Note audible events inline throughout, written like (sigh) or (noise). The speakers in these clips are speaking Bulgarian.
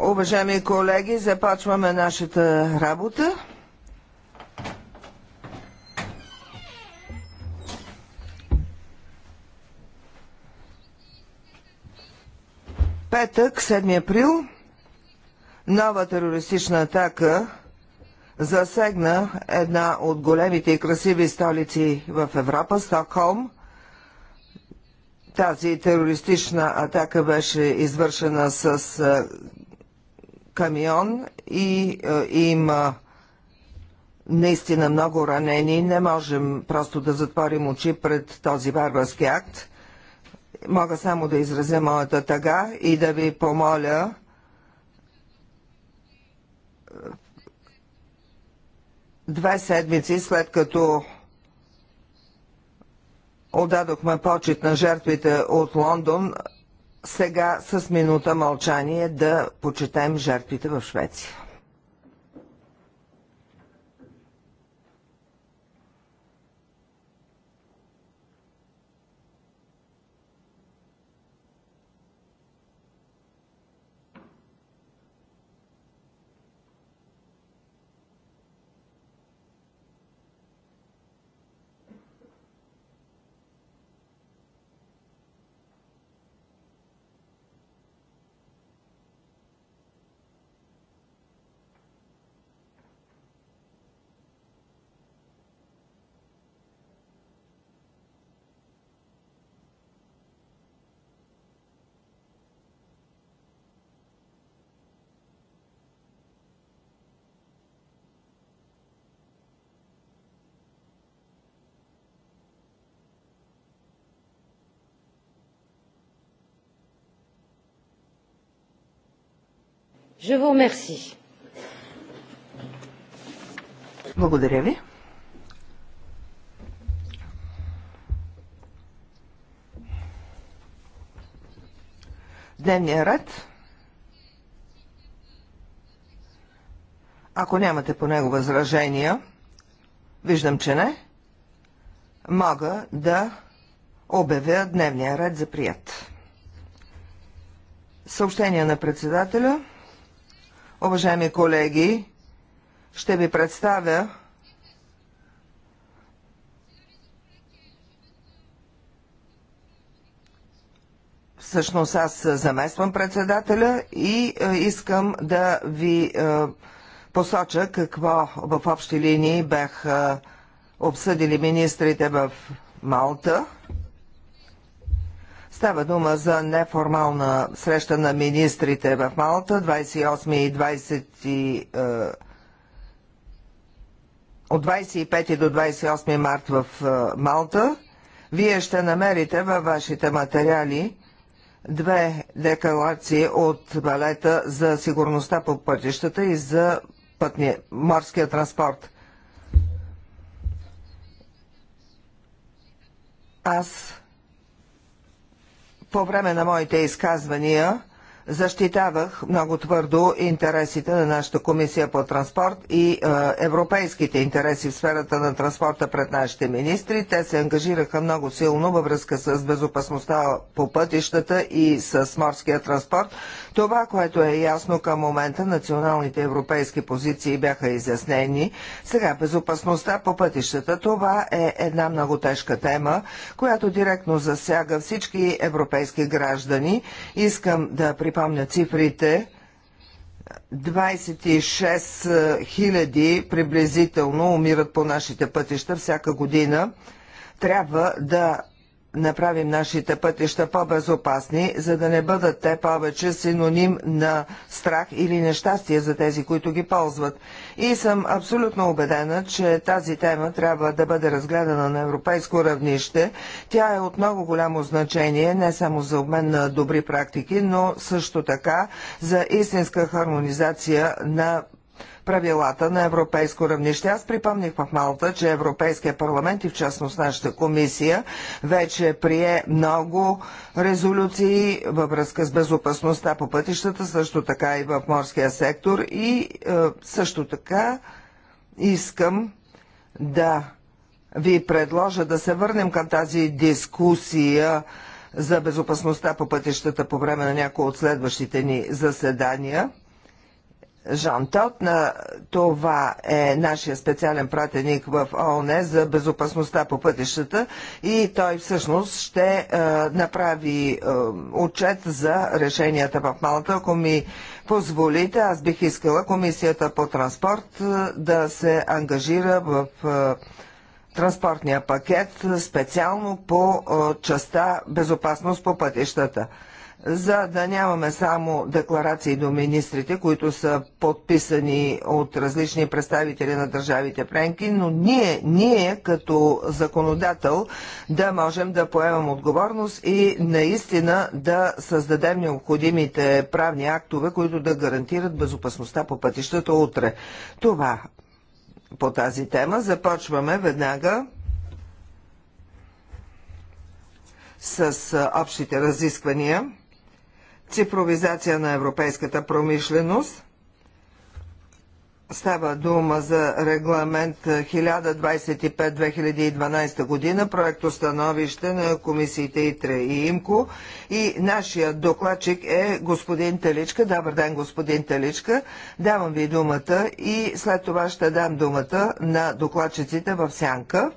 Уважаеми колеги, започваме нашата работа. Петък, 7 април, нова терористична атака засегна една от големите и красиви столици в Европа, Стокхолм. Тази терористична атака беше извършена с е, камион и е, има наистина много ранени. Не можем просто да затворим очи пред този варварски акт. Мога само да изразя моята тъга и да ви помоля Две седмици след като отдадохме почет на жертвите от Лондон, сега с минута мълчание да почетем жертвите в Швеция. Je vous remercie. Благодаря ви. Дневния ред. Ако нямате по него възражения, виждам, че не, мога да обявя дневния ред за прият. Съобщение на председателя – Уважаеми колеги, ще ви представя Всъщност аз замествам председателя и е, искам да ви е, посоча какво в общи линии бях обсъдили министрите в Малта. Става дума за неформална среща на министрите в Малта, 28 и 20 е, от 25 до 28 март в е, Малта. Вие ще намерите във вашите материали две декларации от балета за сигурността по пътищата и за пътния, морския транспорт. Аз по време на моите изказвания защитавах много твърдо интересите на нашата комисия по транспорт и е, европейските интереси в сферата на транспорта пред нашите министри. Те се ангажираха много силно във връзка с безопасността по пътищата и с морския транспорт. Това, което е ясно към момента, националните европейски позиции бяха изяснени. Сега безопасността по пътищата, това е една много тежка тема, която директно засяга всички европейски граждани. Искам да припомня припомня цифрите, 26 000 приблизително умират по нашите пътища всяка година. Трябва да направим нашите пътища по-безопасни, за да не бъдат те повече синоним на страх или нещастие за тези, които ги ползват. И съм абсолютно убедена, че тази тема трябва да бъде разгледана на европейско равнище. Тя е от много голямо значение не само за обмен на добри практики, но също така за истинска хармонизация на правилата на европейско равнище. Аз припомних в Малта, че Европейския парламент и в частност нашата комисия вече прие много резолюции във връзка с безопасността по пътищата, също така и в морския сектор и е, също така искам да ви предложа да се върнем към тази дискусия за безопасността по пътищата по време на някои от следващите ни заседания. Жан Тот. на Това е нашия специален пратеник в ООН за безопасността по пътищата и той всъщност ще е, направи е, отчет за решенията в Малата. Ако ми позволите, аз бих искала Комисията по транспорт е, да се ангажира в е, транспортния пакет специално по е, частта безопасност по пътищата за да нямаме само декларации до министрите, които са подписани от различни представители на държавите пренки, но ние, ние като законодател да можем да поемем отговорност и наистина да създадем необходимите правни актове, които да гарантират безопасността по пътищата утре. Това по тази тема. Започваме веднага с общите разисквания цифровизация на европейската промишленост. Става дума за регламент 1025-2012 година, проекто становище на комисиите ИТРЕ и ИМКО. И нашия докладчик е господин Теличка. Добър ден, господин Теличка. Давам ви думата и след това ще дам думата на докладчиците в Сянка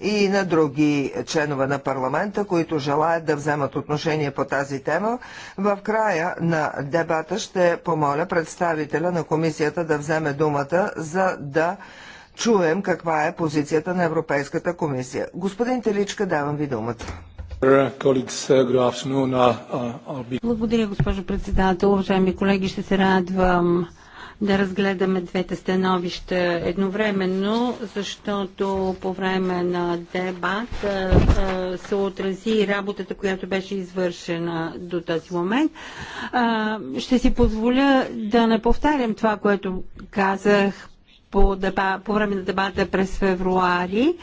и на други членове на парламента, които желаят да вземат отношение по тази тема. В края на дебата ще помоля представителя на комисията да вземе думата, за да чуем каква е позицията на Европейската комисия. Господин Теличка, давам ви думата. Благодаря, госпожо председател. Уважаеми колеги, ще се радвам да разгледаме двете становища едновременно, защото по време на дебат се отрази работата, която беше извършена до този момент. Ще си позволя да не повтарям това, което казах по, деба, по време на дебата през февруари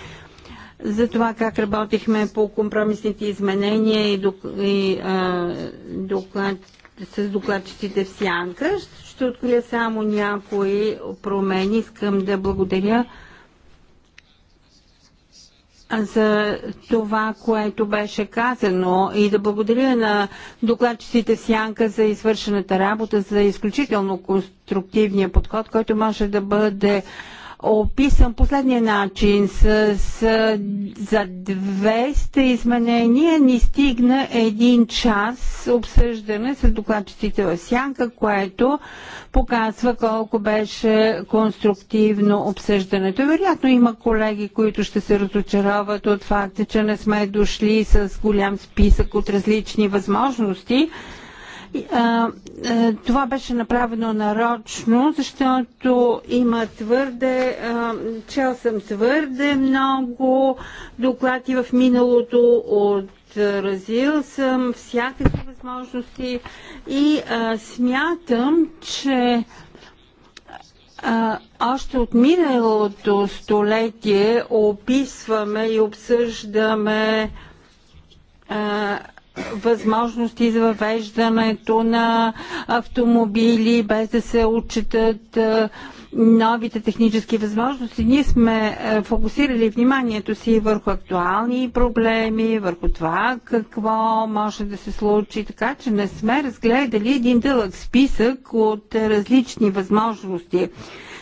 за това как работихме по компромисните изменения и, док, и а, доклад, с докладчиците в сянка ще открия само някои промени. Искам да благодаря за това, което беше казано и да благодаря на докладчиците Сянка за извършената работа, за изключително конструктивния подход, който може да бъде описан последния начин с, с за 200 изменения ни стигна един час обсъждане с докладчиците в сянка, което показва колко беше конструктивно обсъждането. Вероятно има колеги, които ще се разочароват от факта, че не сме дошли с голям списък от различни възможности, е, това беше направено нарочно, защото има твърде, чел съм твърде много доклади в миналото от разил съм всякакви възможности и а, смятам, че а, още от миналото столетие описваме и обсъждаме а, възможности за въвеждането на автомобили, без да се отчитат новите технически възможности. Ние сме фокусирали вниманието си върху актуални проблеми, върху това какво може да се случи, така че не сме разгледали един дълъг списък от различни възможности.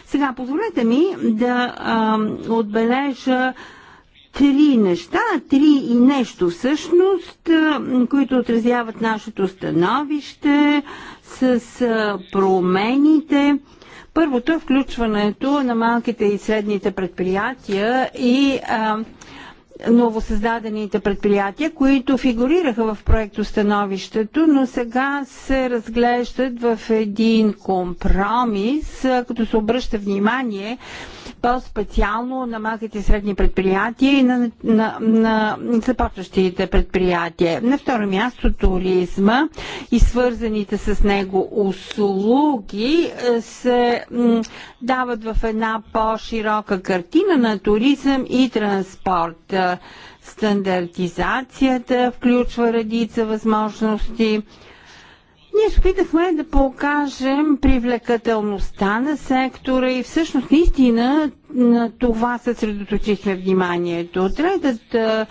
Сега, позволете ми да а, отбележа три неща, три и нещо всъщност, които отразяват нашето становище с промените. Първото е включването на малките и средните предприятия и а, новосъздадените предприятия, които фигурираха в проектостановището, но сега се разглеждат в един компромис, като се обръща внимание по-специално на малките и средни предприятия и на, на, на започващите предприятия. На второ място туризма и свързаните с него услуги е, се дават в една по-широка картина на туризъм и транспорт. Стандартизацията включва редица възможности. Ние се опитахме да покажем привлекателността на сектора и всъщност наистина на това съсредоточихме вниманието. Третата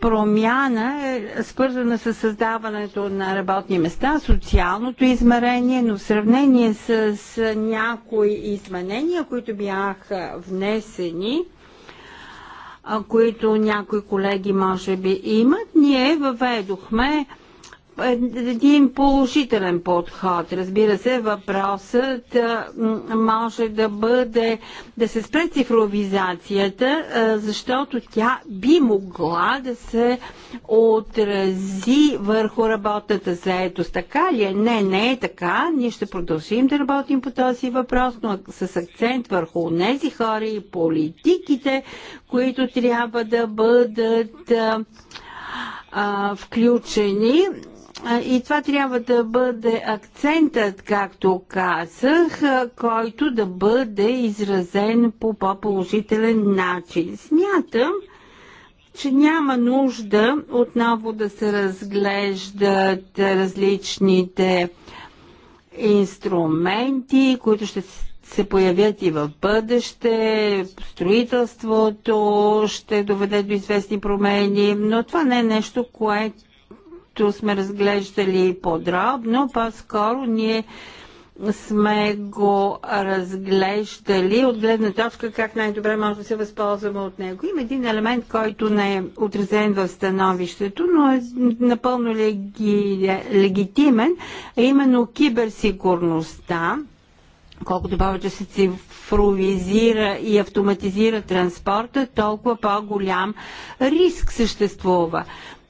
промяна е свързана с създаването на работни места, социалното измерение, но в сравнение с някои изменения, които бяха внесени, които някои колеги може би имат, ние въведохме един положителен подход. Разбира се, въпросът може да бъде да се спре цифровизацията, защото тя би могла да се отрази върху работната заедост. Така ли е? Не, не е така. Ние ще продължим да работим по този въпрос, но с акцент върху тези хора и политиките, които трябва да бъдат а, включени и това трябва да бъде акцентът, както казах, който да бъде изразен по по-положителен начин. Смятам, че няма нужда отново да се разглеждат различните инструменти, които ще се появят и в бъдеще, строителството ще доведе до известни промени, но това не е нещо, което които сме разглеждали подробно, по-скоро ние сме го разглеждали от гледна точка как най-добре може да се възползваме от него. Има един елемент, който не е отразен в становището, но е напълно леги... легитимен, а именно киберсигурността колкото повече се цифровизира и автоматизира транспорта, толкова по-голям риск съществува.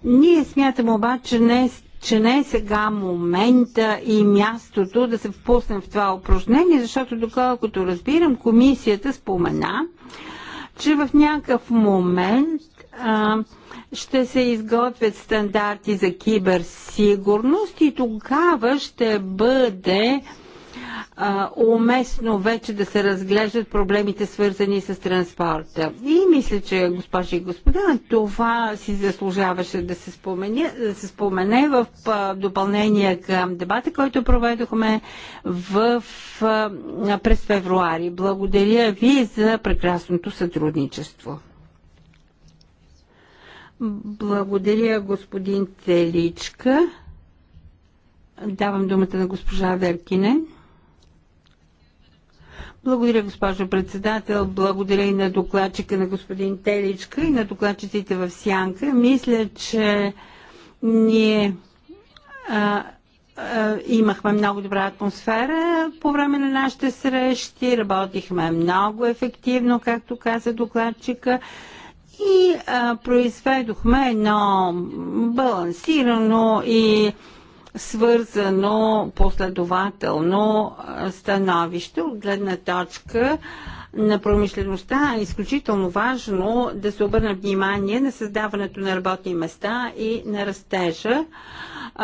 Ние смятам обаче не, е, че не е сега момента и мястото да се впуснем в това упражнение, защото доколкото разбирам, комисията спомена, че в някакъв момент а, ще се изготвят стандарти за киберсигурност и тогава ще бъде а, а, уместно вече да се разглеждат проблемите свързани с транспорта. И мисля, че, госпожи и господа, това си заслужаваше да се спомене, да се спомене в а, допълнение към дебата, който проведохме в, а, през февруари. Благодаря ви за прекрасното сътрудничество. Благодаря, господин Теличка. Давам думата на госпожа Веркине. Благодаря, госпожо председател. Благодаря и на докладчика на господин Теличка и на докладчиците в Сянка. Мисля, че ние а, а, имахме много добра атмосфера по време на нашите срещи, работихме много ефективно, както каза докладчика и а, произведохме едно балансирано и а, свързано последователно становище от гледна точка на промишлеността е изключително важно да се обърне внимание на създаването на работни места и на растежа,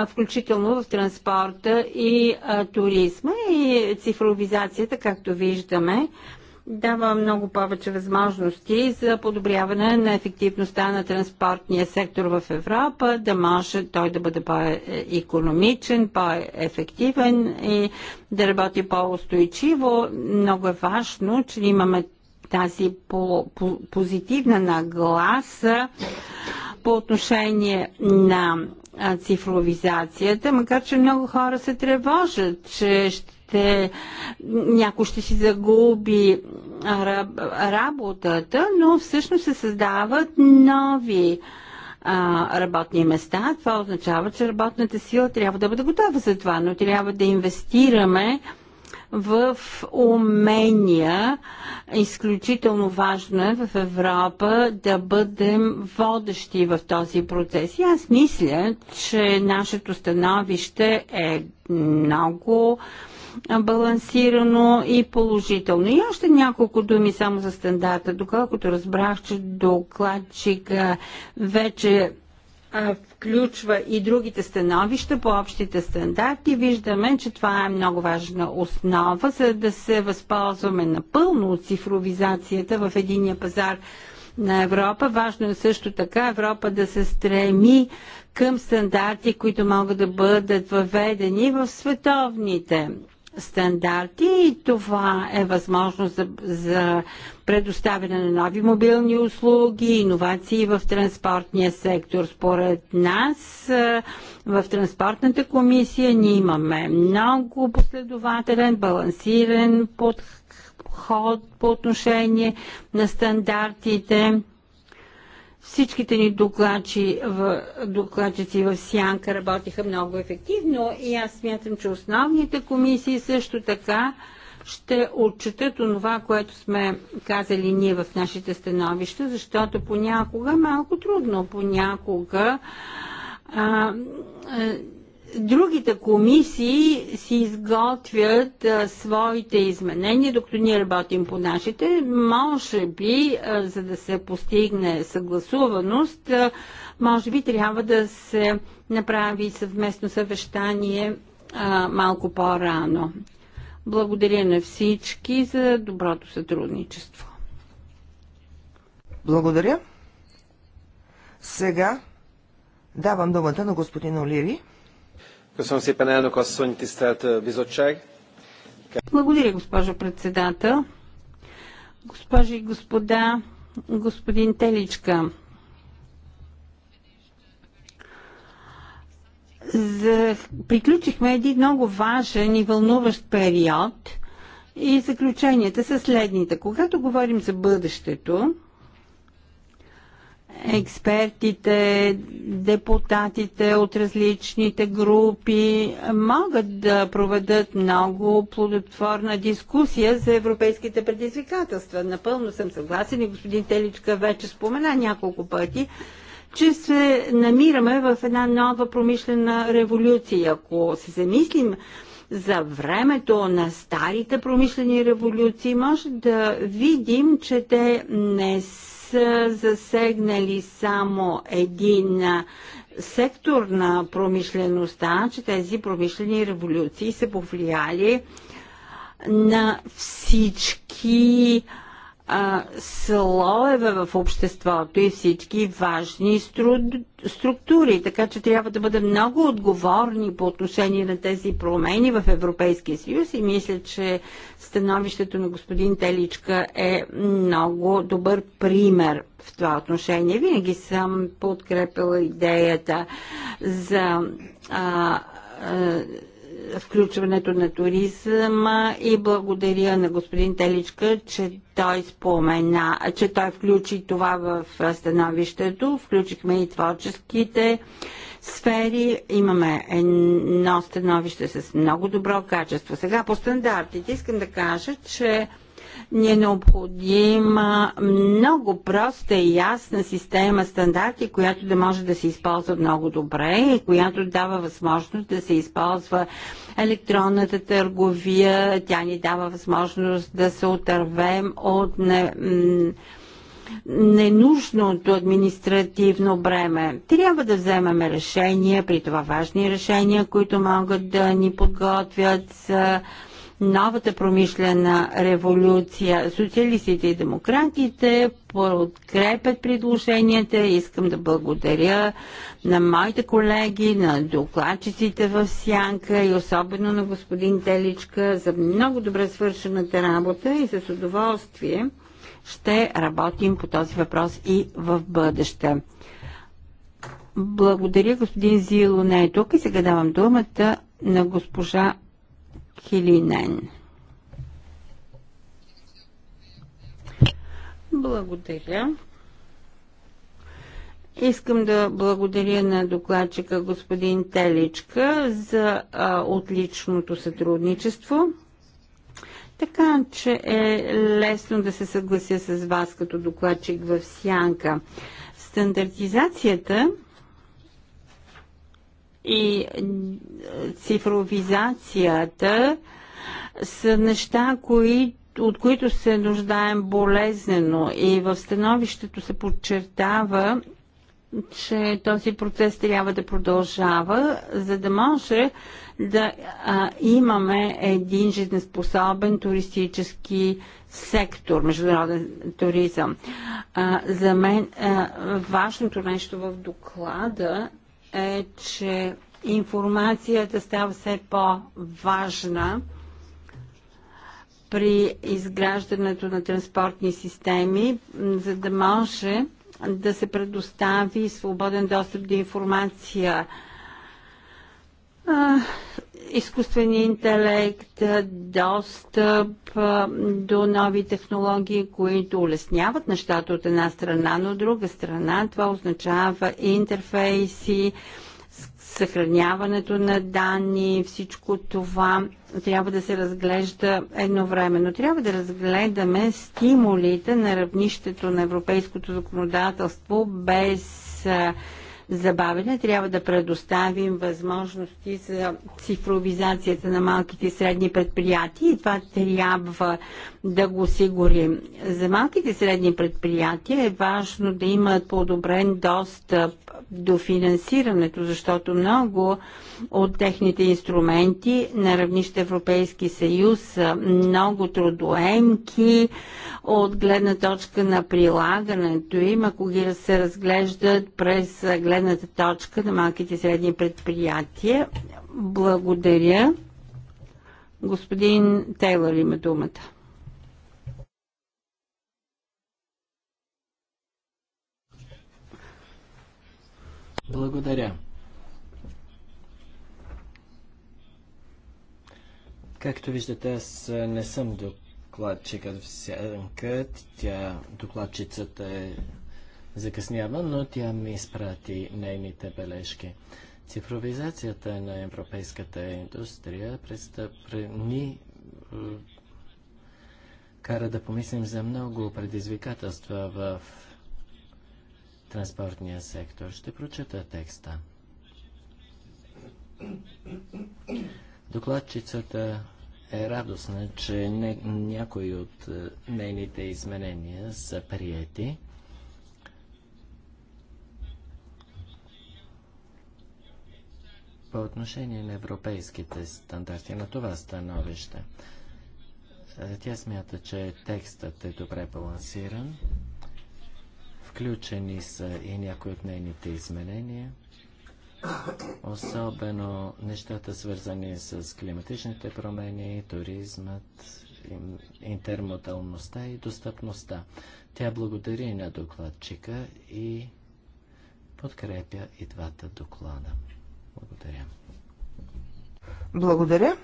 включително в транспорта и туризма и цифровизацията, както виждаме дава много повече възможности за подобряване на ефективността на транспортния сектор в Европа, да може той да бъде по-економичен, по-ефективен и да работи по-устойчиво. Много е важно, че имаме тази по- по- позитивна нагласа по отношение на цифровизацията, макар че много хора се тревожат, че ще ще, някой ще си загуби работата, но всъщност се създават нови работни места. Това означава, че работната сила трябва да бъде готова за това, но трябва да инвестираме в умения. Изключително важно е в Европа да бъдем водещи в този процес. И аз мисля, че нашето становище е много. м- балансирано и положително. И още няколко думи само за стандарта. Доколкото разбрах, че докладчика вече включва и другите становища по общите стандарти, виждаме, че това е много важна основа, за да се възползваме напълно от цифровизацията в единия пазар на Европа. Важно е също така Европа да се стреми към стандарти, които могат да бъдат въведени в световните стандарти и това е възможност за, за предоставяне на нови мобилни услуги, иновации в транспортния сектор. Според нас е, в транспортната комисия ние имаме много последователен, балансиран подход по отношение на стандартите Всичките ни докладчи в, докладчици в Сянка работиха много ефективно и аз смятам, че основните комисии също така ще отчетат онова, което сме казали ние в нашите становища, защото понякога малко трудно, понякога а, а, другите комисии си изготвят а, своите изменения, докато ние работим по нашите. Може би, а, за да се постигне съгласуваност, а, може би трябва да се направи съвместно съвещание а, малко по-рано. Благодаря на всички за доброто сътрудничество. Благодаря. Сега давам думата на господин Олири. Благодаря, госпожо председател. Госпожи и господа, господин Теличка, за... приключихме един много важен и вълнуващ период и заключенията са следните. Когато говорим за бъдещето, експертите, депутатите от различните групи могат да проведат много плодотворна дискусия за европейските предизвикателства. Напълно съм съгласен и господин Теличка вече спомена няколко пъти, че се намираме в една нова промишлена революция. Ако се замислим за времето на старите промишлени революции, може да видим, че те не са са засегнали само един сектор на промишлеността, че тези промишлени революции са повлияли на всички а, а, слоеве в обществото и всички важни стру, структури. Така че трябва да бъдем много отговорни по отношение на тези промени в Европейския съюз и мисля, че становището на господин Теличка е много добър пример в това отношение. Винаги съм подкрепила идеята за. А, а, включването на туризма и благодаря на господин Теличка, че той спомена, че той включи това в становището. Включихме и творческите сфери. Имаме едно становище с много добро качество. Сега по стандартите искам да кажа, че ни е необходима много проста и ясна система стандарти, която да може да се използва много добре и която дава възможност да се използва електронната търговия. Тя ни дава възможност да се отървем от не, ненужното административно бреме. Трябва да вземем решения, при това важни решения, които могат да ни подготвят за новата промишлена революция. Социалистите и демократите подкрепят предложенията. Искам да благодаря на моите колеги, на докладчиците в Сянка и особено на господин Теличка за много добре свършената работа и с удоволствие ще работим по този въпрос и в бъдеще. Благодаря, господин Зило не е тук и сега давам думата на госпожа Хилинен. Благодаря. Искам да благодаря на докладчика господин Теличка за а, отличното сътрудничество. Така че е лесно да се съглася с вас като докладчик в Сянка. Стандартизацията и е, цифровизацията са неща, кои, от които се нуждаем болезнено и в становището се подчертава, че този процес трябва да продължава, за да може да а, имаме един жизнеспособен туристически сектор, международен туризъм. А, за мен а, важното нещо в доклада е, че информацията става все по-важна при изграждането на транспортни системи, за да може да се предостави свободен достъп до информация Изкуственият интелект, достъп до нови технологии, които улесняват нещата от една страна, но от друга страна това означава интерфейси, съхраняването на данни, всичко това трябва да се разглежда едновременно. Трябва да разгледаме стимулите на равнището на европейското законодателство без забавене. Трябва да предоставим възможности за цифровизацията на малките и средни предприятия и това трябва да го осигурим. За малките и средни предприятия е важно да имат подобрен достъп до финансирането, защото много от техните инструменти на равнище Европейски съюз са много трудоемки от гледна точка на прилагането им, ако ги се разглеждат през гледната точка на малките и средни предприятия. Благодаря. Господин Тейлър има думата. Благодаря. Както виждате, аз не съм докладчик в сянка. Тя, докладчицата е закъснява, но тя ми изпрати нейните бележки. Цифровизацията на европейската индустрия престъпни е, кара да помислим за много предизвикателства в транспортния сектор. Ще прочета текста. Докладчицата е радостна, че не, някои от е, нейните изменения са приети. По отношение на европейските стандарти на това становище, е, тя смята, че текстът е добре балансиран. Включени са и някои от нейните изменения, особено нещата свързани с климатичните промени, туризмът, интермодалността и достъпността. Тя благодари на докладчика и подкрепя и двата доклада. Благодаря. Благодаря.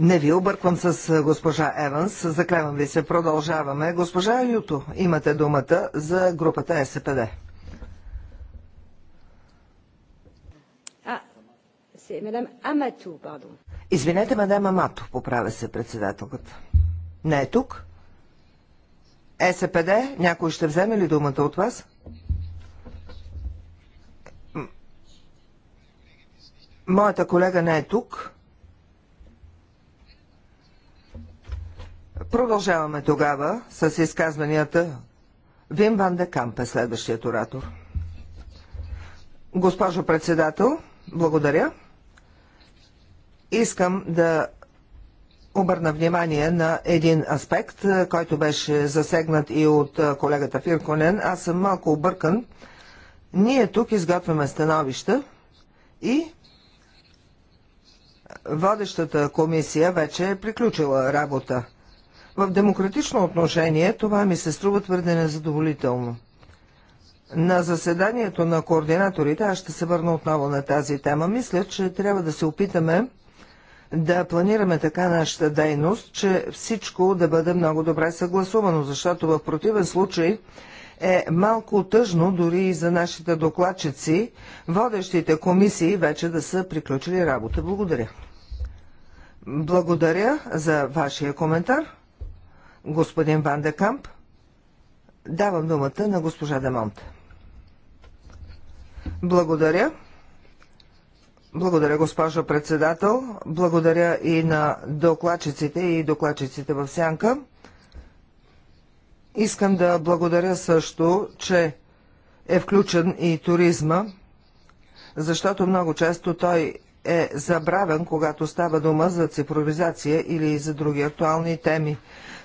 Не ви обърквам с госпожа Еванс. Заклевам ви се. Продължаваме. Госпожа Юто, имате думата за групата СПД. Извинете, мадам Амато, поправя се председателката. Не е тук? СПД, някой ще вземе ли думата от вас? Моята колега не е тук. Продължаваме тогава с изказванията. Вим Ван де Камп е следващият оратор. Госпожо председател, благодаря. Искам да обърна внимание на един аспект, който беше засегнат и от колегата Фирконен. Аз съм малко объркан. Ние тук изготвяме становища и водещата комисия вече е приключила работа. В демократично отношение това ми се струва твърде незадоволително. На заседанието на координаторите, аз ще се върна отново на тази тема, мисля, че трябва да се опитаме да планираме така нашата дейност, че всичко да бъде много добре съгласувано, защото в противен случай е малко тъжно дори и за нашите докладчици, водещите комисии вече да са приключили работа. Благодаря. Благодаря за вашия коментар господин Ван Давам думата на госпожа Демонт. Благодаря. Благодаря, госпожо председател. Благодаря и на докладчиците и докладчиците в сянка. Искам да благодаря също, че е включен и туризма, защото много често той е забравен, когато става дума за цифровизация или за други актуални теми.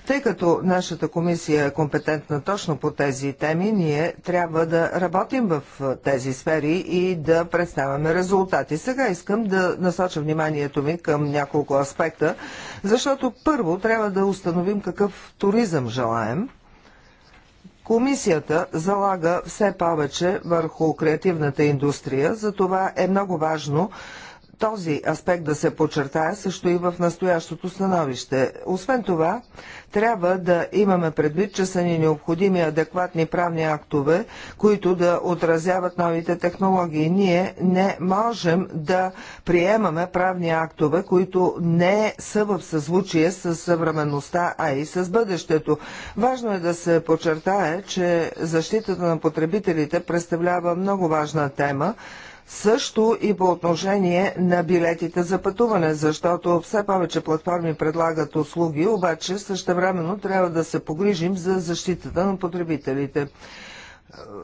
Тъй като нашата комисия е компетентна точно по тези теми, ние трябва да работим в тези сфери и да представяме резултати. Сега искам да насоча вниманието ми към няколко аспекта, защото първо трябва да установим какъв туризъм желаем. Комисията залага все повече върху креативната индустрия, затова е много важно този аспект да се подчертая също и в настоящото становище. Освен това, трябва да имаме предвид, че са ни необходими адекватни правни актове, които да отразяват новите технологии. Ние не можем да приемаме правни актове, които не са в съзвучие с съвременността, а и с бъдещето. Важно е да се подчертае, че защитата на потребителите представлява много важна тема, също и по отношение на билетите за пътуване, защото все повече платформи предлагат услуги, обаче същевременно трябва да се погрижим за защитата на потребителите.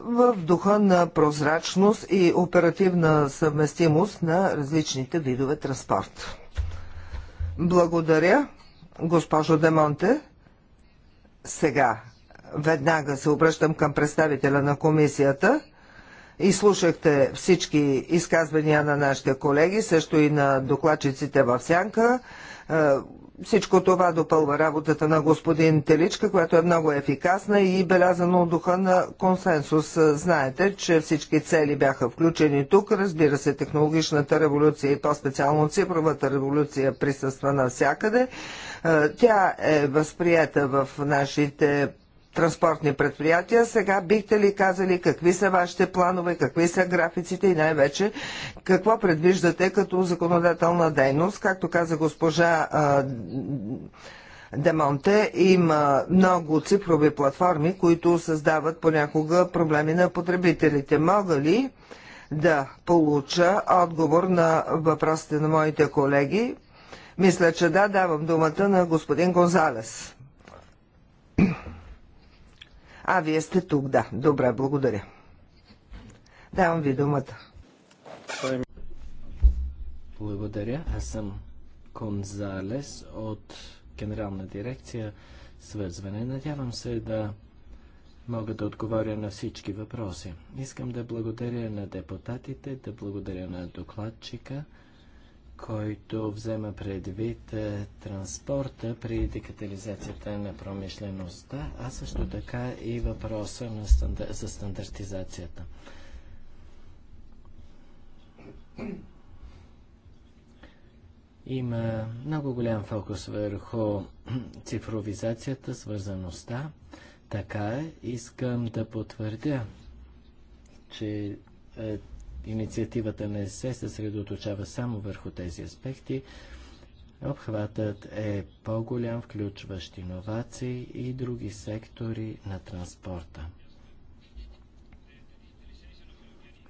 В духа на прозрачност и оперативна съвместимост на различните видове транспорт. Благодаря, госпожо Демонте. Сега веднага се обръщам към представителя на комисията изслушахте всички изказвания на нашите колеги, също и на докладчиците в Сянка. Е, всичко това допълва работата на господин Теличка, която е много ефикасна и белязана от духа на консенсус. Е, знаете, че всички цели бяха включени тук. Разбира се, технологичната революция и по-специално цифровата революция присъства навсякъде. Е, тя е възприета в нашите транспортни предприятия. Сега бихте ли казали какви са вашите планове, какви са графиците и най-вече какво предвиждате като законодателна дейност? Както каза госпожа Демонте, има много цифрови платформи, които създават понякога проблеми на потребителите. Мога ли да получа отговор на въпросите на моите колеги? Мисля, че да, давам думата на господин Гонзалес. А, вие сте тук, да. Добре, благодаря. Давам ви думата. Благодаря. Аз съм Конзалес от Генерална дирекция Свързване. Надявам се да мога да отговоря на всички въпроси. Искам да благодаря на депутатите, да благодаря на докладчика който взема предвид е, транспорта при дигитализацията на промишлеността, а също така и въпроса на стандар... за стандартизацията. Има много голям фокус върху цифровизацията, свързаността. Така е. искам да потвърдя, че е, инициативата не се съсредоточава само върху тези аспекти. Обхватът е по-голям, включващ иновации и други сектори на транспорта.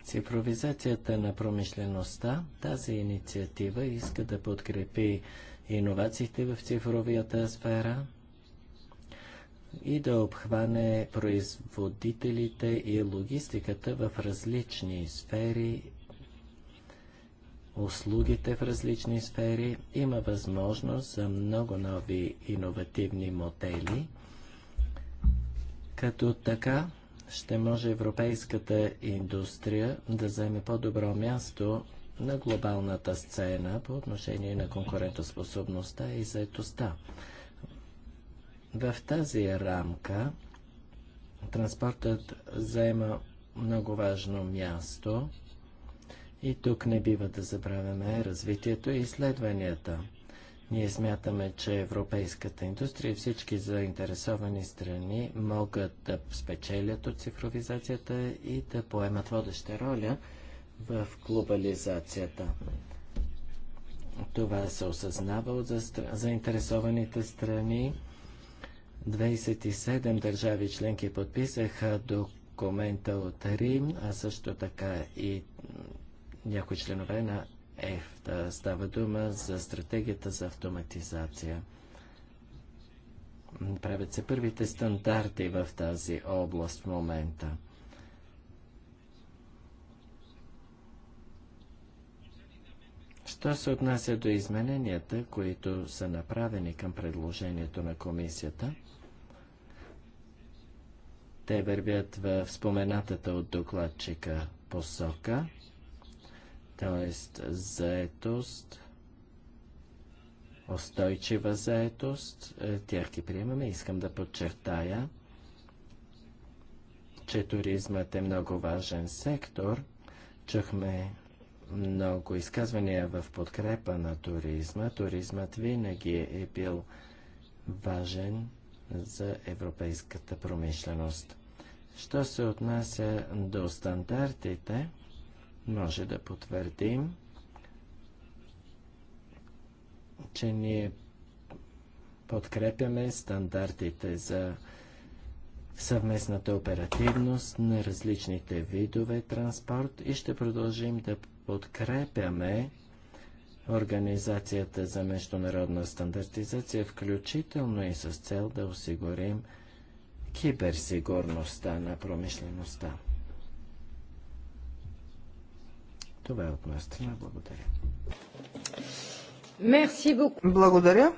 Цифровизацията на промишлеността, тази инициатива иска да подкрепи иновациите в цифровията сфера – и да обхване производителите и логистиката в различни сфери, услугите в различни сфери. Има възможност за много нови иновативни модели, като така ще може европейската индустрия да вземе по-добро място на глобалната сцена по отношение на конкурентоспособността и заетостта. В тази рамка транспортът заема много важно място и тук не бива да забравяме развитието и изследванията. Ние смятаме, че европейската индустрия и всички заинтересовани страни могат да спечелят от цифровизацията и да поемат водеща роля в глобализацията. Това се осъзнава от заинтересованите страни 27 държави членки подписаха документа от Рим, а също така и някои членове на ЕФТА. Става дума за стратегията за автоматизация. Правят се първите стандарти в тази област в момента. Що се отнася до измененията, които са направени към предложението на комисията – те вървят в споменатата от докладчика посока, т.е. заетост, устойчива заетост. Е, тях ги приемаме. Искам да подчертая, че туризмът е много важен сектор. Чухме много изказвания в подкрепа на туризма. Туризмът винаги е бил важен за европейската промишленост. Що се отнася до стандартите, може да потвърдим, че ние подкрепяме стандартите за съвместната оперативност на различните видове транспорт и ще продължим да подкрепяме Организацията за международна стандартизация, включително и с цел да осигурим киберсигурността на промишлеността. Това е от моя страна. Благодаря. Мерси Благодаря,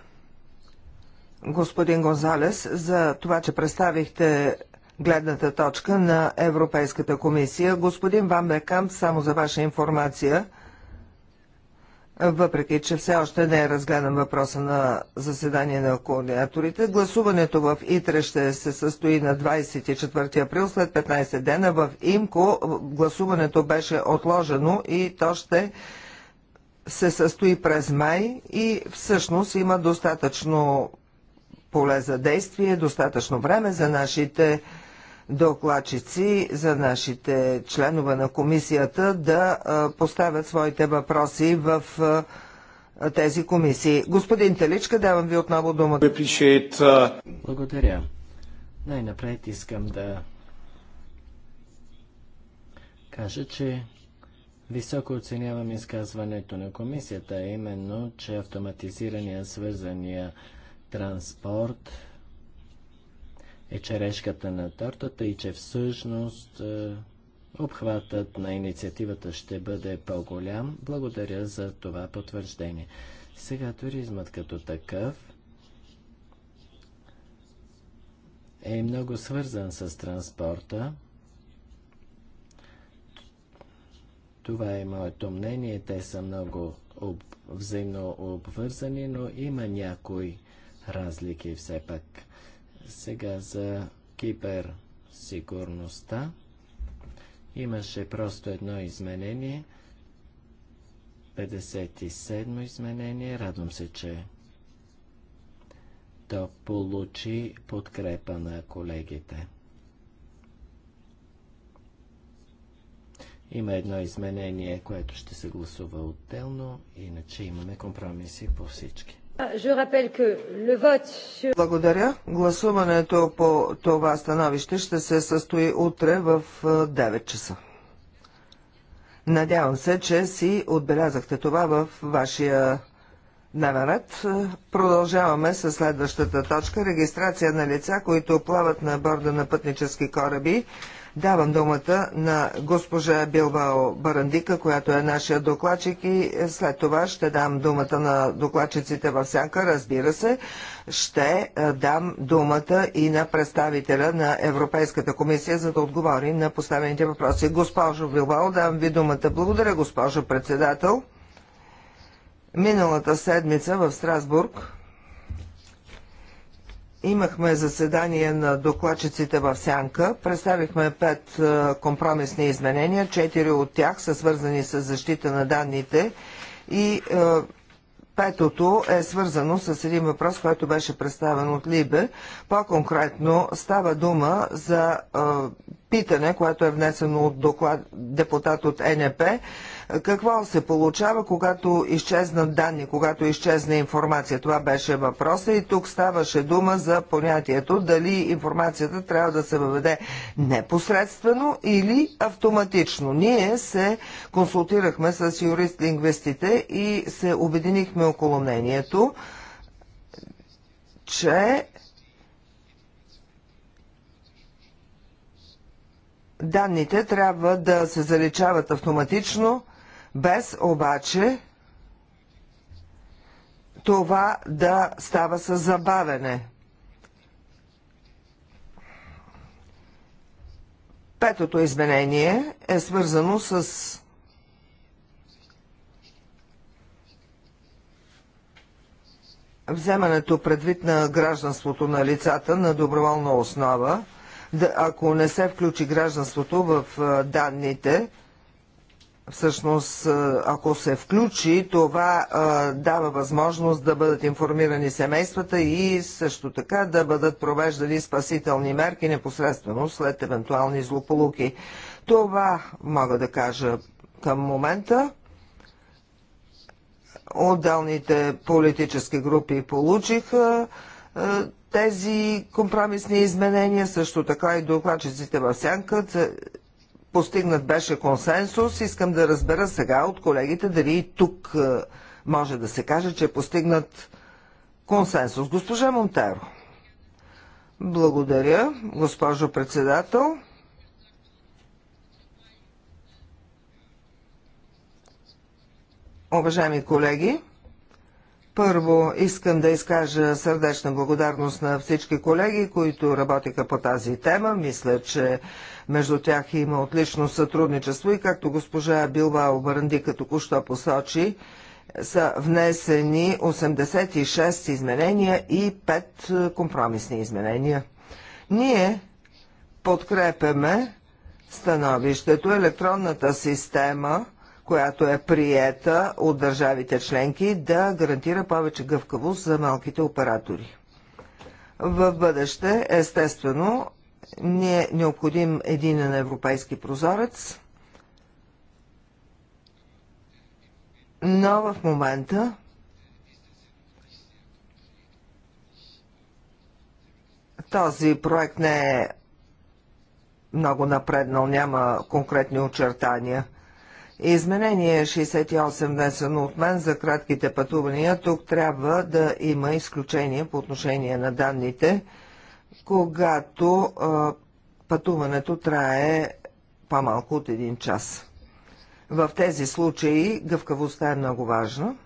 господин Гонзалес, за това, че представихте гледната точка на Европейската комисия. Господин Ван Бекамп, само за ваша информация – въпреки че все още не е разгледан въпроса на заседание на координаторите. Гласуването в ИТРЕ ще се състои на 24 април след 15 дена. В ИМКО гласуването беше отложено и то ще се състои през май и всъщност има достатъчно поле за действие, достатъчно време за нашите докладчици, за нашите членове на комисията да поставят своите въпроси в тези комисии. Господин Теличка, давам ви отново думата. Благодаря. Най-напред искам да кажа, че високо оценявам изказването на комисията, именно, че автоматизирания свързания транспорт е черешката на тортата и че всъщност е, обхватът на инициативата ще бъде по-голям. Благодаря за това потвърждение. Сега туризмът като такъв е много свързан с транспорта. Това е моето мнение. Те са много об... взаимно обвързани, но има някои разлики все пак. Сега за киберсигурността имаше просто едно изменение, 57 изменение. Радвам се, че то получи подкрепа на колегите. Има едно изменение, което ще се гласува отделно, иначе имаме компромиси по всички. Благодаря. Гласуването по това становище ще се състои утре в 9 е, часа. Надявам се, че си отбелязахте това в вашия дневен ред. Продължаваме с следващата точка. Регистрация на лица, които плават на борда на пътнически кораби Давам думата на госпожа Билбао Барандика, която е нашия докладчик и след това ще дам думата на докладчиците в сянка. Разбира се, ще е, дам думата и на представителя на Европейската комисия, за да отговори на поставените въпроси. Госпожо Билбао, давам ви думата. Благодаря, госпожо председател. Миналата седмица в Страсбург Имахме заседание на докладчиците в Сянка. Представихме пет е, компромисни изменения. Четири от тях са свързани с защита на данните и е, петото е свързано с един въпрос, който беше представен от Либе. По-конкретно става дума за е, питане, което е внесено от доклад, депутат от НП какво се получава, когато изчезнат данни, когато изчезне информация? Това беше въпроса и тук ставаше дума за понятието дали информацията трябва да се въведе непосредствено или автоматично. Ние се консултирахме с юрист-лингвистите и се обединихме около мнението, че данните трябва да се заличават автоматично без обаче това да става с забавене. Петото изменение е свързано с вземането предвид на гражданството на лицата на доброволна основа, да, ако не се включи гражданството в данните, всъщност, ако се включи, това дава възможност да бъдат информирани семействата и също така да бъдат провеждани спасителни мерки непосредствено след евентуални злополуки. Това мога да кажа към момента. Отделните политически групи получиха тези компромисни изменения, също така и докладчиците в сянка постигнат беше консенсус. Искам да разбера сега от колегите дали и тук е, може да се каже, че е постигнат консенсус. Госпожа Монтеро. Благодаря, госпожо председател. Уважаеми колеги, първо искам да изкажа сърдечна благодарност на всички колеги, които работиха по тази тема. Мисля, че между тях има отлично сътрудничество и както госпожа Билбао като току-що посочи, са внесени 86 изменения и 5 е, компромисни изменения. Ние подкрепяме становището електронната система, която е приета от държавите членки, да гарантира повече гъвкавост за малките оператори. В бъдеще, естествено, ни е необходим на европейски прозорец, но в момента този проект не е много напреднал, няма конкретни очертания. Изменение 68, внесено от мен за кратките пътувания, тук трябва да има изключение по отношение на данните – когато а, пътуването трае по-малко от един час. В тези случаи гъвкавостта е много важна.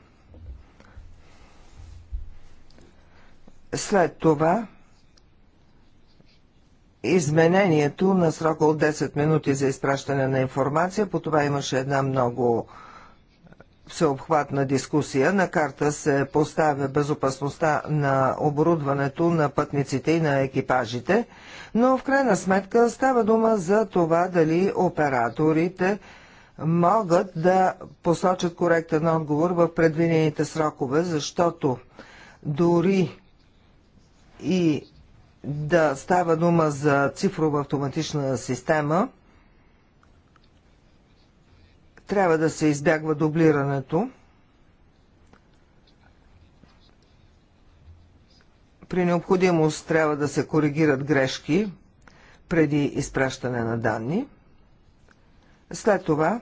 След това изменението на срока от 10 минути за изпращане на информация, по това имаше една много всеобхватна дискусия. На карта се поставя безопасността на оборудването на пътниците и на екипажите, но в крайна сметка става дума за това дали операторите могат да посочат коректен отговор в предвидените срокове, защото дори и да става дума за цифрова автоматична система, трябва да се избягва дублирането. При необходимост трябва да се коригират грешки преди изпращане на данни. След това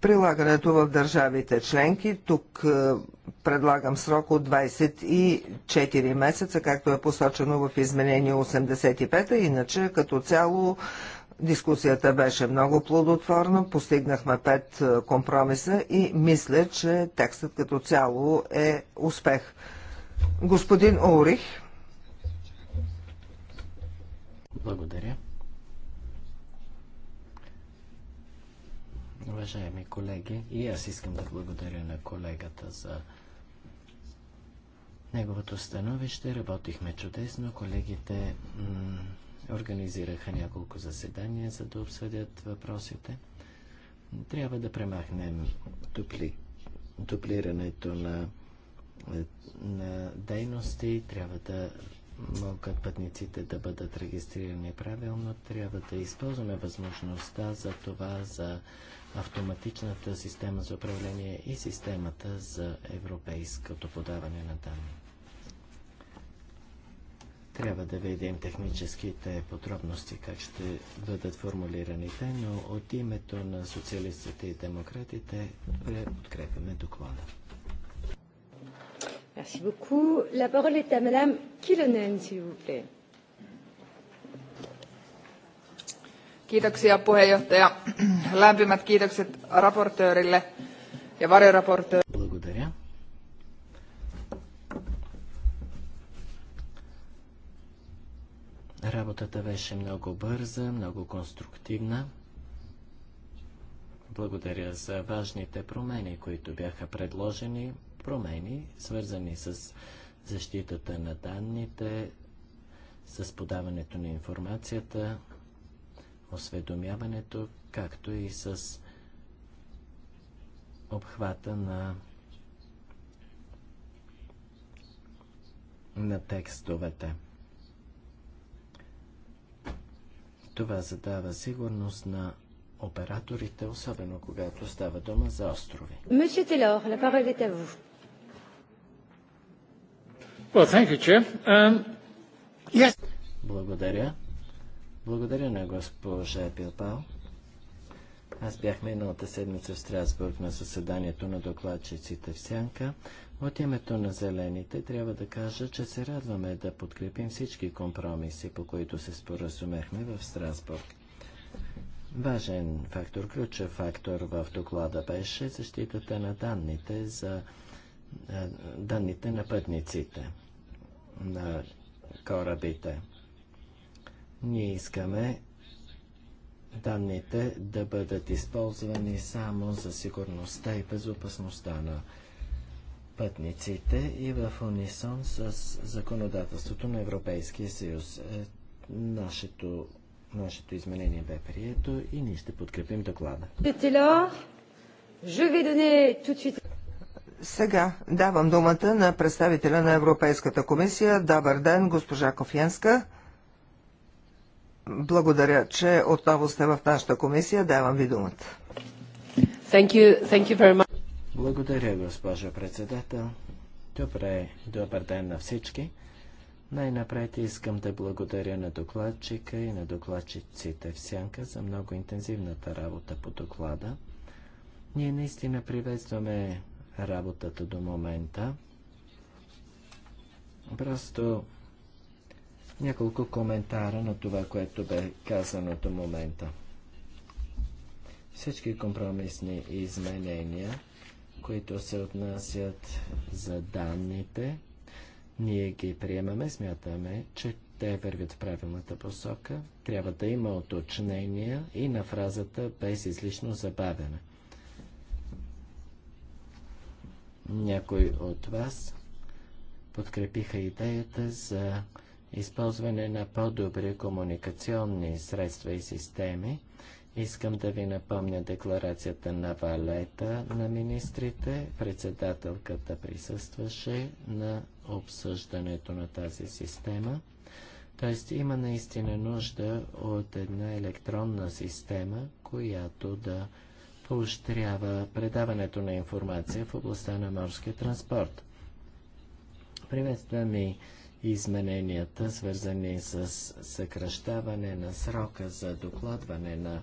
прилагането в държавите членки. Тук е, предлагам срок от 24 месеца, както е посочено в изменение 85, иначе като цяло Дискусията беше много плодотворна, постигнахме пет е, компромиса и мисля, че текстът като цяло е успех. Господин Орих. Благодаря. Уважаеми колеги, и аз искам да благодаря на колегата за неговото становище. Работихме чудесно. Колегите Организираха няколко заседания, за да обсъдят въпросите. Трябва да премахнем дупли, дуплирането на, на дейности, трябва да могат пътниците да бъдат регистрирани правилно, трябва да използваме възможността за това, за автоматичната система за управление и системата за европейското подаване на данни. Трябва да видим техническите подробности, как ще бъдат формулираните, но от името на социалистите и демократите подкрепяме доклада. Merci beaucoup. La parole est à Madame Kilonen, s'il vous plaît. Kiitoksia puheenjohtaja. Lämpimät kiitokset raportöörille ja varjoraportöörille. Работата беше много бърза, много конструктивна. Благодаря за важните промени, които бяха предложени. Промени, свързани с защитата на данните, с подаването на информацията, осведомяването, както и с обхвата на, на текстовете. Това задава сигурност на операторите, особено когато става дома за острови. Monsieur Taylor, la parole est um, Благодаря. Благодаря на госпожа Пилпал. Аз бях миналата седмица в Страсбург на съседанието на докладчиците в Сянка. От името на зелените трябва да кажа, че се радваме да подкрепим всички компромиси, по които се споразумехме в Страсбург. Важен фактор, ключов фактор в доклада беше защитата на данните за данните на пътниците на корабите. Ние искаме данните да бъдат използвани само за сигурността и безопасността на пътниците и в унисон с законодателството на Европейския съюз. Е, нашето, нашето изменение бе прието и ние ще подкрепим доклада. Сега давам думата на представителя на Европейската комисия. Добър ден, госпожа Кофянска. Благодаря, че отново сте в нашата комисия. Давам ви думата. Thank you. Thank you very much. Благодаря, госпожо председател. Добре, добър ден на всички. Най-напред искам да благодаря на докладчика и на докладчиците в Сянка за много интензивната работа по доклада. Ние наистина приветстваме работата до момента. Просто няколко коментара на това, което бе казано до момента. Всички компромисни изменения, които се отнасят за данните, ние ги приемаме, смятаме, че те вървят в правилната посока. Трябва да има уточнения и на фразата без излишно забавяне. Някои от вас подкрепиха идеята за използване на по-добри комуникационни средства и системи. Искам да ви напомня декларацията на валета на министрите. Председателката присъстваше на обсъждането на тази система. Тоест има наистина нужда от една електронна система, която да поощрява предаването на информация в областта на морския транспорт. Приветствам и измененията, свързани с съкръщаване на срока за докладване на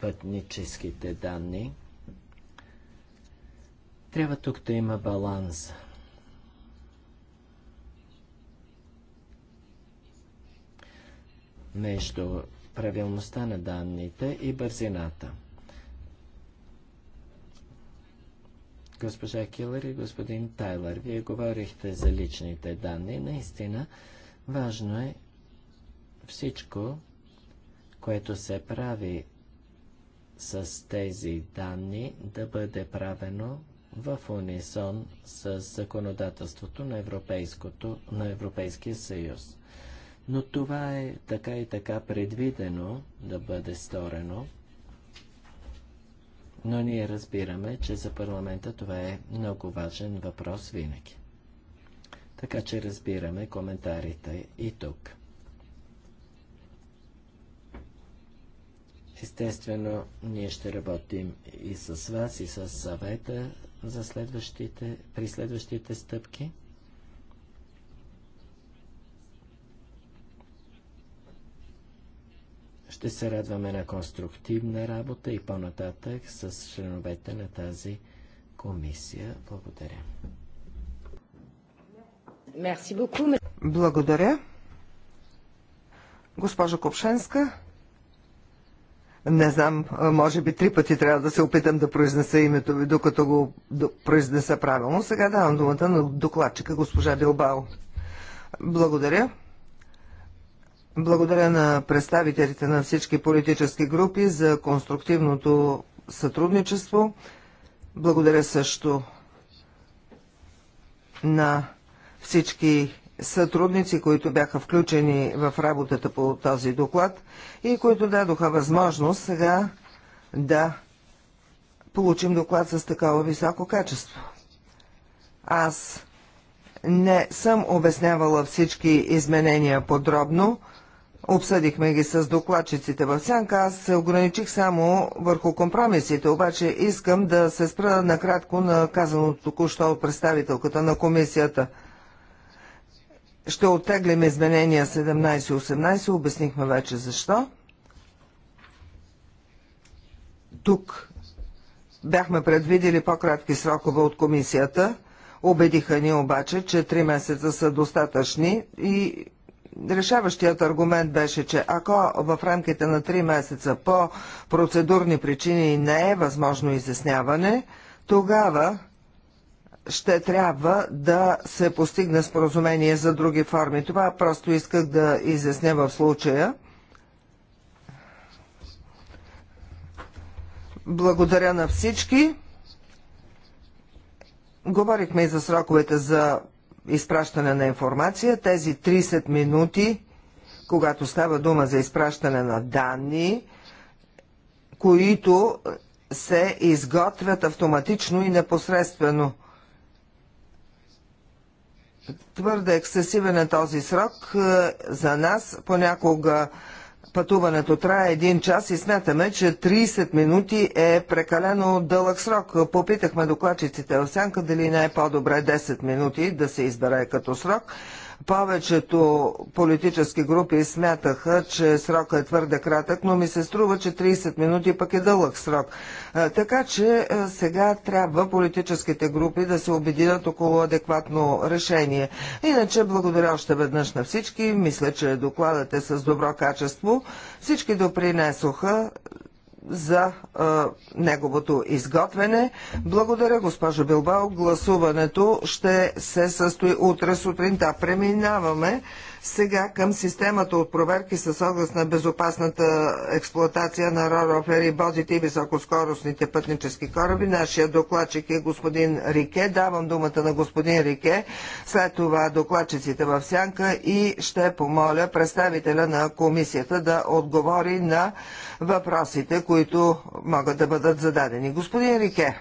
пътническите данни. Трябва тук да има баланс. между правилността на данните и бързината. госпожа Килър и господин Тайлър. Вие говорихте за личните данни. Наистина, важно е всичко, което се прави с тези данни, да бъде правено в унисон с законодателството на, Европейското, на Европейския съюз. Но това е така и така предвидено да бъде сторено. Но ние разбираме, че за парламента това е много важен въпрос винаги. Така че разбираме коментарите и тук. Естествено, ние ще работим и с вас, и с съвета за следващите, при следващите стъпки. Ще се радваме на конструктивна работа и по-нататък с членовете на тази комисия. Благодаря. Благодаря. Госпожа Копшенска. Не знам, може би три пъти трябва да се опитам да произнеса името ви, докато го произнеса правилно. Сега давам думата на докладчика госпожа Билбао. Благодаря. Благодаря на представителите на всички политически групи за конструктивното сътрудничество. Благодаря също на всички сътрудници, които бяха включени в работата по този доклад и които дадоха възможност сега да получим доклад с такова високо качество. Аз не съм обяснявала всички изменения подробно, Обсъдихме ги с докладчиците в сянка. Аз се ограничих само върху компромисите, обаче искам да се спра накратко на казаното току-що от представителката на комисията. Ще оттеглим изменения 17 и 18, обяснихме вече защо. Тук бяхме предвидели по-кратки срокове от комисията. Убедиха ни обаче, че 3 месеца са достатъчни и решаващият аргумент беше, че ако в рамките на 3 месеца по процедурни причини не е възможно изясняване, тогава ще трябва да се постигне споразумение за други форми. Това просто исках да изясня в случая. Благодаря на всички. Говорихме и за сроковете за изпращане на информация, тези 30 минути, когато става дума за изпращане на данни, които се изготвят автоматично и непосредствено. Твърде ексесивен е този срок е, за нас. Понякога пътуването трае един час и смятаме, че 30 минути е прекалено дълъг срок. Попитахме докладчиците в сянка дали не е по-добре 10 минути да се избере като срок. Повечето политически групи смятаха, че срока е твърде кратък, но ми се струва, че 30 минути пък е дълъг срок. Така че сега трябва политическите групи да се обединят около адекватно решение. Иначе благодаря още веднъж на всички. Мисля, че докладът е с добро качество. Всички допринесоха за а, неговото изготвяне. Благодаря, госпожо Билбао. Гласуването ще се състои утре сутринта. Преминаваме сега към системата от проверки с оглед на безопасната експлоатация на роро бозите и високоскоростните пътнически кораби. Нашия докладчик е господин Рике. Давам думата на господин Рике, след това докладчиците в сянка и ще помоля представителя на комисията да отговори на въпросите, които могат да бъдат зададени. Господин Рике.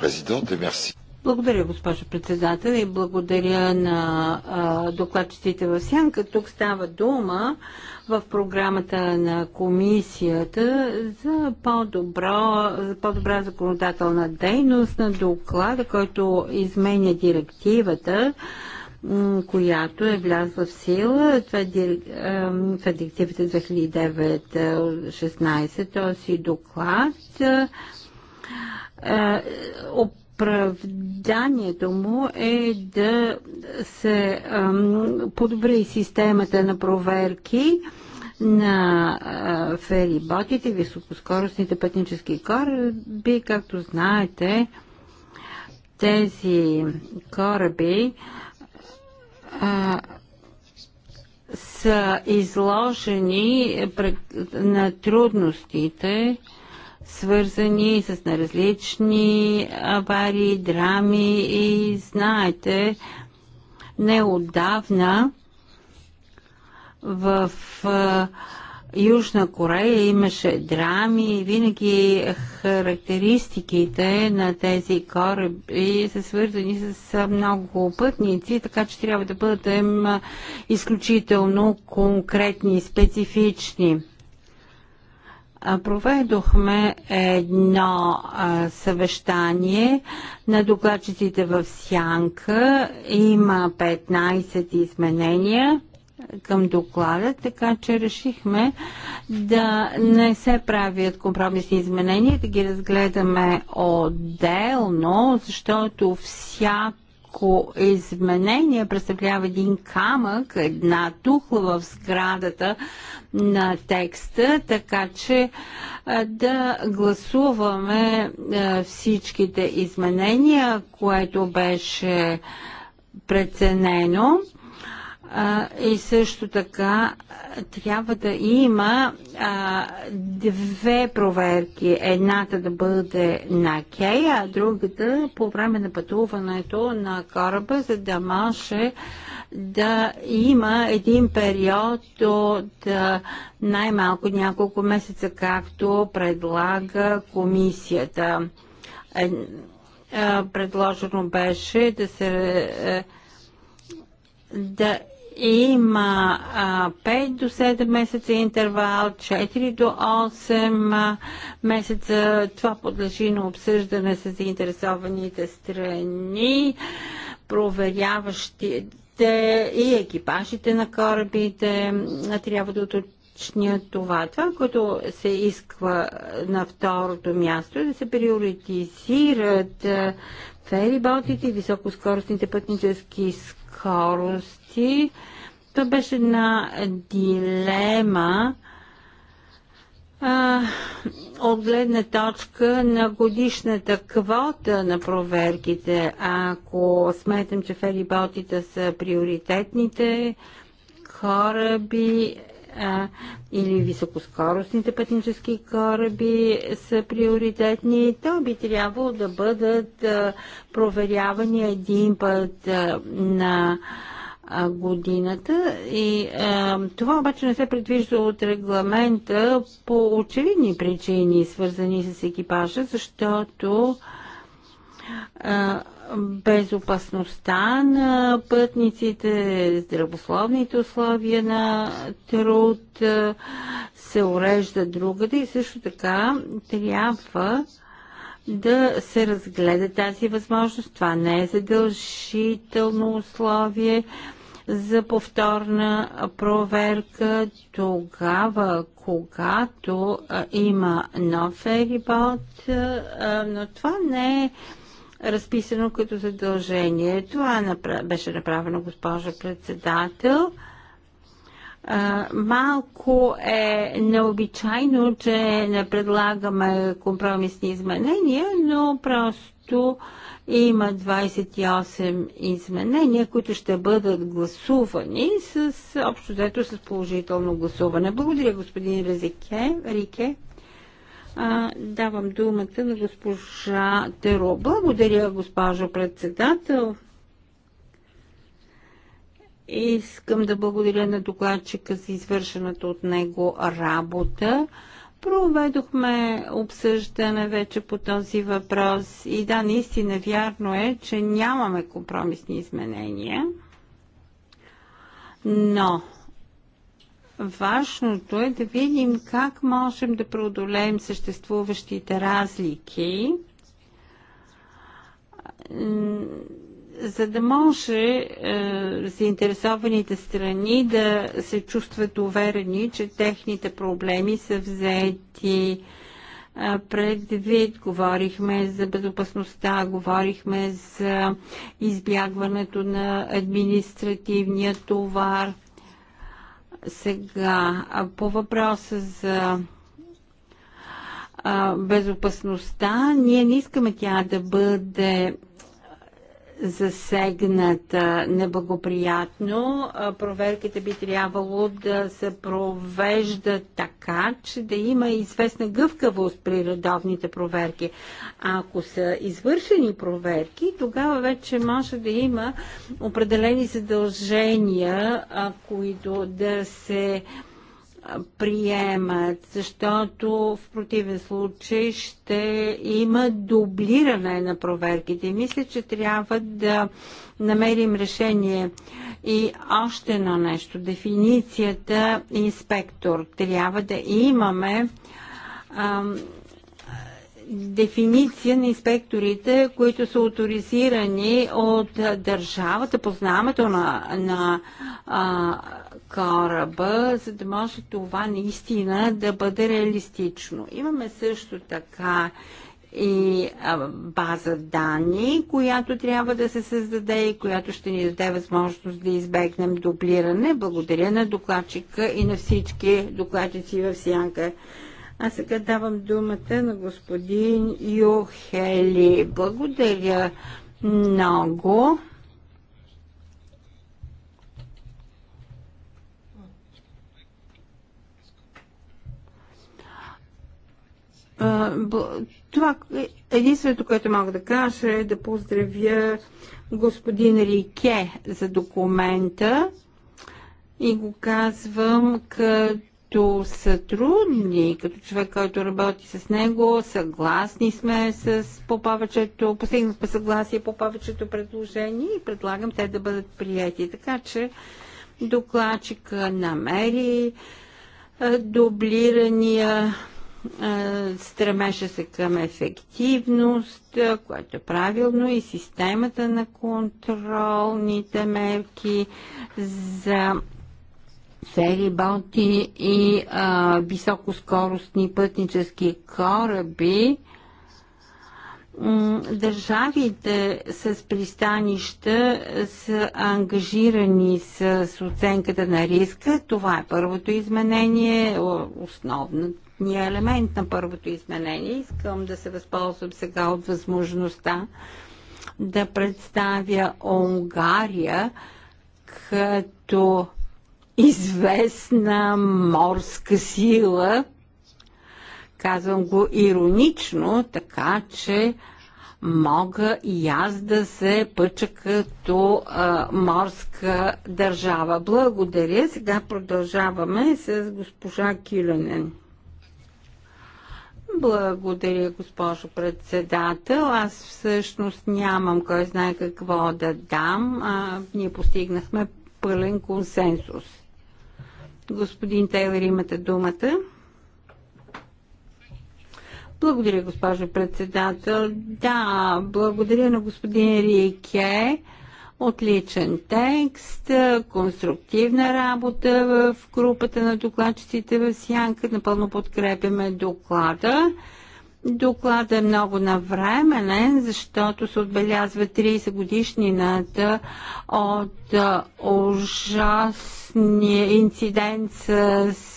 Президент, мерси. Благодаря, госпожо председател, и благодаря на докладчиците в Сянка. Тук става дума в програмата на комисията за по добра по-добра законодателна дейност на доклада, който изменя директивата която е влязла в сила. Това е, е директивата 2009-16, този доклад е, оправданието му е да се ам, подобри системата на проверки на фериботите, високоскоростните пътнически кораби. Както знаете, тези кораби а, са изложени на трудностите, свързани с различни аварии, драми и знаете, неодавна в а, Южна Корея имаше драми и винаги характеристиките на тези кораби са свързани с много пътници, така че трябва да бъдем изключително конкретни и специфични проведохме едно съвещание на докладчиците в Сянка. Има 15 изменения към доклада, така че решихме да не се правят компромисни изменения, да ги разгледаме отделно, защото всяко всяко изменение представлява един камък, една тухла в сградата на текста, така че да гласуваме всичките изменения, което беше преценено. А, и също така трябва да има а, две проверки. Едната да бъде на кей, а другата по време на пътуването на кораба, за да може да има един период от най-малко няколко месеца, както предлага комисията. Е, предложено беше да се е, да има 5 до 7 месеца интервал, 4 до 8 месеца. Това подлежи на обсъждане с заинтересованите страни, проверяващите и екипажите на корабите трябва да уточнят това. Това, което се исква на второто място е да се приоритизират фериботите и високоскоростните пътнически скорости скорости. Това беше една дилема а, от гледна точка на годишната квота на проверките. Ако сметам, че фериботите са приоритетните кораби, а, или високоскоростните пътнически кораби са приоритетни. то би трябвало да бъдат а, проверявани един път а, на годината. И а, това обаче не се предвижда от регламента по очевидни причини, свързани с екипажа, защото безопасността на пътниците, здравословните условия на труд се урежда другата и също така трябва да се разгледа тази възможност. Това не е задължително условие за повторна проверка тогава, когато има нов ерибот, но това не е разписано като задължение. Това беше направено, госпожа председател. малко е необичайно, че не предлагаме компромисни изменения, но просто има 28 изменения, които ще бъдат гласувани с общо взето с положително гласуване. Благодаря, господин Резике. Рике. А, давам думата на госпожа Теро. Благодаря, госпожо председател. Искам да благодаря на докладчика за извършената от него работа. Проведохме обсъждане вече по този въпрос и да, наистина вярно е, че нямаме компромисни изменения, но Важното е да видим как можем да преодолеем съществуващите разлики, за да може е, заинтересованите страни да се чувстват уверени, че техните проблеми са взети е, предвид, говорихме за безопасността, говорихме за избягването на административния товар. Сега, по въпроса за безопасността, ние не искаме тя да бъде засегната неблагоприятно, проверките би трябвало да се провеждат така, че да има известна гъвкавост при редовните проверки. А ако са извършени проверки, тогава вече може да има определени задължения, които да се приемат, защото в противен случай ще има дублиране на проверките. Мисля, че трябва да намерим решение. И още едно нещо. Дефиницията инспектор. Трябва да имаме дефиниция на инспекторите, които са авторизирани от държавата познаването на, на а, кораба, за да може това наистина да бъде реалистично. Имаме също така и база данни, която трябва да се създаде и която ще ни даде възможност да избегнем дублиране. Благодаря на докладчика и на всички докладчици в Сянка а сега давам думата на господин Юхели. Благодаря много. Това е единственото, което мога да кажа е да поздравя господин Рике за документа и го казвам като като сътрудник, като човек, който работи с него, съгласни сме с по повечето, постигнахме съгласие по повечето предложения и предлагам те да бъдат прияти. Така че докладчика намери дублирания стремеше се към ефективност, което е правилно и системата на контролните мерки за боти и а, високоскоростни пътнически кораби. Държавите с пристанища са ангажирани с оценката на риска. Това е първото изменение, основната ни елемент на първото изменение. Искам да се възползвам сега от възможността да представя Унгария като известна морска сила. Казвам го иронично, така че мога и аз да се пъча като а, морска държава. Благодаря. Сега продължаваме с госпожа Киленен. Благодаря, госпожо председател. Аз всъщност нямам кой знае какво да дам. А, ние постигнахме пълен консенсус. Господин Тейлор, имате думата. Благодаря, госпожо председател. Да, благодаря на господин Рике. Отличен текст, конструктивна работа в групата на докладчиците в Сянка. Напълно подкрепяме доклада. Докладът е много навременен, защото се отбелязва 30 годишнината от ужас известния инцидент с,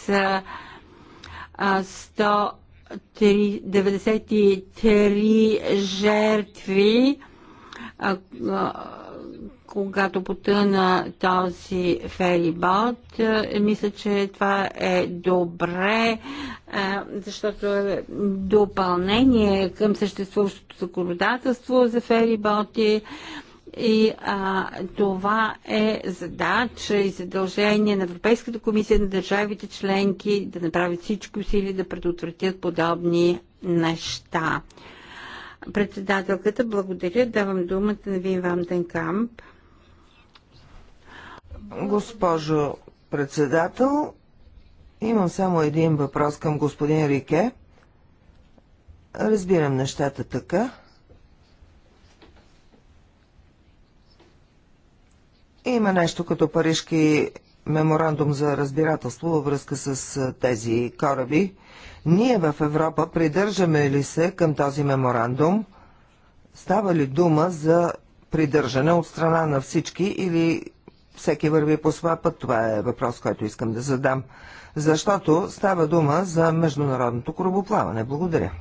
с 193 жертви, когато потъна този ферибот. Е, мисля, че това е добре, е, защото е допълнение към съществуващото законодателство за фериботи. И а, това е задача и задължение на Европейската комисия на държавите членки да направят всички усилия да предотвратят подобни неща. Председателката, благодаря. Давам думата на Вин Вамденкамп. Госпожо председател, имам само един въпрос към господин Рике. Разбирам нещата така. Има нещо като парижки меморандум за разбирателство във връзка с тези кораби. Ние в Европа придържаме ли се към този меморандум? Става ли дума за придържане от страна на всички или всеки върви по своя път? Това е въпрос, който искам да задам. Защото става дума за международното корабоплаване. Благодаря.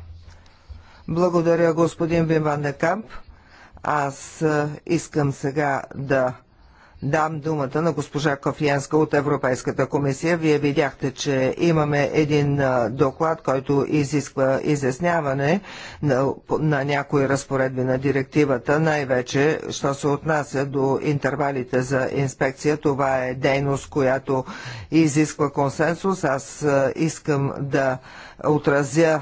Благодаря, господин Виман Декамп. Аз искам сега да дам думата на госпожа Кофиянска от Европейската комисия. Вие видяхте, че имаме един доклад, който изисква изясняване на, на някои разпоредби на директивата, най-вече, що се отнася до интервалите за инспекция. Това е дейност, която изисква консенсус. Аз искам да отразя е,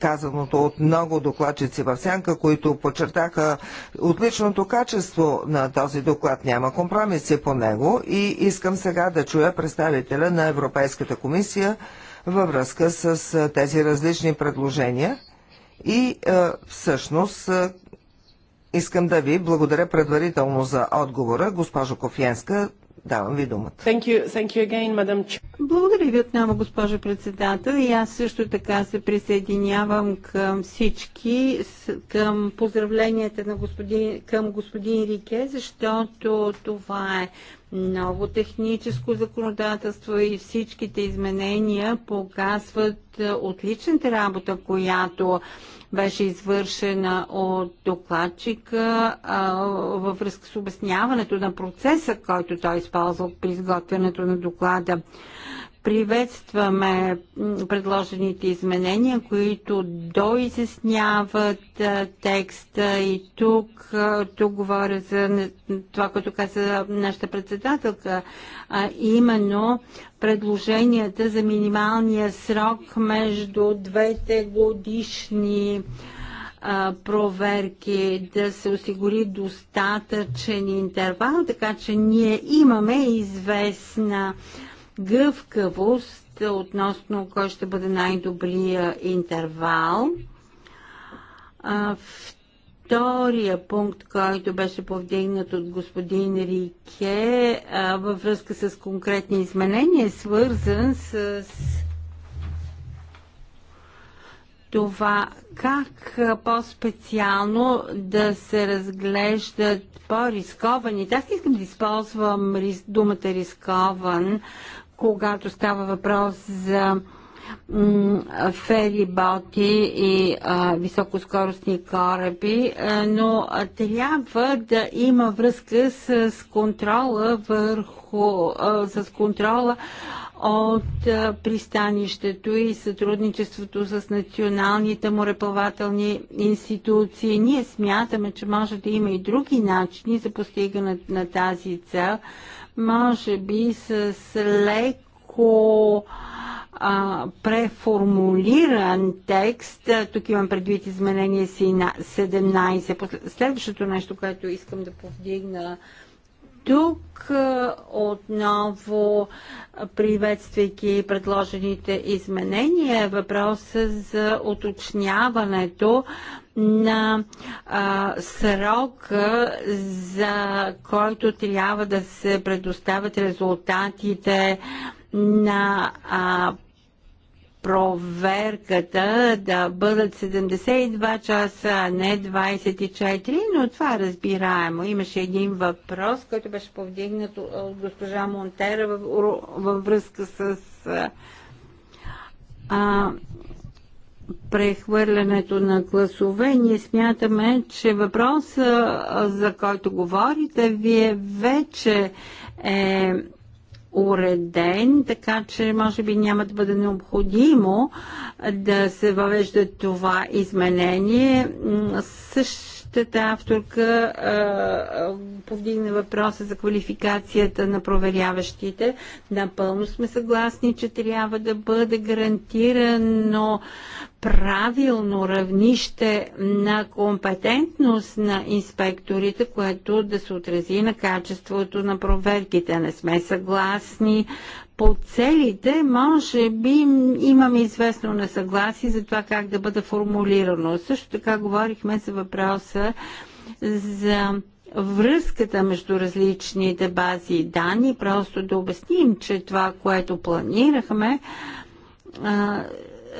казаното от много докладчици в сянка, които подчертаха отличното качество на този доклад. Няма компромиси по него и искам сега да чуя представителя на Европейската комисия във връзка с е, тези различни предложения и е, всъщност Искам да ви благодаря предварително за отговора. Госпожо Кофиенска. Давам ви думата. Thank you, thank you again, madam. Благодаря ви отново, госпожо председател. И аз също така се присъединявам към всички, към поздравленията на господин, към господин Рике, защото това е много техническо законодателство и всичките изменения показват е, отличната работа, която беше извършена от докладчика а, във връзка с обясняването на процеса, който той е използвал при изготвянето на доклада. Приветстваме предложените изменения, които доизясняват текста и тук, тук говоря за това, което каза нашата председателка, а именно предложенията за минималния срок между двете годишни проверки, да се осигури достатъчен интервал, така че ние имаме известна гъвкавост относно кой ще бъде най-добрия интервал. А, втория пункт, който беше повдигнат от господин Рике а, във връзка с конкретни изменения, е свързан с това как по-специално да се разглеждат по-рисковани. Аз искам да използвам думата рискован когато става въпрос за фериботи и а, високоскоростни кораби, а, но трябва да има връзка с, с контрола върху, а, с контрола от а, пристанището и сътрудничеството с националните мореплавателни институции. Ние смятаме, че може да има и други начини за постигане на тази цел може би с леко а, преформулиран текст. Тук имам предвид изменение си на 17. Следващото нещо, което искам да повдигна тук е, отново приветствайки предложените изменения, въпроса за уточняването на а, срока, за който трябва да се предоставят резултатите на а, проверката да бъдат 72 часа, а не 24, но това е разбираемо. Имаше един въпрос, който беше повдигнат от госпожа Монтера във, във връзка с а, прехвърлянето на класове. Ние смятаме, че въпросът, за който говорите, вие вече е уреден, така че може би няма да бъде необходимо да се въвежда това изменение. Същата авторка а, повдигна въпроса за квалификацията на проверяващите. Напълно сме съгласни, че трябва да бъде гарантирано правилно равнище на компетентност на инспекторите, което да се отрази на качеството на проверките. Не сме съгласни по целите, може би имаме известно несъгласие за това как да бъде формулирано. Също така говорихме за въпроса за връзката между различните бази и данни, просто да обясним, че това, което планирахме,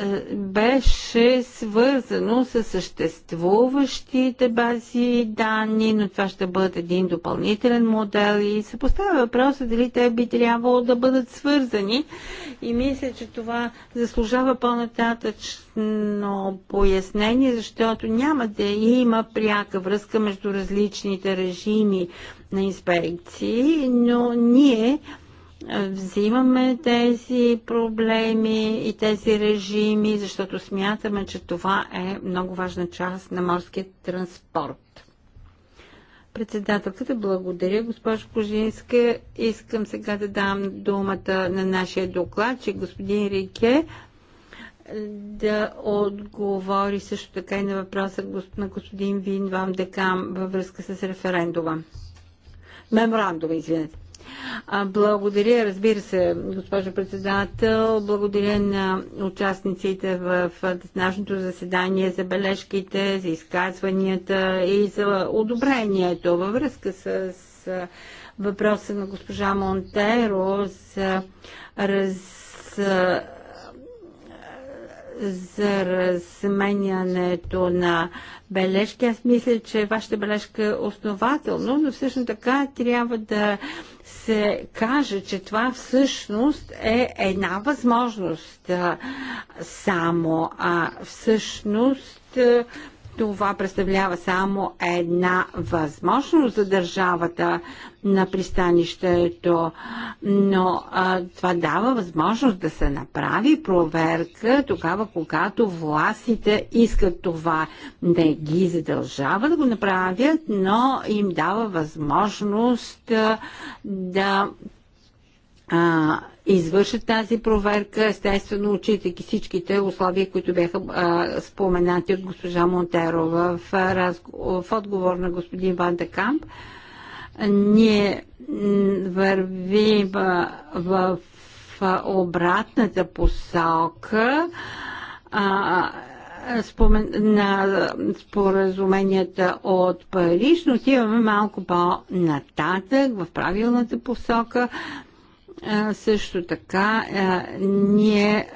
е, беше свързано с съществуващите бази данни, но това ще бъде един допълнителен модел и се поставя въпроса дали те би трябвало да бъдат свързани и мисля, че това заслужава по-нататъчно пояснение, защото няма да има пряка връзка между различните режими на инспекции, но ние е, взимаме тези проблеми и тези режими, защото смятаме, че това е много важна част на морския транспорт. Председателката, благодаря, госпожо Кожинска. Искам сега да дам думата на нашия доклад, че господин Рике да отговори също така и на въпроса на господин Вин Вам Декам във връзка с референдума. Меморандума, извинете. Благодаря, разбира се, госпожо председател. Благодаря на участниците в днешното заседание за бележките, за изказванията и за одобрението във връзка с въпроса на госпожа Монтеро за раз за разменянето на бележки. Аз мисля, че вашата бележка е основателна, но всъщност така трябва да се каже, че това всъщност е една възможност само, а всъщност това представлява само една възможност за държавата на пристанището, но а, това дава възможност да се направи проверка тогава, когато властите искат това. да ги задължава да го направят, но им дава възможност а, да а, извършат тази проверка, естествено, отчитайки всичките условия, които бяха а, споменати от госпожа Монтерова, в, в, отговор на господин Ван Декамп. Ние вървим в, в, в обратната посока. А, спомен, на споразуменията от Париж, но отиваме малко по-нататък в правилната посока също така ние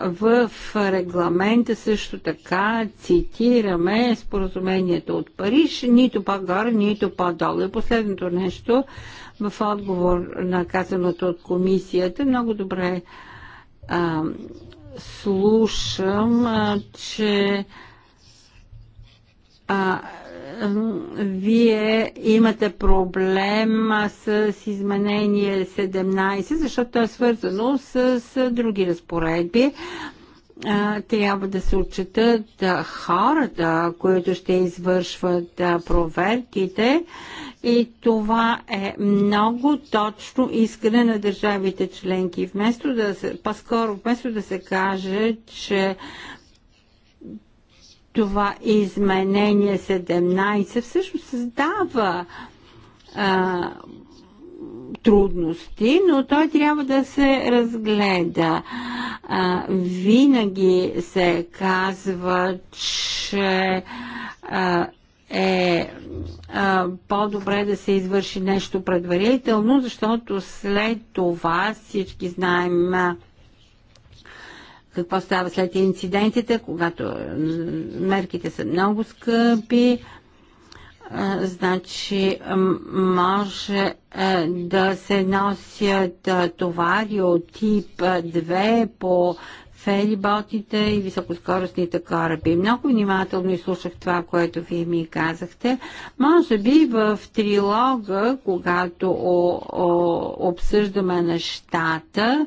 в регламента също така цитираме споразумението от Париж, нито по-горе, нито по-долу. И последното нещо в отговор на казаното от комисията, много добре слушам, че вие имате проблем с изменение 17, защото е свързано с, с други разпоредби. Трябва да се отчитат хората, които ще извършват проверките и това е много точно искане на държавите членки. Вместо да се, по-скоро, вместо да се каже, че това изменение 17 всъщност създава а, трудности, но той трябва да се разгледа. А, винаги се казва, че а, е по-добре да се извърши нещо предварително, защото след това всички знаем какво става след инцидентите, когато мерките са много скъпи, значи може да се носят товари от тип 2 по фериботите и високоскоростните кораби. Много внимателно изслушах това, което вие ми казахте. Може би в трилога, когато о, о, обсъждаме нещата,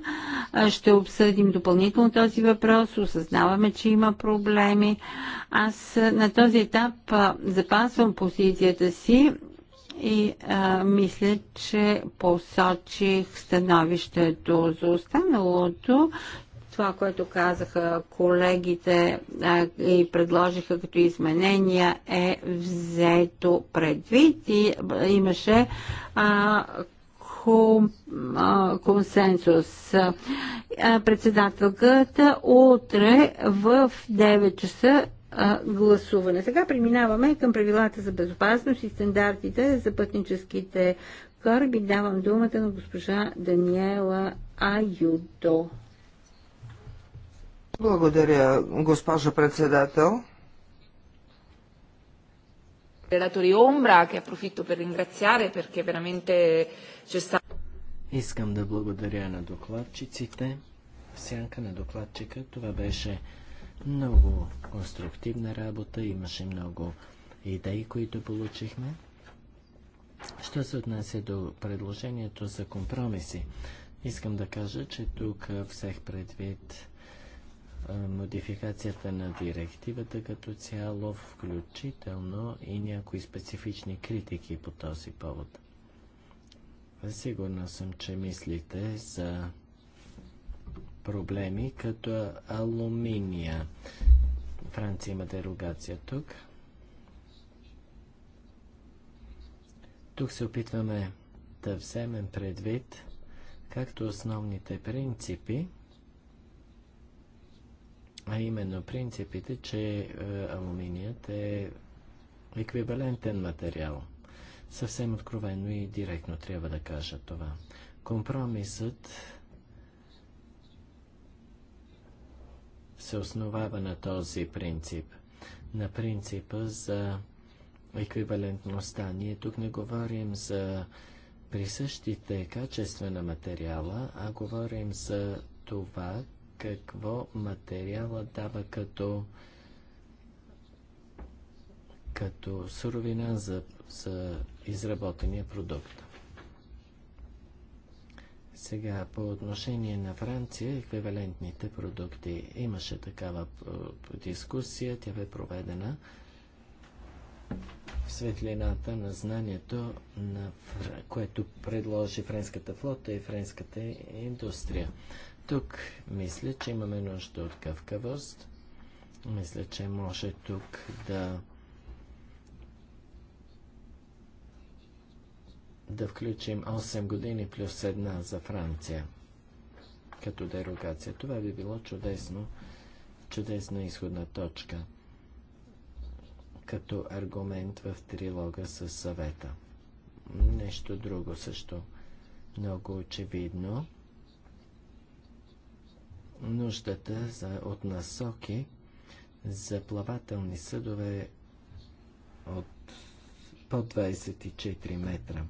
ще обсъдим допълнително този въпрос. Осъзнаваме, че има проблеми. Аз на този етап запазвам позицията си и а, мисля, че посочих становището за останалото. Това, което казаха колегите и предложиха като изменения е взето предвид и имаше а, консенсус. Председателката утре в 9 часа гласуване. Сега преминаваме към правилата за безопасност и стандартите за пътническите кораби. Давам думата на госпожа Даниела Аюдо. Благодаря, госпожо председател. Искам да благодаря на докладчиците, сянка на докладчика. Това беше много конструктивна работа, имаше много идеи, които получихме. Що се отнася до предложението за компромиси, искам да кажа, че тук всех предвид модификацията на директивата като цяло, включително и някои специфични критики по този повод. Сигурна съм, че мислите за проблеми като алуминия. Франция има дерогация тук. Тук се опитваме да вземем предвид както основните принципи, а именно принципите, че е, алуминият е еквивалентен материал. Съвсем откровено и директно трябва да кажа това. Компромисът се основава на този принцип, на принципа за еквивалентността. Ние тук не говорим за присъщите качества на материала, а говорим за това, какво материала дава като, като суровина за, за изработения продукт. Сега, по отношение на Франция, еквивалентните продукти. Имаше такава е, дискусия, тя бе проведена в светлината на знанието, на, което предложи френската флота и френската индустрия. Тук мисля, че имаме нужда от гъвкавост. Мисля, че може тук да да включим 8 години плюс една за Франция като дерогация. Това би било чудесно, чудесна изходна точка като аргумент в трилога с съвета. Нещо друго също много очевидно нуждата за, от насоки за плавателни съдове от по 24 метра.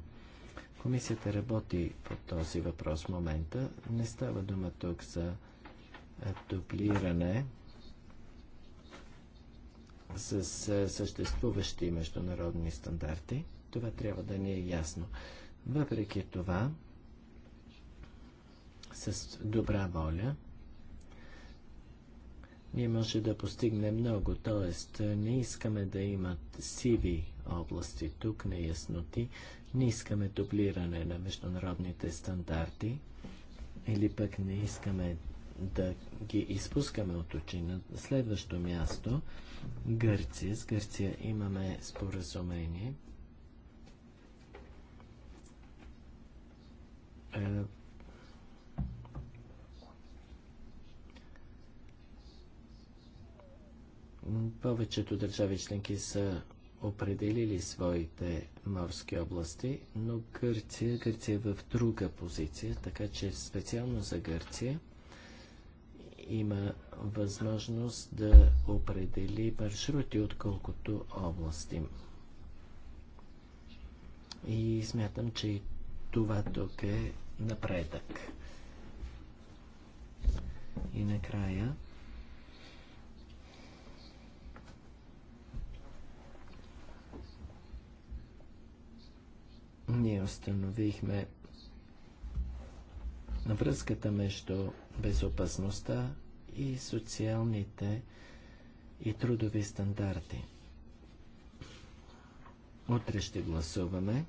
Комисията работи по този въпрос в момента. Не става дума тук за дублиране с съществуващи международни стандарти. Това трябва да ни е ясно. Въпреки това, с добра воля, ние може да постигнем много. т.е. не искаме да имат сиви области тук, неясноти, не искаме дублиране на международните стандарти или пък не искаме да ги изпускаме от очи. На следващо място Гърция. С Гърция имаме споразумение. Е, Повечето държави членки са определили своите морски области, но Гърция, Гърция е в друга позиция, така че специално за Гърция има възможност да определи маршрути, отколкото области. И смятам, че и това тук е напредък. И накрая ние установихме връзката между безопасността и социалните и трудови стандарти. Утре ще гласуваме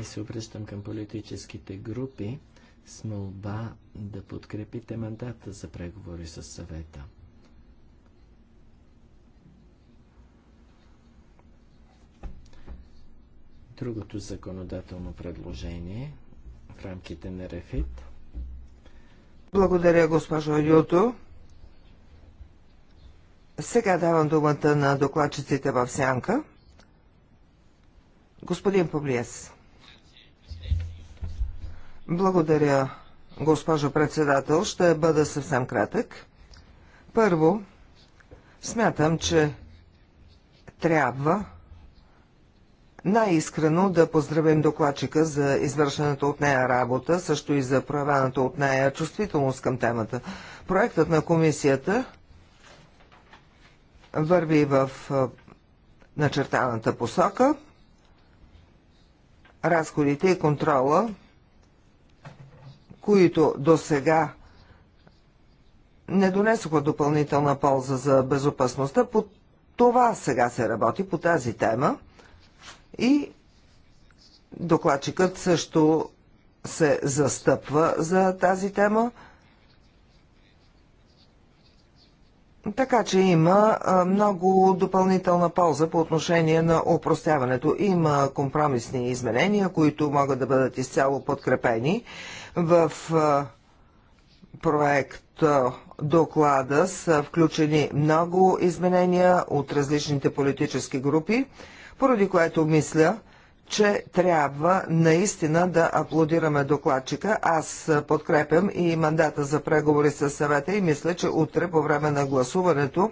и се обръщам към политическите групи с молба да подкрепите мандата за преговори с съвета. Другото законодателно предложение в рамките на РЕФИТ. Благодаря, госпожо Юто. Сега давам думата на докладчиците в сянка. Господин Павлиес. Благодаря, госпожо председател. Ще бъда съвсем кратък. Първо, смятам, че трябва най-искрено да поздравим докладчика за извършената от нея работа, също и за проявената от нея чувствителност към темата. Проектът на комисията върви в начертаната посока. Разходите и контрола, които до сега не донесоха допълнителна полза за безопасността, по това сега се работи по тази тема – и докладчикът също се застъпва за тази тема. Така че има много допълнителна полза по отношение на упростяването. Има компромисни изменения, които могат да бъдат изцяло подкрепени. В проект доклада са включени много изменения от различните политически групи поради което мисля, че трябва наистина да аплодираме докладчика. Аз подкрепям и мандата за преговори с съвета и мисля, че утре по време на гласуването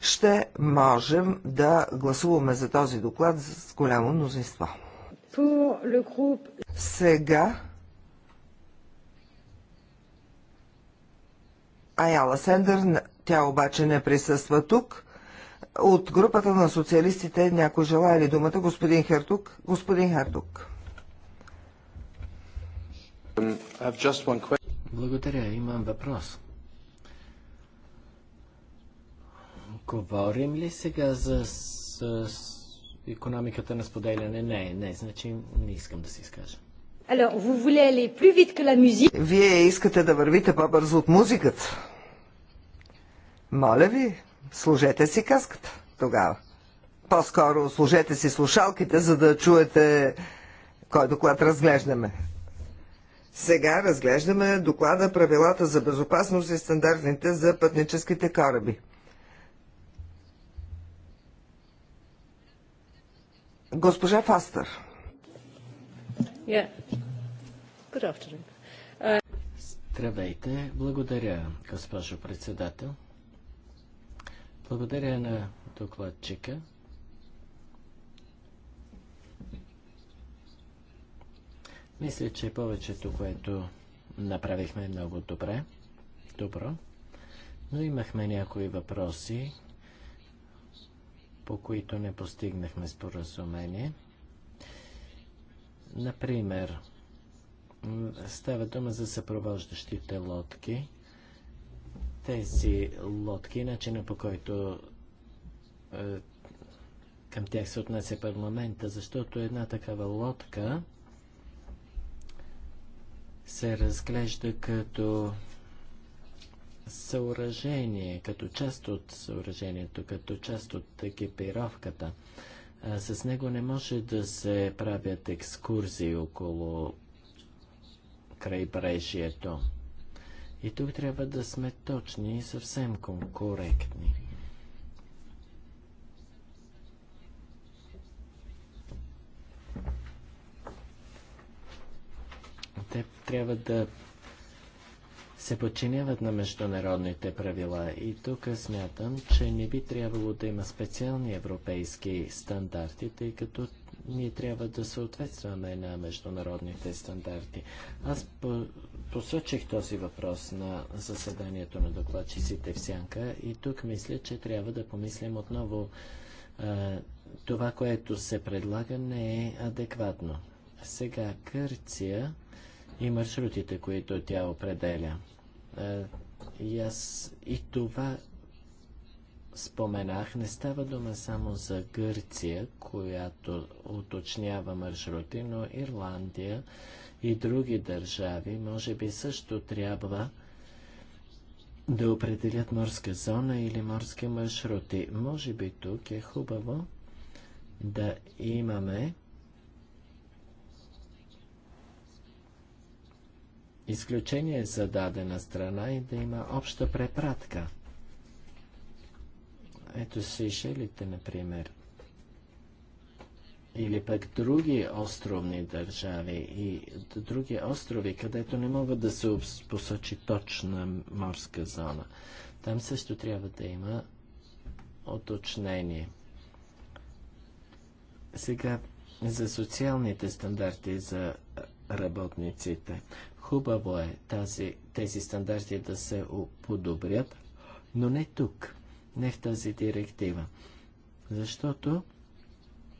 ще можем да гласуваме за този доклад с голямо мнозинство. Сега Аяла Сендър, тя обаче не присъства тук. От групата на социалистите някой желая ли думата? Господин Хертук. Господин Хертук. Благодаря. Имам въпрос. Говорим ли сега за с, с економиката на споделяне? Не, не, значи не искам да се изкажа. Вие искате да вървите по-бързо от музиката. Моля ви, Служете си каската тогава. По-скоро служете си слушалките, за да чуете кой доклад разглеждаме. Сега разглеждаме доклада правилата за безопасност и стандартните за пътническите кораби. Госпожа Фастър. Yeah. Uh, Здравейте, благодаря, госпожо председател. Благодаря на докладчика. Мисля, че повечето, което направихме е много добре. Добро. Но имахме някои въпроси, по които не постигнахме споразумение. Например, става дума за съпровождащите лодки – тези лодки, начина по който е, към тях се отнася парламента, защото една такава лодка се разглежда като съоръжение, като част от съоръжението, като част от екипировката. А, с него не може да се правят екскурзии около крайбрежието. И тук трябва да сме точни и съвсем коректни. Те трябва да се подчиняват на международните правила и тук смятам, че не би трябвало да има специални европейски стандарти, тъй като ние трябва да съответстваме на международните стандарти. Аз по посочих този въпрос на заседанието на докладчиците в Сянка и тук мисля, че трябва да помислим отново а, това, което се предлага, не е адекватно. Сега Гърция и маршрутите, които тя определя. А, и аз и това споменах, не става дума само за Гърция, която уточнява маршрути, но Ирландия, и други държави може би също трябва да определят морска зона или морски маршрути. Може би тук е хубаво да имаме изключение за дадена страна и да има обща препратка. Ето Сейшелите, например или пък други островни държави и други острови, където не могат да се посочи точна морска зона. Там също трябва да има оточнение. Сега за социалните стандарти за работниците. Хубаво е тази, тези стандарти да се подобрят, но не тук, не в тази директива. Защото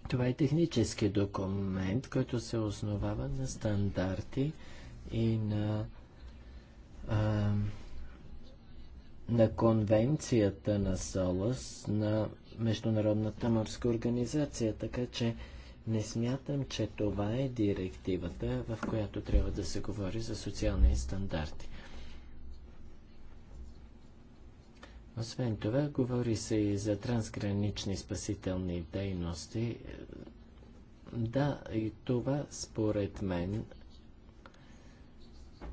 това е технически документ, който се основава на стандарти и на, а, на конвенцията на СОЛАС на Международната морска организация, така че не смятам, че това е директивата, в която трябва да се говори за социални стандарти. Освен това, говори се и за трансгранични спасителни дейности. Да, и това според мен,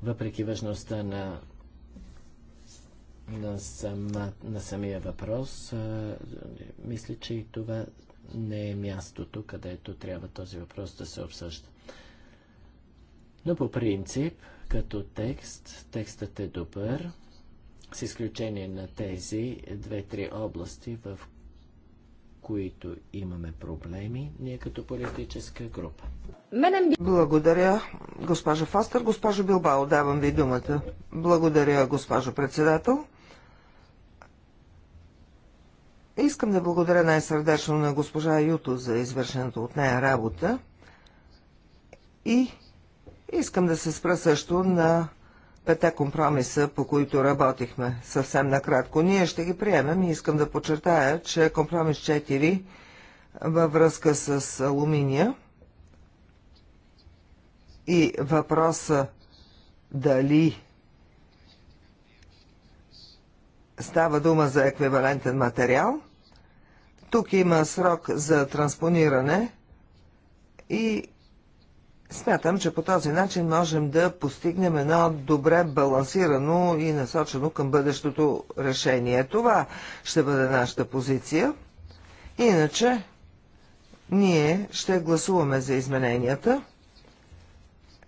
въпреки важността на, на, сама, на самия въпрос, мисля, че и това не е мястото, където трябва този въпрос да се обсъжда. Но по принцип, като текст, текстът е добър с изключение на тези две-три области, в които имаме проблеми, ние като политическа група. Благодаря, госпожа Фастър. Госпожо Билбао, давам ви думата. Благодаря, госпожо председател. Искам да благодаря най-сърдечно на госпожа Юто за извършената от нея работа и искам да се спра също на пете компромиса, по които работихме. Съвсем накратко, ние ще ги приемем и искам да подчертая, че компромис 4 във връзка с алуминия и въпроса дали става дума за еквивалентен материал. Тук има срок за транспониране и Смятам, че по този начин можем да постигнем едно добре балансирано и насочено към бъдещото решение. Това ще бъде нашата позиция. Иначе ние ще гласуваме за измененията.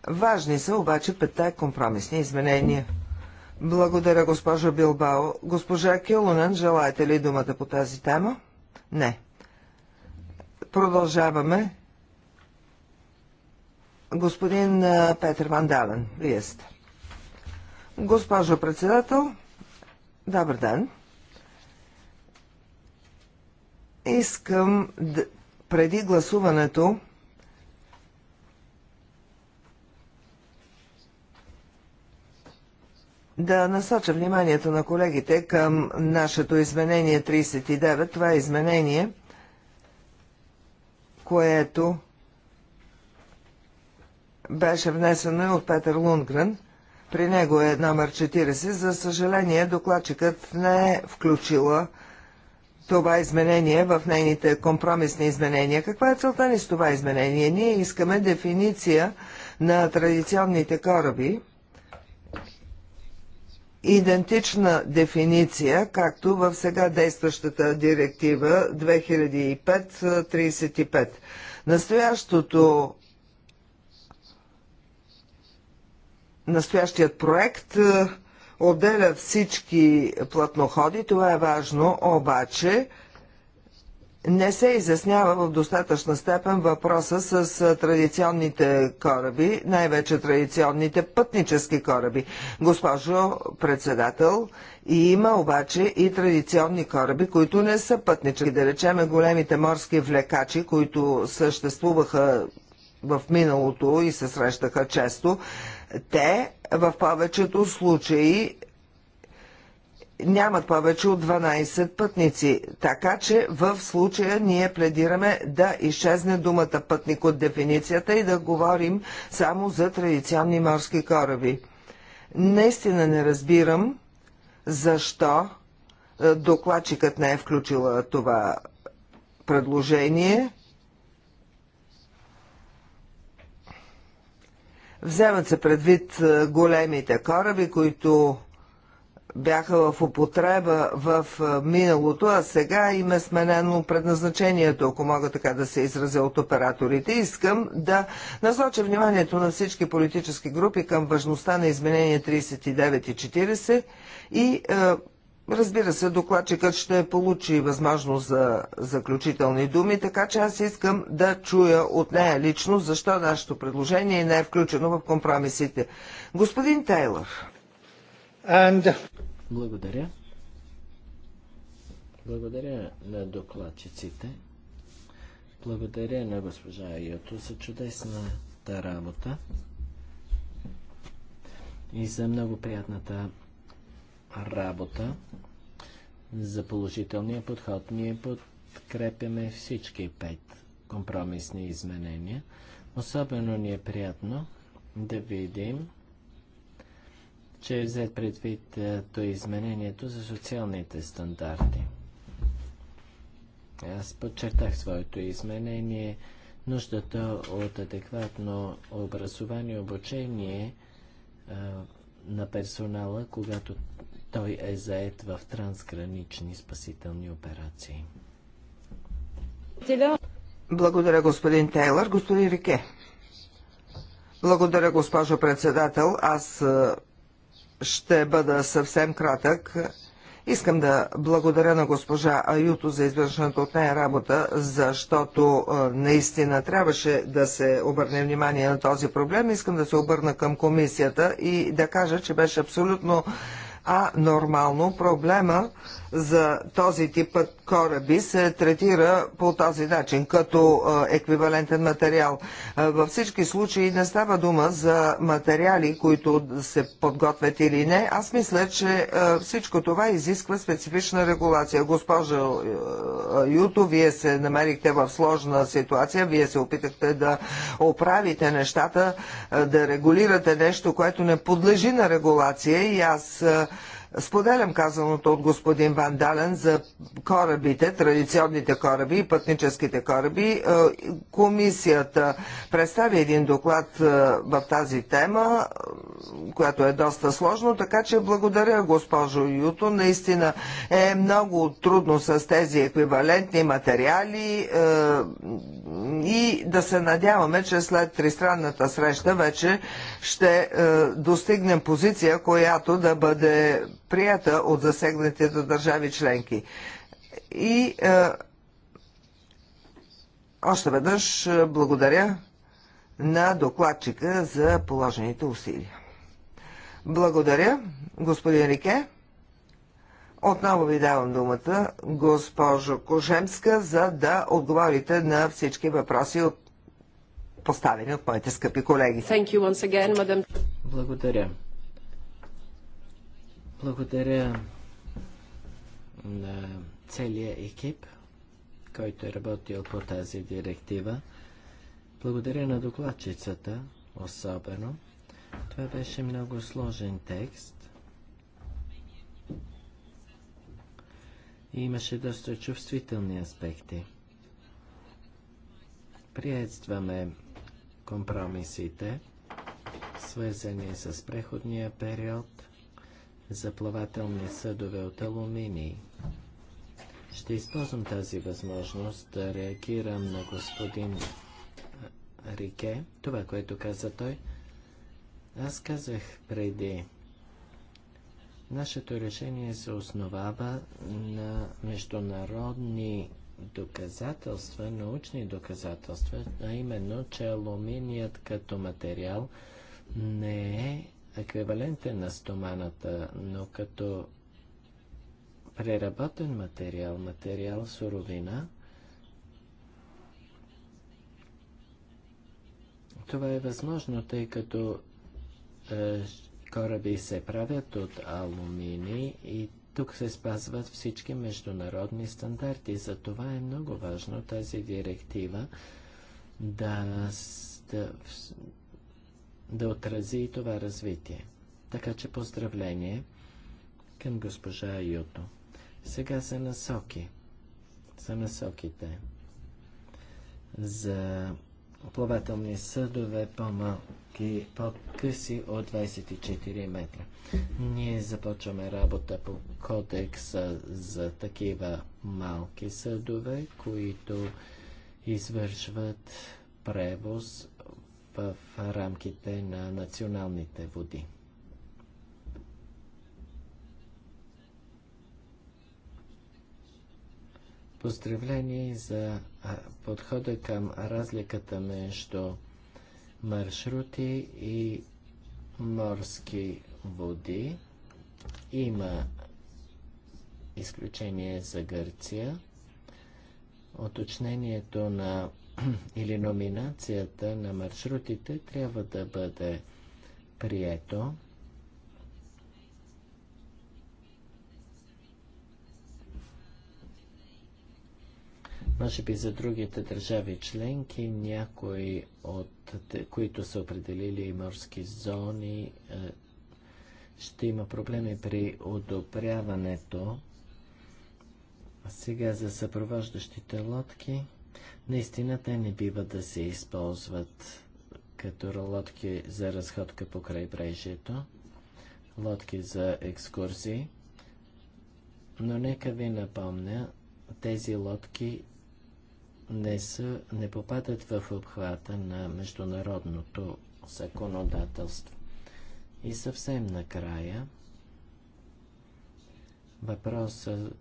Важни са обаче петте компромисни изменения. Благодаря, госпожо Билбао. Госпожа Келунен, желаете ли думата по тази тема? Не. Продължаваме Господин Петър Мандален, вие сте. Госпожо председател, добър ден. Искам преди гласуването да насоча вниманието на колегите към нашето изменение 39. Това е изменение, което беше внесена от Петър Лунгрен. При него е номер 40. За съжаление, докладчикът не е включила това изменение в нейните компромисни изменения. Каква е целта ни с това изменение? Ние искаме дефиниция на традиционните кораби, идентична дефиниция, както в сега действащата директива 2005-35. Настоящото настоящият проект е, отделя всички платноходи. Това е важно, обаче не се изяснява в достатъчна степен въпроса с е, традиционните кораби, най-вече традиционните пътнически кораби. Госпожо председател, и има обаче и традиционни кораби, които не са пътнически. Да речеме големите морски влекачи, които съществуваха в миналото и се срещаха често, те в повечето случаи нямат повече от 12 пътници. Така че в случая ние пледираме да изчезне думата пътник от дефиницията и да говорим само за традиционни морски кораби. Наистина не разбирам защо е, докладчикът не е включила това предложение. Вземат се предвид е, големите кораби, които бяха в употреба в е, миналото, а сега им е сменено предназначението, ако мога така да се изразя от операторите. Искам да насоча вниманието на всички политически групи към важността на изменение 39 и 40 и Разбира се, докладчикът ще получи възможност за заключителни думи, така че аз искам да чуя от нея лично защо нашето предложение не е включено в компромисите. Господин Тейлър. And... Благодаря. Благодаря на докладчиците. Благодаря на госпожа Йото за чудесната работа и за много приятната работа за положителния подход. Ние подкрепяме всички пет компромисни изменения. Особено ни е приятно да видим, че е взет предвид е, то изменението за социалните стандарти. Аз подчертах своето изменение нуждата от адекватно образование и обучение е, на персонала, когато той е заед в трансгранични спасителни операции. Благодаря, господин Тейлър. Господин Рике. Благодаря, госпожо председател. Аз ще бъда съвсем кратък. Искам да благодаря на госпожа Аюто за извършената от нея работа, защото наистина трябваше да се обърне внимание на този проблем. Искам да се обърна към комисията и да кажа, че беше абсолютно а нормално проблема за този тип кораби се третира по този начин, като еквивалентен материал. Във всички случаи не става дума за материали, които се подготвят или не. Аз мисля, че всичко това изисква специфична регулация. Госпожа Юто, вие се намерихте в сложна ситуация, вие се опитахте да оправите нещата, да регулирате нещо, което не подлежи на регулация и аз Споделям казаното от господин Ван Дален за корабите, традиционните кораби и пътническите кораби. Е, комисията представи един доклад е, в тази тема, е, която е доста сложно, така че благодаря госпожо Юто. Наистина е много трудно с тези еквивалентни материали и да се надяваме, че след тристранната среща вече ще достигнем позиция, която да бъде прията от засегнатите държави членки. И е, още веднъж е, благодаря на докладчика за положените усилия. Благодаря, господин Рике. Отново ви давам думата, госпожо Кожемска, за да отговорите на всички въпроси, от... поставени от моите скъпи колеги. Again, Благодаря. Благодаря на целия екип, който е работил по тази директива. Благодаря на докладчицата, особено. Това беше много сложен текст. И имаше доста чувствителни аспекти. Приедстваме компромисите, свързани с преходния период – за плавателни съдове от алуминий. Ще използвам тази възможност да реагирам на господин Рике, това, което каза той. Аз казах преди, нашето решение се основава на международни доказателства, научни доказателства, а именно, че алуминият като материал не е еквивалентен на стоманата, но като преработен материал, материал суровина, това е възможно, тъй като е, кораби се правят от алумини и тук се спазват всички международни стандарти. това е много важно тази директива да, да да отрази и това развитие. Така че поздравление към госпожа Юто. Сега са насоки. Са насоките за плавателни съдове по-малки, по-къси от 24 метра. Ние започваме работа по кодекса за такива малки съдове, които извършват превоз в рамките на националните води. Поздравление за подхода към разликата между маршрути и морски води. Има изключение за Гърция. Оточнението на (clears throat) или номинацията на маршрутите трябва да бъде прието. Може би за другите държави членки, някои от които са определили морски зони, е, ще има проблеми при одобряването. А сега за съпровождащите лодки – Наистина те не бива да се използват като лодки за разходка по крайбрежието, лодки за екскурзии. Но нека ви напомня, тези лодки не, са, не попадат в обхвата на международното законодателство. И съвсем накрая, въпросът,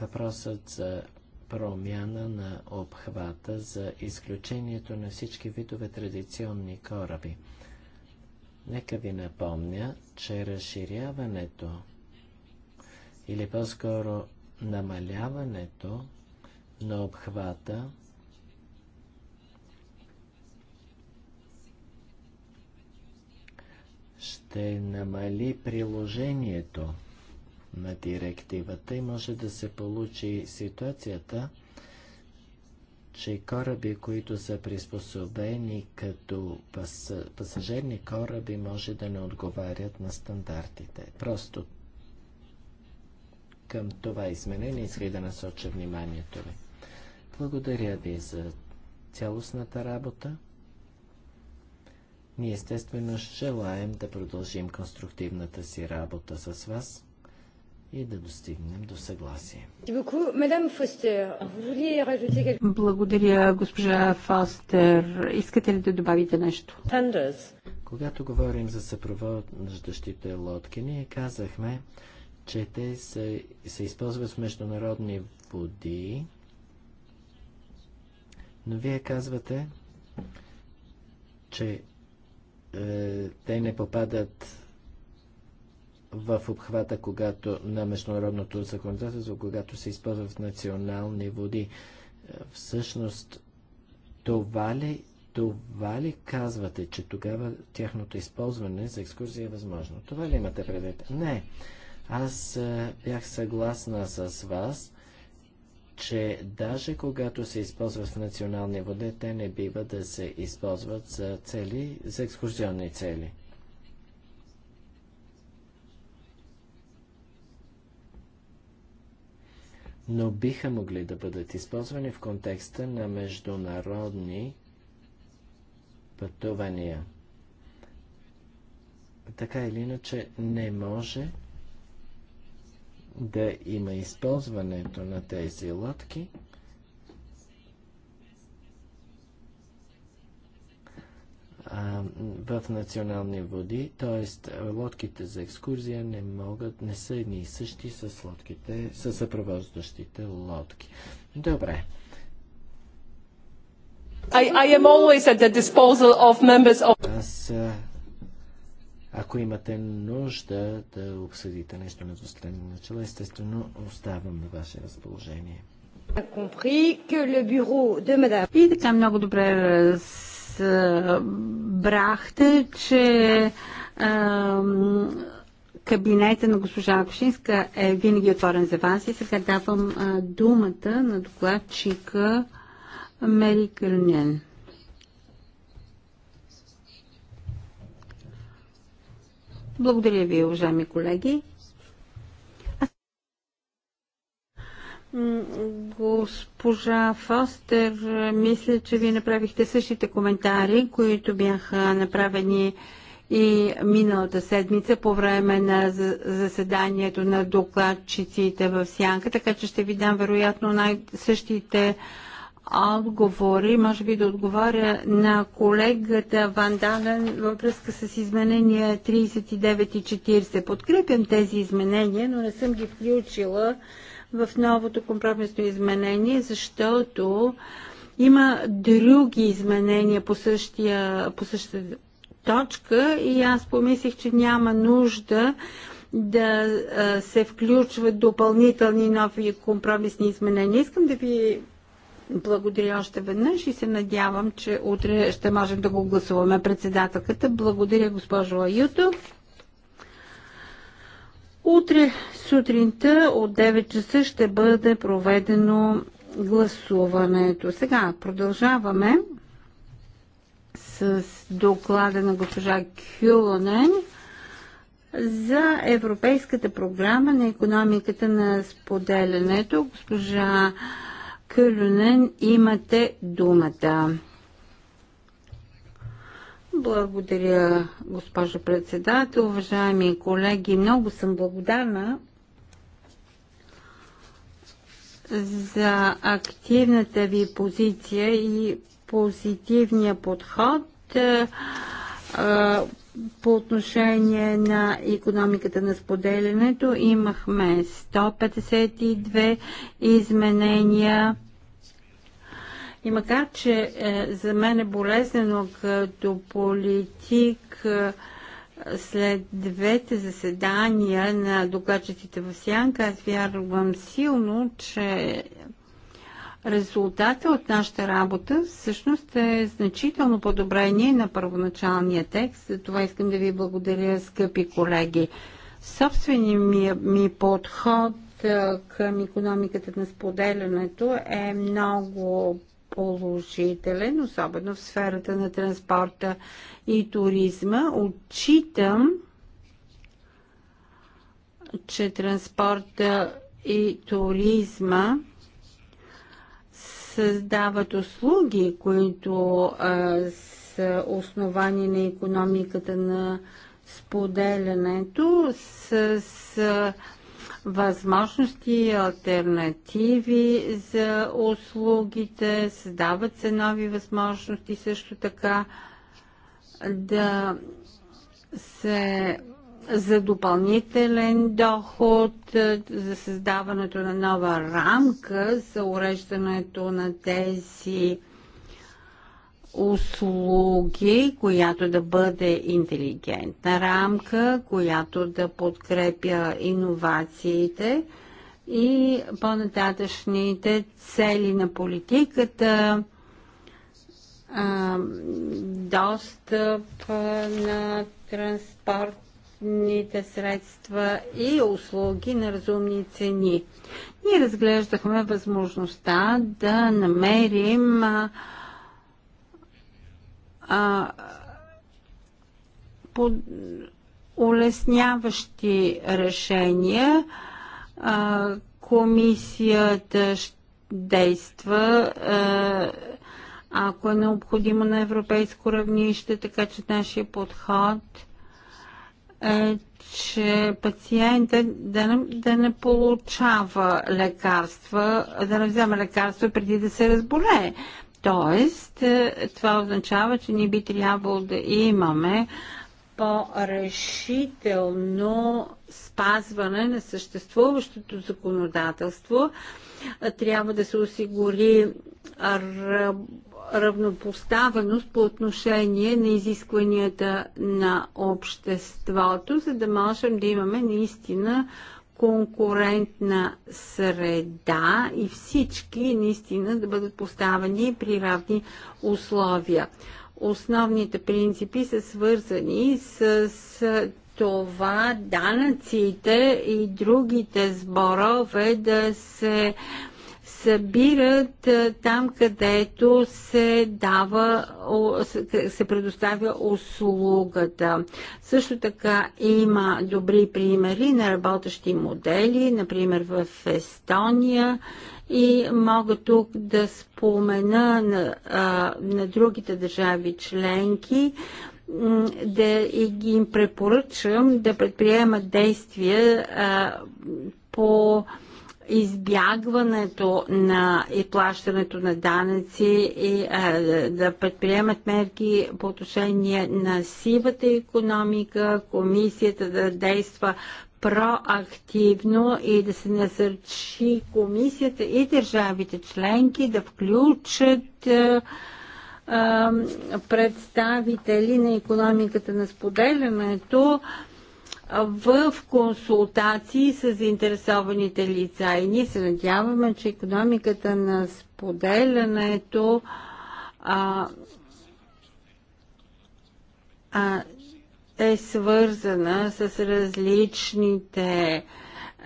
въпросът за промяна на обхвата за изключението на всички видове традиционни кораби. Нека ви напомня, че разширяването или по-скоро намаляването на обхвата ще намали приложението на директивата и може да се получи ситуацията, че кораби, които са приспособени като пас, пасажирни кораби, може да не отговарят на стандартите. Просто към това изменение исках да насоча вниманието ви. Благодаря ви за цялостната работа. Ние естествено желаем да продължим конструктивната си работа с вас и да достигнем до съгласие. Благодаря, госпожа Фостер. Искате ли да добавите нещо? Когато говорим за съпровождащите лодки, ние казахме, че те се, се използват в международни води, но вие казвате, че е, те не попадат в обхвата когато, на международното законодателство, когато се използва в национални води. Е, всъщност, това ли, това ли казвате, че тогава тяхното използване за екскурзия е възможно? Това ли имате предвид? Не. Аз е, бях съгласна с вас, че даже когато се използват в национални води, те не бива да се използват за цели, за екскурзионни цели. но биха могли да бъдат използвани в контекста на международни пътувания. Така или иначе не може да има използването на тези лодки в национални води, т.е. лодките за екскурзия не могат, не са едни и същи с лодките, с съпровождащите лодки. Добре. I, I am always at the disposal of members of... Аз, ако имате нужда да обсъдите нещо на двустранни начала, естествено оставам на ваше разположение. И така много добре раз разбрахте, че а, кабинета на госпожа Акушинска е винаги отворен за вас и сега давам а, думата на докладчика Мери Кърнен. Благодаря ви, уважаеми колеги. Госпожа Фостер, мисля, че вие направихте същите коментари, които бяха направени и миналата седмица по време на заседанието на докладчиците в Сянка, така че ще ви дам вероятно най-същите отговори. Може би да отговаря на колегата Ван Дален във връзка с изменения 39 и 40. Подкрепям тези изменения, но не съм ги включила в новото компромисно изменение, защото има други изменения по, същия, по същата точка и аз помислих, че няма нужда да се включват допълнителни нови компромисни изменения. Искам да ви благодаря още веднъж и се надявам, че утре ще можем да го гласуваме председателката. Благодаря, госпожо Аюто. Утре сутринта от 9 часа ще бъде проведено гласуването. Сега продължаваме с доклада на госпожа Кюлонен за Европейската програма на економиката на споделянето. Госпожа Кюлонен, имате думата. Благодаря, госпожо председател. Уважаеми колеги, много съм благодарна за активната ви позиция и позитивния подход по отношение на економиката на споделянето. Имахме 152 изменения и макар, че е, за мен е болезнено като политик е, след двете заседания на докладчиците в Сянка, аз вярвам силно, че резултата от нашата работа всъщност е значително подобрение на първоначалния текст. За това искам да ви благодаря, скъпи колеги. Собственият ми, ми подход е, към економиката на споделянето е много положителен, особено в сферата на транспорта и туризма. Отчитам, че транспорта и туризма създават услуги, които а, са основани на економиката на споделянето с, с възможности и альтернативи за услугите, създават се нови възможности също така да се за допълнителен доход, за създаването на нова рамка за уреждането на тези услуги, която да бъде интелигентна рамка, която да подкрепя иновациите и по-нататъчните цели на политиката, достъп на транспортните средства и услуги на разумни цени. Ние разглеждахме възможността да намерим а, по, улесняващи решения. А, комисията действа, действа, ако е необходимо на европейско равнище, така че нашия подход е, че пациента да не, да не получава лекарства, да не взема лекарства преди да се разболее. Тоест, е, това означава, че ние би трябвало да имаме по-решително спазване на съществуващото законодателство. Е, трябва да се осигури равнопоставеност по отношение на изискванията на обществото, за да можем да имаме наистина конкурентна среда и всички наистина да бъдат поставени при равни условия. Основните принципи са свързани с, с това данъците и другите сборове да се събират там, където се дава, се предоставя услугата. Също така има добри примери на работещи модели, например в Естония и мога тук да спомена на, на другите държави членки, да и ги им препоръчам да предприемат действия а, по а, избягването на и плащането на данъци и а, да предприемат мерки по отношение на сивата економика, комисията да действа проактивно и да се насърчи комисията и държавите членки да включат а, а, представители на економиката на споделянето а, в консултации с заинтересованите лица. И ние се надяваме, че економиката на споделянето а, а, е свързана с различните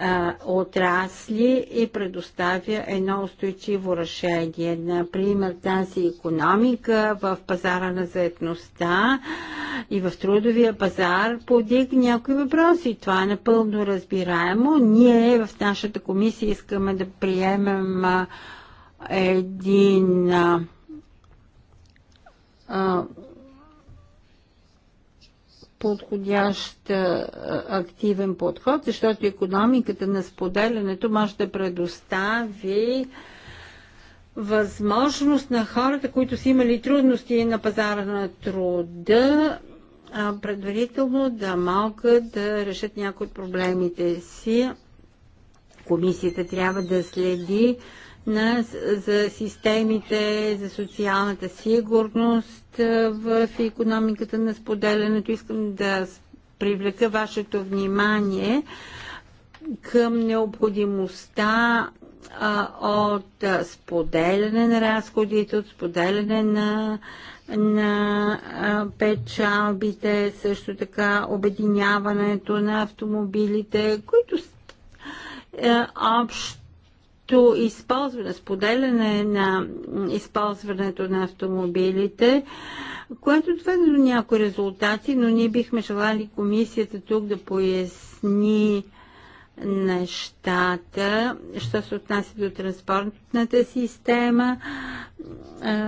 а, отрасли и предоставя едно устойчиво решение. Например, тази економика в пазара на заедността и в трудовия пазар подиг някои въпроси. Това е напълно разбираемо. Ние в нашата комисия искаме да приемем а, един а, подходящ активен подход, защото економиката на споделянето може да предостави възможност на хората, които са имали трудности на пазара на труда, предварително да могат да решат някои от проблемите си. Комисията трябва да следи на, за системите за социалната сигурност в економиката на споделянето. Искам да привлека вашето внимание към необходимостта а, от а, споделяне на разходите, от споделяне на, на а, печалбите, също така обединяването на автомобилите, които а, общо като използване, споделяне на използването на автомобилите, което доведе до някои резултати, но ние бихме желали комисията тук да поясни нещата, що се отнася до транспортната система.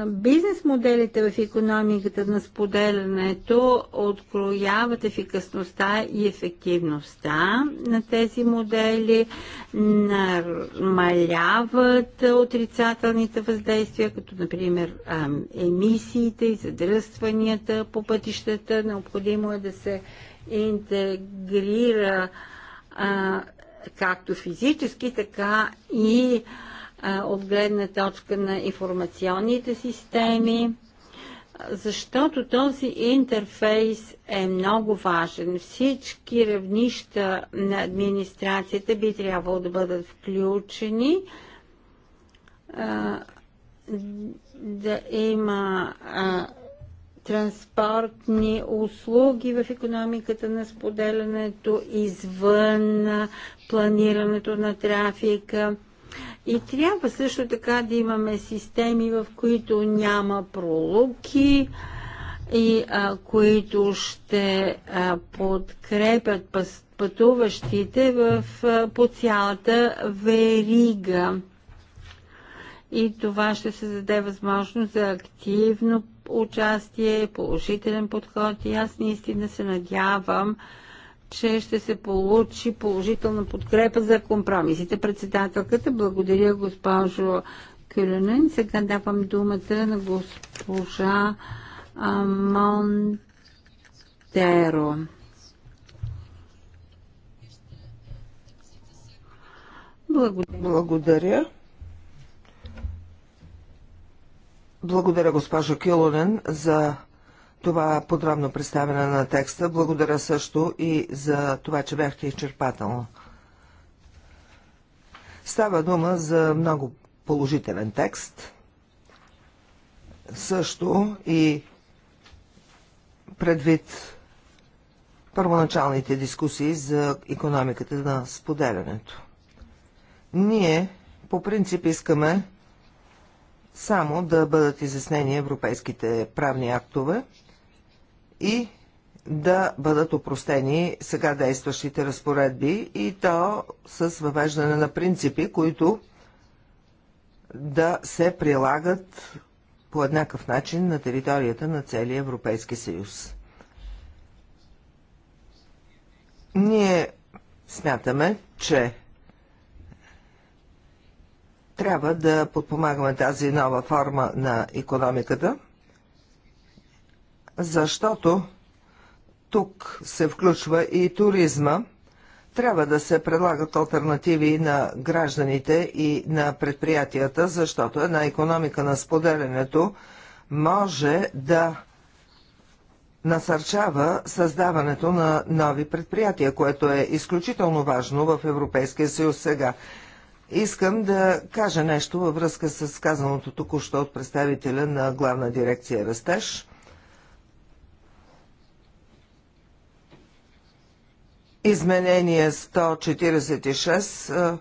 Бизнес моделите в економиката на споделянето открояват ефикасността и ефективността на тези модели, намаляват отрицателните въздействия, като например емисиите и задръстванията по пътищата. Необходимо е да се интегрира както физически, така и а, от гледна точка на информационните системи, защото този интерфейс е много важен. Всички равнища на администрацията би трябвало да бъдат включени. А, да има а, транспортни услуги в економиката на споделянето извън планирането на трафика. И трябва също така да имаме системи, в които няма пролуки и а, които ще а, подкрепят пътуващите в, а, по цялата верига. И това ще се даде възможност за активно участие, положителен подход и аз наистина се надявам, че ще се получи положителна подкрепа за компромисите. Председателката, благодаря госпожо Кюленен. Сега давам думата на госпожа Монтеро. Благодаря. Благодаря. Благодаря, госпожо Килонен, за това подробно представяне на текста. Благодаря също и за това, че бяхте изчерпателно. Става дума за много положителен текст. Също и предвид първоначалните дискусии за економиката на споделянето. Ние по принцип искаме само да бъдат изяснени европейските правни актове и да бъдат опростени сега действащите разпоредби и то с въвеждане на принципи, които да се прилагат по еднакъв начин на територията на целия Европейски съюз. Ние смятаме, че трябва да подпомагаме тази нова форма на економиката, защото тук се включва и туризма. Трябва да се предлагат альтернативи на гражданите и на предприятията, защото една економика на споделянето може да насърчава създаването на нови предприятия, което е изключително важно в Европейския съюз сега. Искам да кажа нещо във връзка с казаното току-що от представителя на главна дирекция Растеж. Изменение 146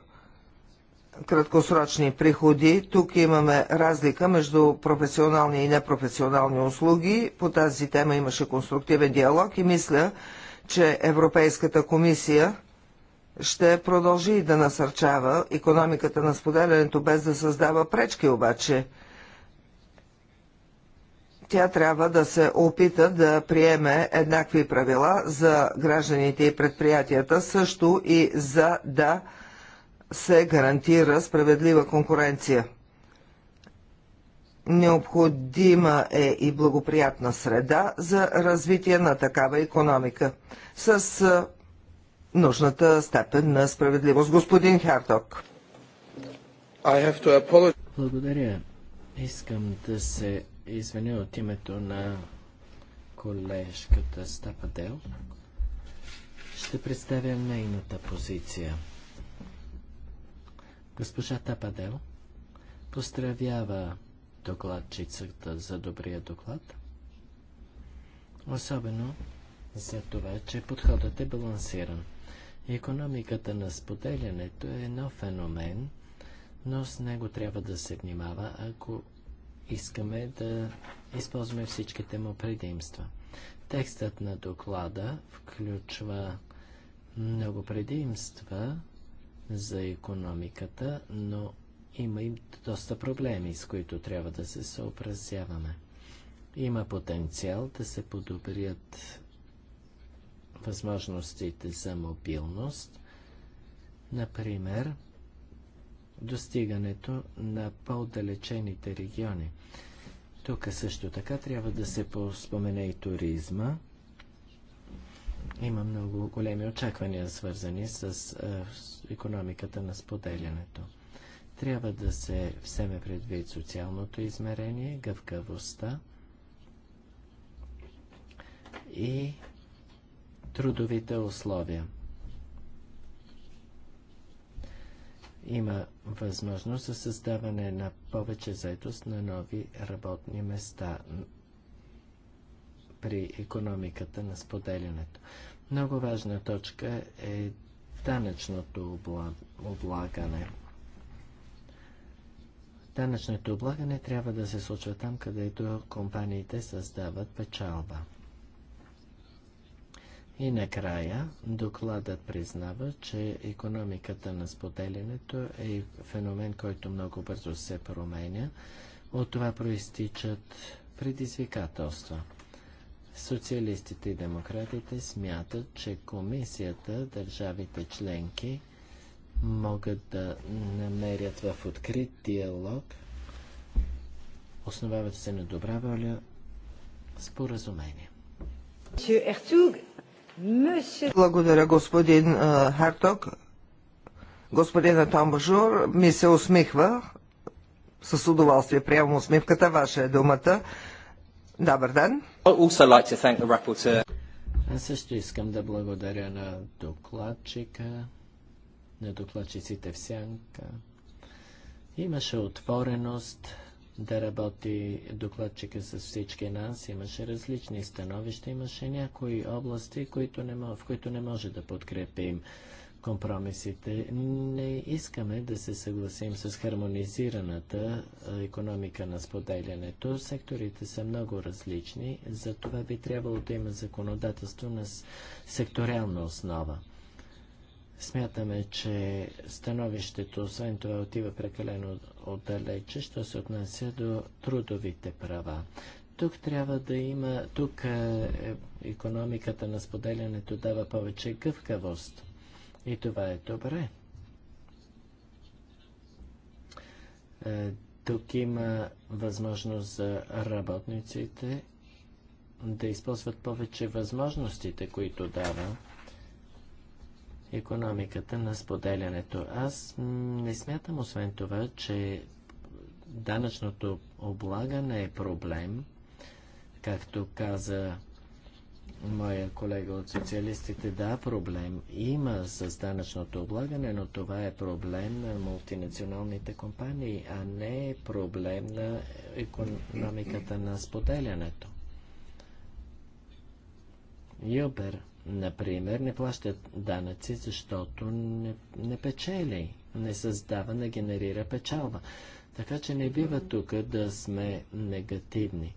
краткосрочни приходи. Тук имаме разлика между професионални и непрофесионални услуги. По тази тема имаше конструктивен диалог и мисля, че Европейската комисия ще продължи да насърчава економиката на споделянето без да създава пречки обаче. Тя трябва да се опита да приеме еднакви правила за гражданите и предприятията, също и за да се гарантира справедлива конкуренция. Необходима е и благоприятна среда за развитие на такава економика. С нужната степен на справедливост. Господин Харток. Благодаря. Искам да се извиня от името на колежката Стападел. Ще представя нейната позиция. Госпожа Тападел поздравява докладчицата за добрия доклад, особено за това, че подходът е балансиран. Економиката на споделянето е нов феномен, но с него трябва да се внимава, ако искаме да използваме всичките му предимства. Текстът на доклада включва много предимства за економиката, но има и доста проблеми, с които трябва да се съобразяваме. Има потенциал да се подобрят възможностите за мобилност, например, достигането на по-отдалечените региони. Тук също така трябва да се спомене и туризма. Има много големи очаквания, свързани с економиката на споделянето. Трябва да се вземе предвид социалното измерение, гъвкавостта и трудовите условия. Има възможност за създаване на повече заетост на нови работни места при економиката на споделянето. Много важна точка е данъчното облагане. Данъчното облагане трябва да се случва там, където компаниите създават печалба. И накрая докладът признава, че економиката на споделянето е феномен, който много бързо се променя. От това проистичат предизвикателства. Социалистите и демократите смятат, че комисията, държавите членки могат да намерят в открит диалог, основават се на добра воля, споразумение. Благодаря, господин Харток. Господина Томбажур ми се усмихва. С удоволствие приемам усмивката. Ваша е думата. Добър ден. Аз също искам да благодаря на докладчика, на докладчиците в Сянка. Имаше отвореност да работи докладчика с всички нас. Имаше различни становища, имаше някои области, които не, в които не може да подкрепим компромисите. Не искаме да се съгласим с хармонизираната економика на споделянето. Секторите са много различни, за това би трябвало да има законодателство на секториална основа. Смятаме, че становището, освен това, отива прекалено отдалече, що се отнася до трудовите права. Тук трябва да има, тук е, е, економиката на споделянето дава повече гъвкавост. И това е добре. Е, тук има възможност за работниците да използват повече възможностите, които дава економиката на споделянето. Аз не смятам освен това, че данъчното облагане е проблем, както каза моя колега от социалистите, да, проблем има с данъчното облагане, но това е проблем на мултинационалните компании, а не е проблем на економиката на споделянето. Юбер например, не плащат данъци, защото не, не печели, не създава, не генерира печалба. Така че не бива тук да сме негативни.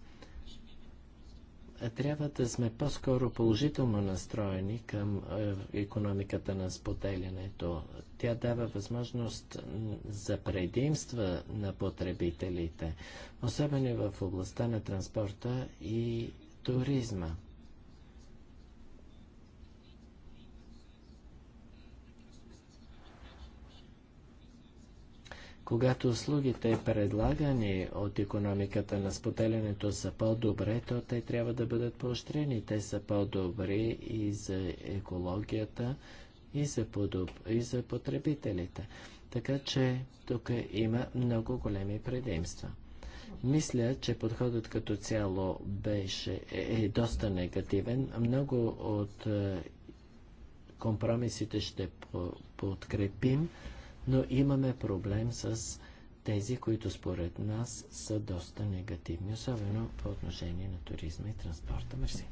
Трябва да сме по-скоро положително настроени към е, економиката на споделянето. Тя дава възможност за предимства на потребителите, особено в областта на транспорта и туризма. Когато услугите, предлагани от економиката на споделянето, са по-добре, то те трябва да бъдат поощрени. Те са по-добри и за екологията, и за, подоб... и за потребителите. Така че тук има много големи предимства. Мисля, че подходът като цяло беше е, е доста негативен. Много от е, компромисите ще по подкрепим но имаме проблем с тези, които според нас са доста негативни, особено по отношение на туризма и транспорта. Мерси.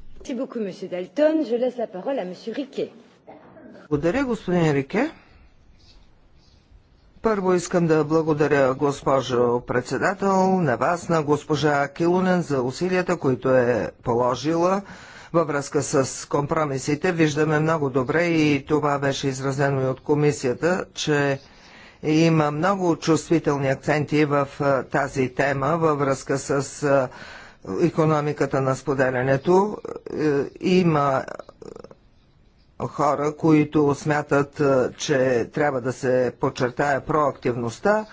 Благодаря, господин Рике. Първо искам да благодаря госпожо председател, на вас, на госпожа Килунен за усилията, които е положила във връзка с компромисите. Виждаме много добре и това беше изразено и от комисията, че има много чувствителни акценти в тази тема във връзка с економиката на споделянето. Е, има хора, които смятат, че трябва да се подчертая проактивността.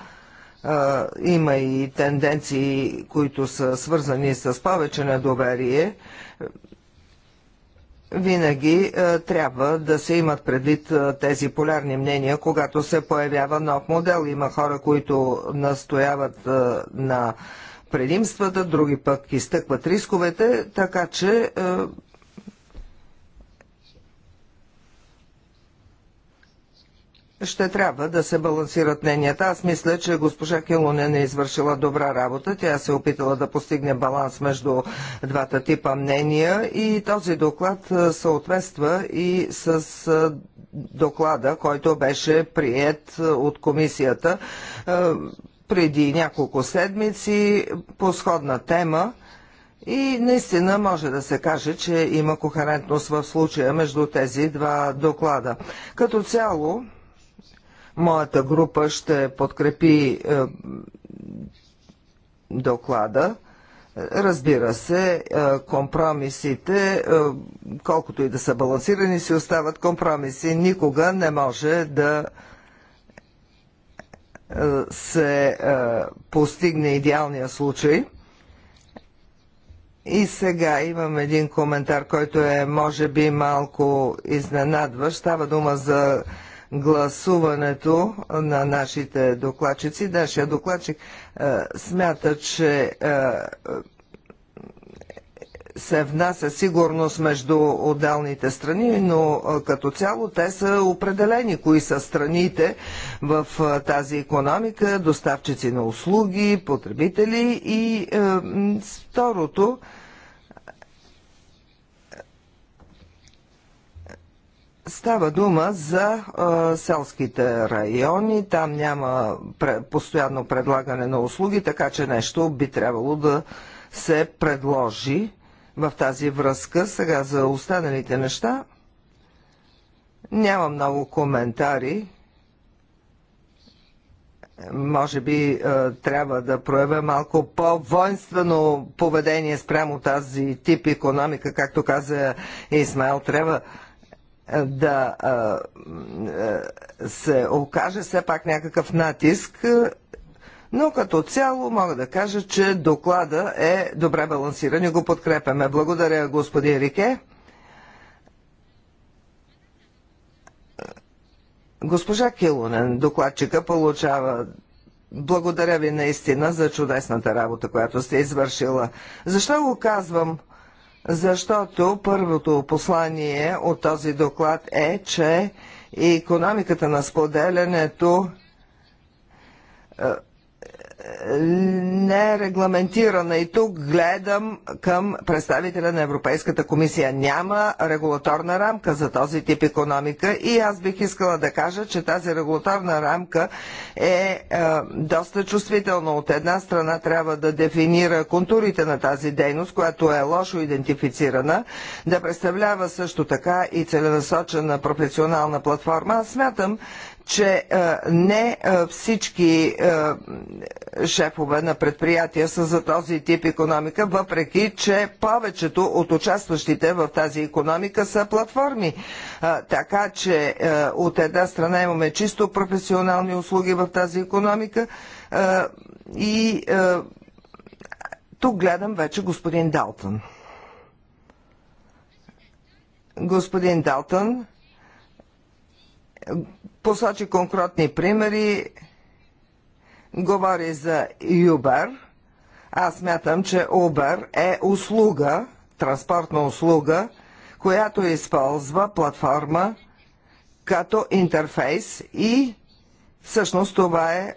Е, има и тенденции, които са свързани с повече недоверие винаги е, трябва да се имат предвид е, тези полярни мнения, когато се появява нов модел. Има хора, които настояват е, на предимствата, други пък изтъкват рисковете, така че ще трябва да се балансират мненията. Аз мисля, че госпожа Килонен е извършила добра работа. Тя се е опитала да постигне баланс между двата типа мнения и този доклад съответства и с доклада, който беше прият от комисията преди няколко седмици по сходна тема. И наистина може да се каже, че има кохерентност в случая между тези два доклада. Като цяло, Моята група ще подкрепи е, доклада. Разбира се, е, компромисите, е, колкото и да са балансирани, си остават компромиси. Никога не може да е, се постигне идеалния случай. И сега имам един коментар, който е, може би, малко изненадващ. Става дума за гласуването на нашите докладчици. Нашия докладчик е, смята, че е, се внася сигурност между отдалните страни, но е, като цяло те са определени кои са страните в тази економика, доставчици на услуги, потребители и е, второто Става дума за а, селските райони. Там няма пре, постоянно предлагане на услуги, така че нещо би трябвало да се предложи в тази връзка. Сега за останалите неща няма много коментари. Може би е, трябва да проявя малко по-воинствено поведение спрямо тази тип економика, както каза Исмайл. Трябва да се окаже все пак някакъв натиск, но като цяло мога да кажа, че доклада е добре балансиран и го подкрепяме. Благодаря, господин Рике. Госпожа Килонен, докладчика, получава благодаря ви наистина за чудесната работа, която сте извършила. Защо го казвам? защото първото послание от този доклад е, че економиката на споделянето е, не е регламентирана. И тук гледам към представителя на Европейската комисия. Няма регулаторна рамка за този тип економика и аз бих искала да кажа, че тази регулаторна рамка е, е доста чувствителна. От една страна трябва да дефинира контурите на тази дейност, която е лошо идентифицирана, да представлява също така и целенасочена професионална платформа. Аз смятам, че е, не е, всички е, шефове на предприятия са за този тип економика, въпреки че повечето от участващите в тази економика са платформи. Така че от една страна имаме чисто професионални услуги в тази економика и тук гледам вече господин Далтън. Господин Далтън, посочи конкретни примери, говори за Uber. Аз мятам, че Uber е услуга, транспортна услуга, която използва платформа като интерфейс и всъщност това е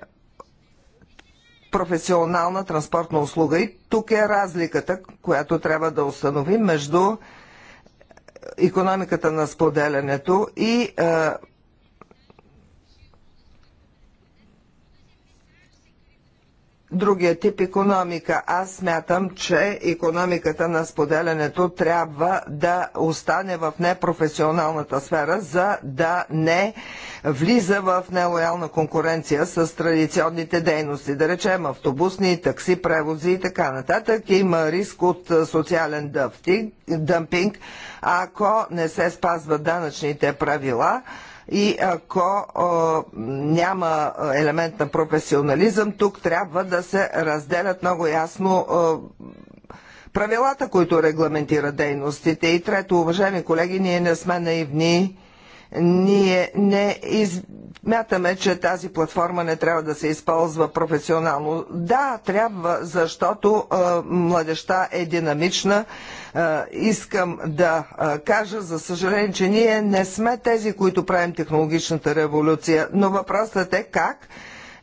професионална транспортна услуга. И тук е разликата, която трябва да установим между економиката на споделянето и е, другия тип економика. Аз смятам, че економиката на споделянето трябва да остане в непрофесионалната сфера, за да не влиза в нелоялна конкуренция с традиционните дейности. Да речем автобусни, такси, превози и така нататък. Има риск от социален дъмпинг, ако не се спазват данъчните правила и ако няма елемент на професионализъм, тук трябва да се разделят много ясно правилата, които регламентират дейностите. И трето, уважаеми колеги, ние не сме наивни. Ние не измятаме, че тази платформа не трябва да се използва професионално. Да, трябва, защото а, младеща е динамична, искам да кажа, за съжаление, че ние не сме тези, които правим технологичната революция, но въпросът е как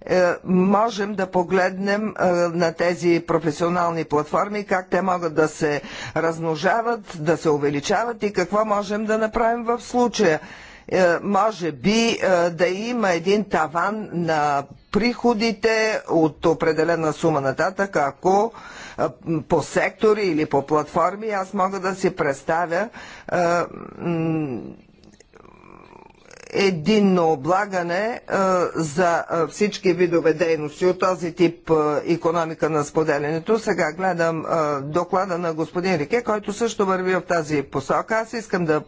е, можем да погледнем е, на тези професионални платформи, как те могат да се размножават, да се увеличават и какво можем да направим в случая. Е, може би да има един таван на приходите от определена сума нататък, ако по сектори или по платформи, аз мога да си представя единно облагане за всички видове дейности от този тип економика на споделянето. Сега гледам доклада на господин Рике, който също върви в тази посока. Аз искам да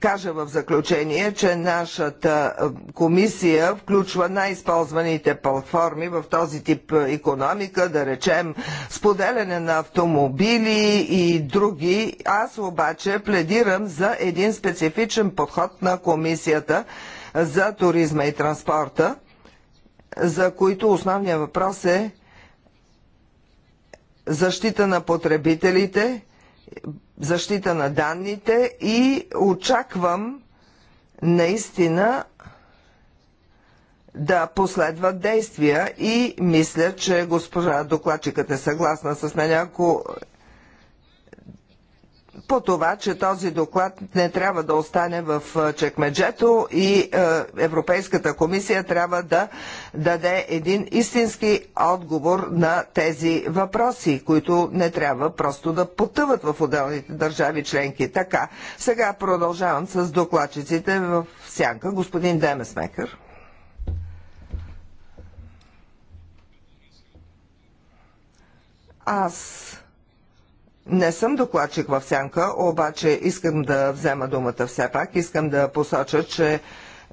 кажа в заключение, че нашата комисия включва най-използваните платформи в този тип економика, да речем споделяне на автомобили и други. Аз обаче пледирам за един специфичен подход на комисията за туризма и транспорта, за които основният въпрос е защита на потребителите, защита на данните и очаквам наистина да последват действия и мисля, че госпожа докладчикът е съгласна с мен. Ако по това, че този доклад не трябва да остане в чекмеджето и Европейската комисия трябва да даде един истински отговор на тези въпроси, които не трябва просто да потъват в отделните държави членки. Така, сега продължавам с докладчиците в сянка. Господин Демесмекър. Аз не съм докладчик в сянка, обаче искам да взема думата все пак. Искам да посоча, че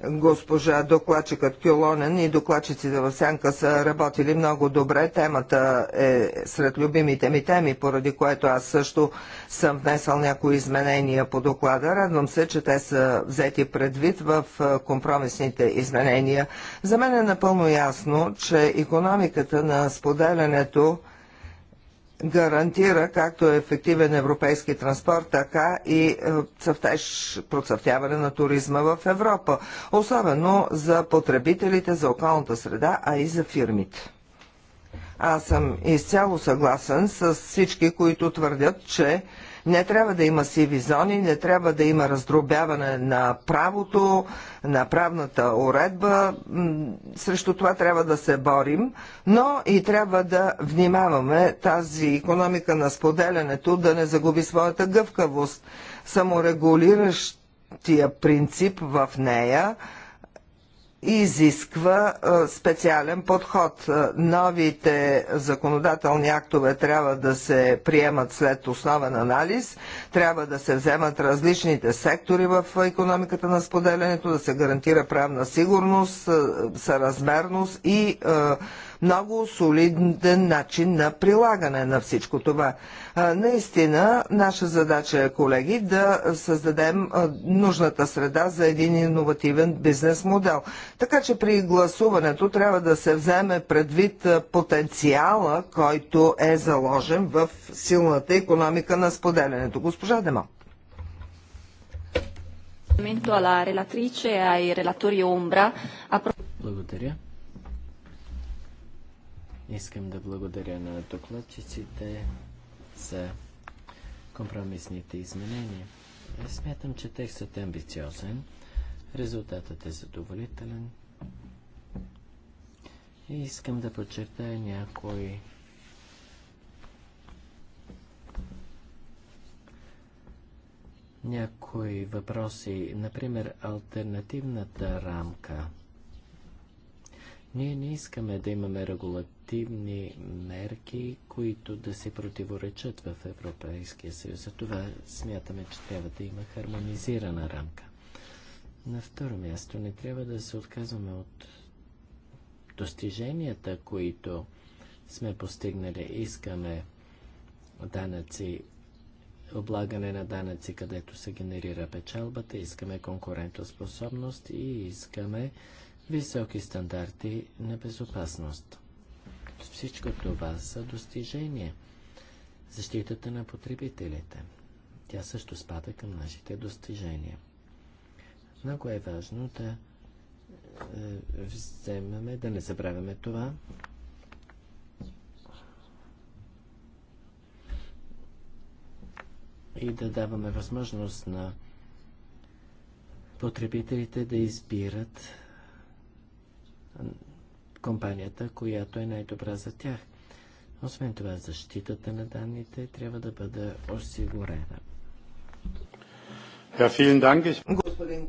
госпожа докладчикът Кюлонен и докладчиците в Сянка са работили много добре. Темата е сред любимите ми теми, поради което аз също съм внесал някои изменения по доклада. Радвам се, че те са взети предвид в компромисните изменения. За мен е напълно ясно, че економиката на споделянето гарантира както ефективен европейски транспорт, така и е, цъфтеж, процъфтяване на туризма в Европа, особено за потребителите, за околната среда, а и за фирмите. Аз съм изцяло съгласен с всички, които твърдят, че не трябва да има сиви зони, не трябва да има раздробяване на правото, на правната уредба. Срещу това трябва да се борим, но и трябва да внимаваме тази економика на споделянето да не загуби своята гъвкавост. Саморегулиращия принцип в нея изисква специален подход. Новите законодателни актове трябва да се приемат след основен анализ, трябва да се вземат различните сектори в економиката на споделянето, да се гарантира правна сигурност, съразмерност и е, много солиден начин на прилагане на всичко това. Наистина, наша задача е, колеги, да създадем нужната среда за един иновативен бизнес модел. Така че при гласуването трябва да се вземе предвид потенциала, който е заложен в силната економика на споделянето. Госпожа Демо. Благодаря. Искам да благодаря на докладчиците за компромисните изменения. Е, смятам, че текстът е амбициозен, резултатът е задоволителен и искам да подчертая някои някои въпроси, например альтернативната рамка. Ние не искаме да имаме регулативна альтернативни мерки, които да се противоречат в Европейския съюз. За това смятаме, че трябва да има хармонизирана рамка. На второ място не трябва да се отказваме от достиженията, които сме постигнали. Искаме данъци, облагане на данъци, където се генерира печалбата, искаме конкурентоспособност и искаме високи стандарти на безопасност. Всичко това са достижения. Защитата на потребителите. Тя също спада към нашите достижения. Много е важно да е, вземаме, да не забравяме това. И да даваме възможност на потребителите да избират компанията, която е най-добра за тях. Освен това, защитата на данните трябва да бъде осигурена. Господин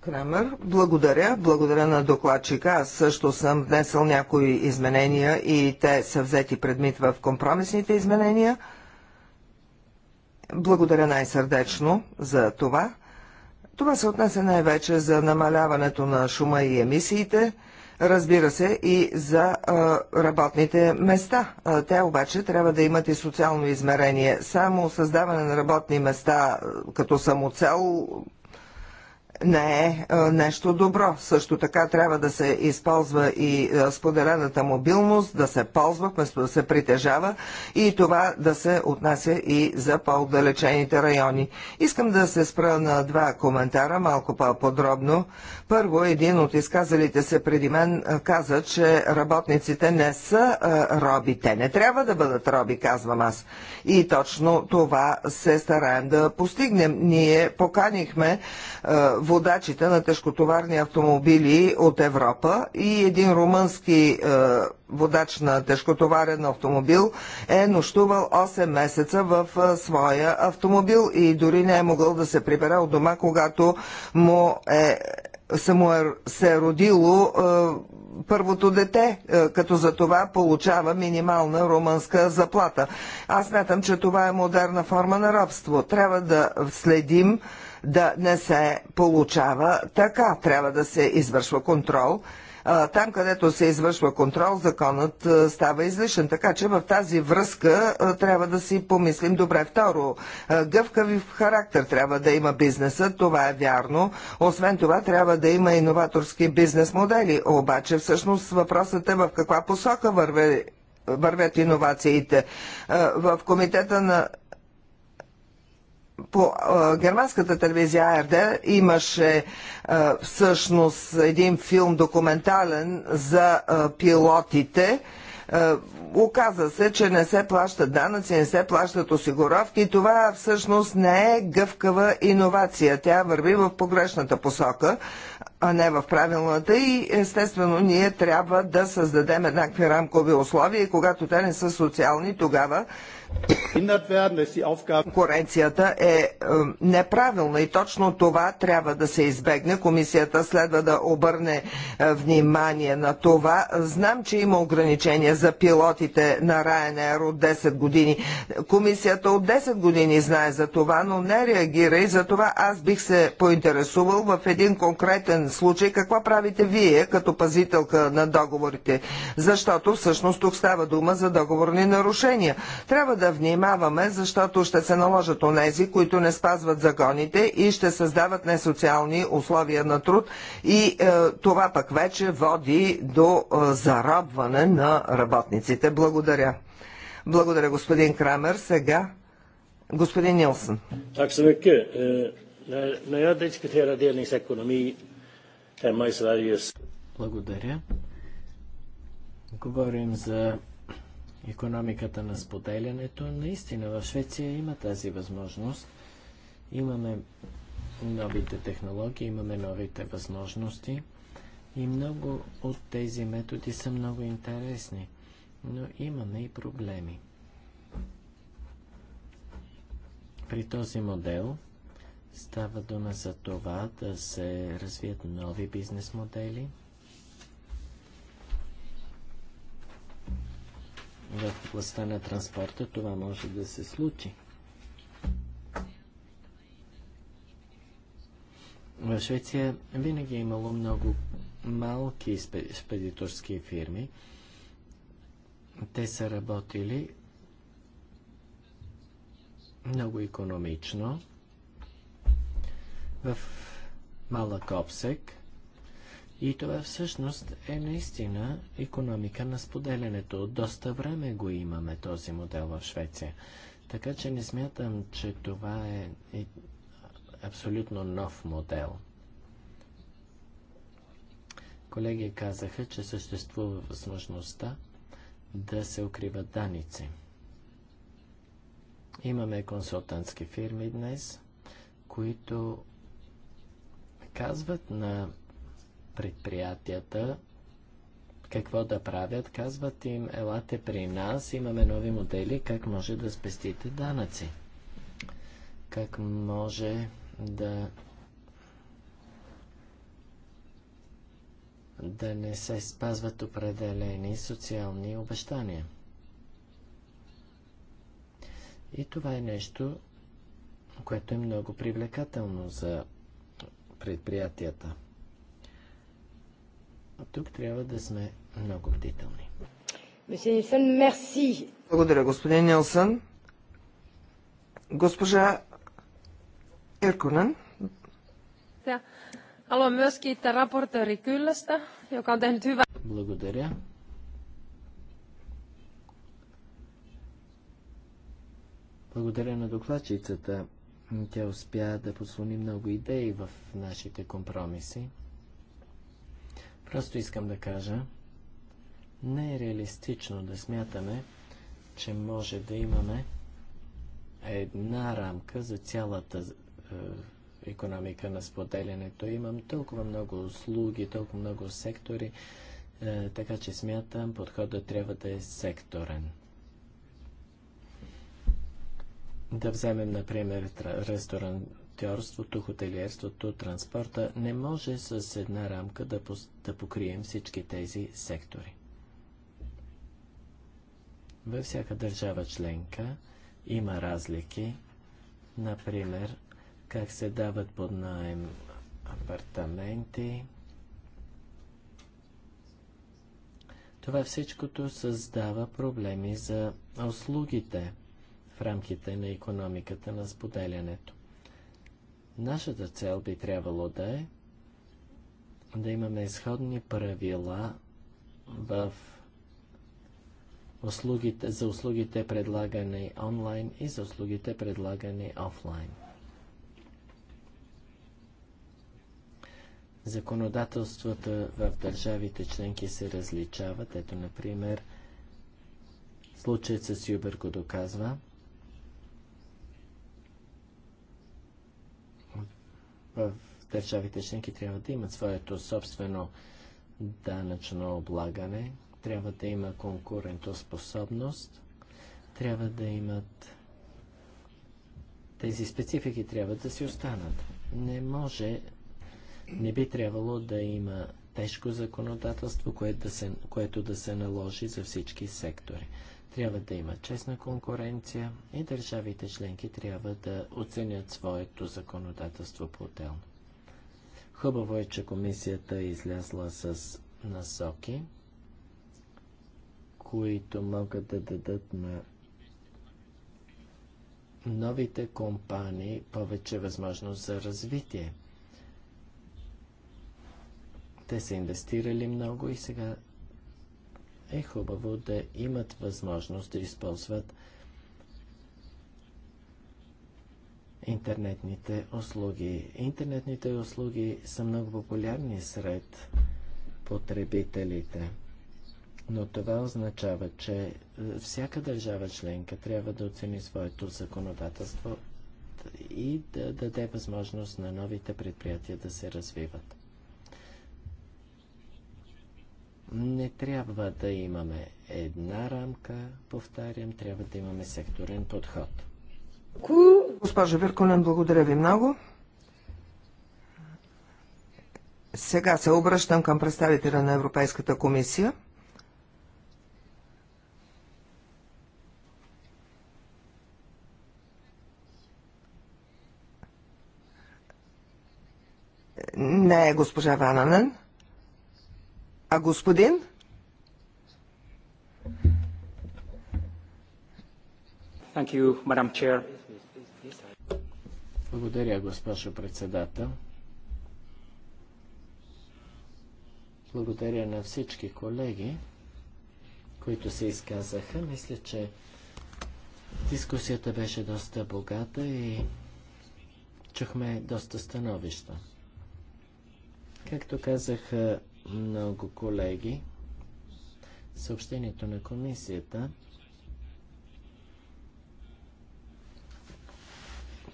Крамер, благодаря. Благодаря на докладчика. Аз също съм внесъл някои изменения и те са взети предмет в компромисните изменения. Благодаря най-сърдечно за това. Това се отнесе най-вече за намаляването на шума и емисиите – разбира се, и за работните места. те обаче трябва да имат и социално измерение. Само създаване на работни места като самоцел не е, е нещо добро. Също така трябва да се използва и е, споделената мобилност, да се ползва вместо да се притежава и това да се отнася и за по-отдалечените райони. Искам да се спра на два коментара малко по-подробно. Първо, един от изказалите се преди мен е, каза, че работниците не са роби. Те не трябва да бъдат роби, казвам аз. И точно това се стараем да постигнем. Ние поканихме водачите на тежкотоварни автомобили от Европа и един румънски е, водач на тежкотоварен автомобил е нощувал 8 месеца в е, своя автомобил и дори не е могъл да се прибере от дома, когато му е се му е, се е родило е, първото дете, е, като за това получава минимална румънска заплата. Аз смятам, че това е модерна форма на рабство. Трябва да следим да не се получава така. Трябва да се извършва контрол. Там, където се извършва контрол, законът става излишен. Така че в тази връзка трябва да си помислим добре. Второ, гъвкави в характер трябва да има бизнеса, това е вярно. Освен това, трябва да има иноваторски бизнес модели. Обаче, всъщност, въпросът е в каква посока върве вървят иновациите. В комитета на по а, германската телевизия АРД имаше а, всъщност един филм документален за а, пилотите. А, оказа се, че не се плащат данъци, не се плащат осигуровки. Това всъщност не е гъвкава иновация. Тя върви в погрешната посока а не в правилната и естествено ние трябва да създадем еднакви рамкови условия и когато те не са социални, тогава Конкуренцията е, е, неправилна и точно това трябва да се избегне. Комисията следва да обърне е, внимание на това. Знам, че има ограничения за пилотите на Ryanair от 10 години. Комисията от 10 години знае за това, но не реагира и за това аз бих се поинтересувал в един конкретен случай какво правите вие като пазителка на договорите, защото всъщност тук става дума за договорни нарушения. Трябва да внимаваме, защото ще се наложат онези, които не спазват законите и ще създават несоциални условия на труд и е, това пък вече води до е, заробване на работниците. Благодаря. Благодаря, господин Крамер. Сега господин Нилсън. Tack så mycket. När е, jag diskuterar delningsekonomi благодаря. Говорим за економиката на споделянето. Наистина в Швеция има тази възможност. Имаме новите технологии, имаме новите възможности и много от тези методи са много интересни, но имаме и проблеми. При този модел Става дума за това да се развият нови бизнес модели. В областта на транспорта това може да се случи. В Швеция винаги е имало много малки спедиторски фирми. Те са работили много економично в малък обсек. И това всъщност е наистина економика на споделянето. От доста време го имаме този модел в Швеция. Така че не смятам, че това е, е, абсолютно нов модел. Колеги казаха, че съществува възможността да се укриват даници. Имаме консултантски фирми днес, които казват на предприятията какво да правят, казват им, елате при нас, имаме нови модели, как може да спестите данъци, как може да да не се спазват определени социални обещания. И това е нещо, което е много привлекателно за предприятията. А тук трябва да сме много бдителни. Благодаря, господин Нилсън. Госпожа Ирконен. Haluan myös kiittää raportööri Kyllästä, joka on tehnyt hyvää. Благодаря. Благодаря на докладчицата тя успя да послони много идеи в нашите компромиси. Просто искам да кажа, не е реалистично да смятаме, че може да имаме една рамка за цялата е, економика на споделянето. Имам толкова много услуги, толкова много сектори, е, така че смятам, подходът трябва да е секторен. Да вземем, например, ресторантьорството, хотелиерството, транспорта. Не може с една рамка да, да покрием всички тези сектори. Във всяка държава членка има разлики, например, как се дават под найем апартаменти. Това всичкото създава проблеми за услугите – в рамките на економиката на споделянето. Нашата цел би трябвало да е да имаме изходни правила в услугите, за услугите предлагани онлайн и за услугите предлагани офлайн. Законодателствата в държавите членки се различават. Ето, например, случаят с Юбер го доказва – в държавите членки трябва да имат своето собствено данъчно облагане, трябва да има конкурентоспособност, трябва да имат тези специфики трябва да си останат. Не може, не би трябвало да има тежко законодателство, което да се, което да се наложи за всички сектори. Трябва да има честна конкуренция и държавите членки трябва да оценят своето законодателство по-отделно. Хубаво е, че комисията е излязла с насоки, които могат да дадат на новите компании повече възможност за развитие. Те са инвестирали много и сега е хубаво да имат възможност да използват интернетните услуги. Интернетните услуги са много популярни сред потребителите. Но това означава, че е, всяка държава членка трябва да оцени своето законодателство и да даде възможност на новите предприятия да се развиват. Не трябва да имаме една рамка, повтарям, трябва да имаме секторен подход. Госпожа Вирконен, благодаря ви много. Сега се обръщам към представителя на Европейската комисия. Не е госпожа Вананен. А господин? Thank you, Madam Chair. Благодаря, госпожо председател. Благодаря на всички колеги, които се изказаха. Мисля, че дискусията беше доста богата и чухме доста становища. Както казаха много колеги. Съобщението на комисията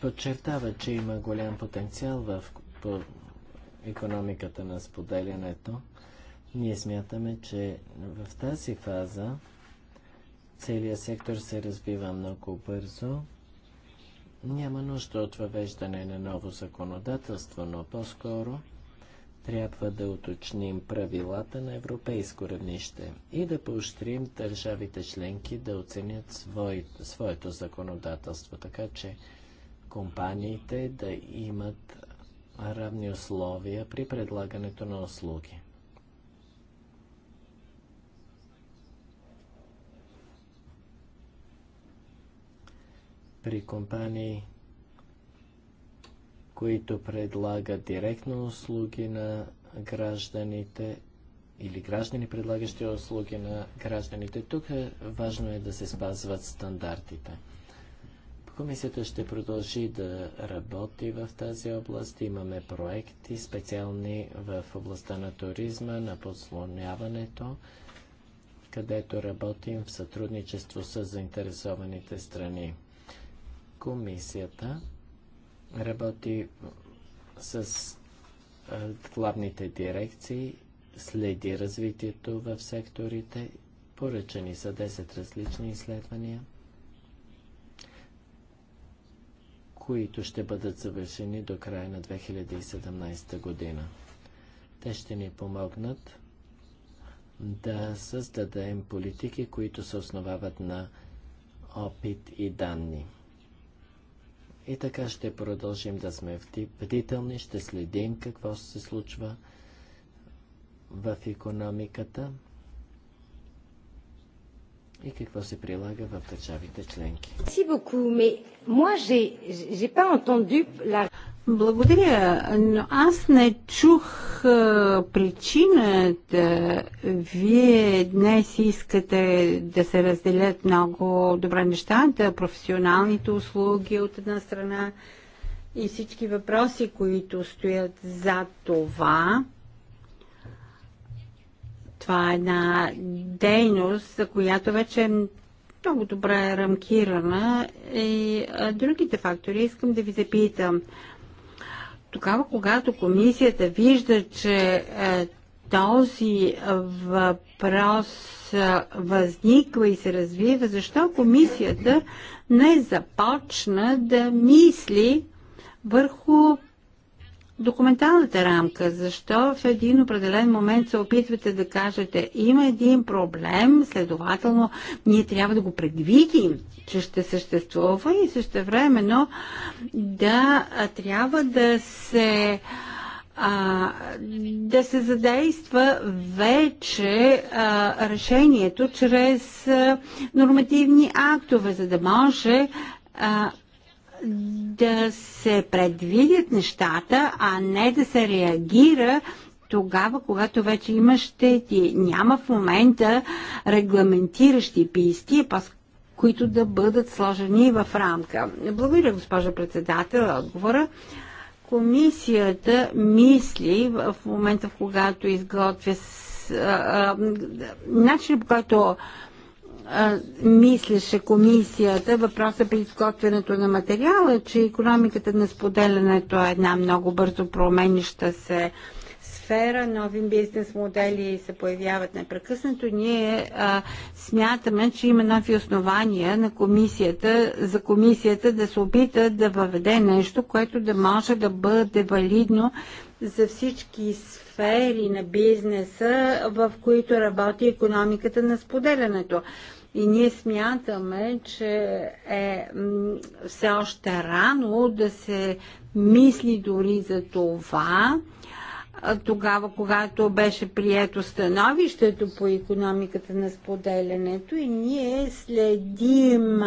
подчертава, че има голям потенциал в економиката на споделянето. Ние смятаме, че в тази фаза целият сектор се развива много бързо. Няма нужда от въвеждане на ново законодателство, но по-скоро трябва да уточним правилата на европейско равнище и да поощрим държавите членки да оценят свой, своето законодателство, така че компаниите да имат равни условия при предлагането на услуги. При компании които предлагат директно услуги на гражданите или граждани, предлагащи услуги на гражданите. Тук е, важно е да се спазват стандартите. Комисията ще продължи да работи в тази област. Имаме проекти специални в областта на туризма, на подслоняването, където работим в сътрудничество с заинтересованите страни. Комисията работи с главните дирекции, следи развитието в секторите, поръчани са 10 различни изследвания, които ще бъдат завършени до края на 2017 година. Те ще ни помогнат да създадем политики, които се основават на опит и данни. И така ще продължим да сме бдителни, ще следим какво се случва в економиката и какво се прилага в държавите членки. Благодаря, но аз не чух а, причината. Вие днес искате да се разделят много добре нещата, професионалните услуги от една страна и всички въпроси, които стоят за това. Това е една дейност, за която вече е много добре рамкирана и а, другите фактори искам да ви запитам. Да тогава, когато комисията вижда, че е, този въпрос е, възниква и се развива, защо комисията не започна да мисли върху документалната рамка. Защо в един определен момент се опитвате да кажете, има един проблем, следователно ние трябва да го предвидим, че ще съществува и също но да трябва да се а, да се задейства вече а, решението чрез а, нормативни актове, за да може а, да се предвидят нещата, а не да се реагира тогава, когато вече има щети. Няма в момента регламентиращи писти, които да бъдат сложени в рамка. Благодаря, госпожа председател, отговора. Комисията мисли в момента, в когато изготвя начинът, по който мислеше комисията, въпроса при изготвянето на материала, че економиката на споделянето е една много бързо променища се сфера, нови бизнес модели се появяват непрекъснато. Ние а, смятаме, че има нови основания на комисията, за комисията да се опита да въведе нещо, което да може да бъде валидно за всички сфери на бизнеса, в които работи економиката на споделянето. И ние смятаме, че е все още рано да се мисли дори за това, тогава, когато беше прието становището по економиката на споделянето и ние следим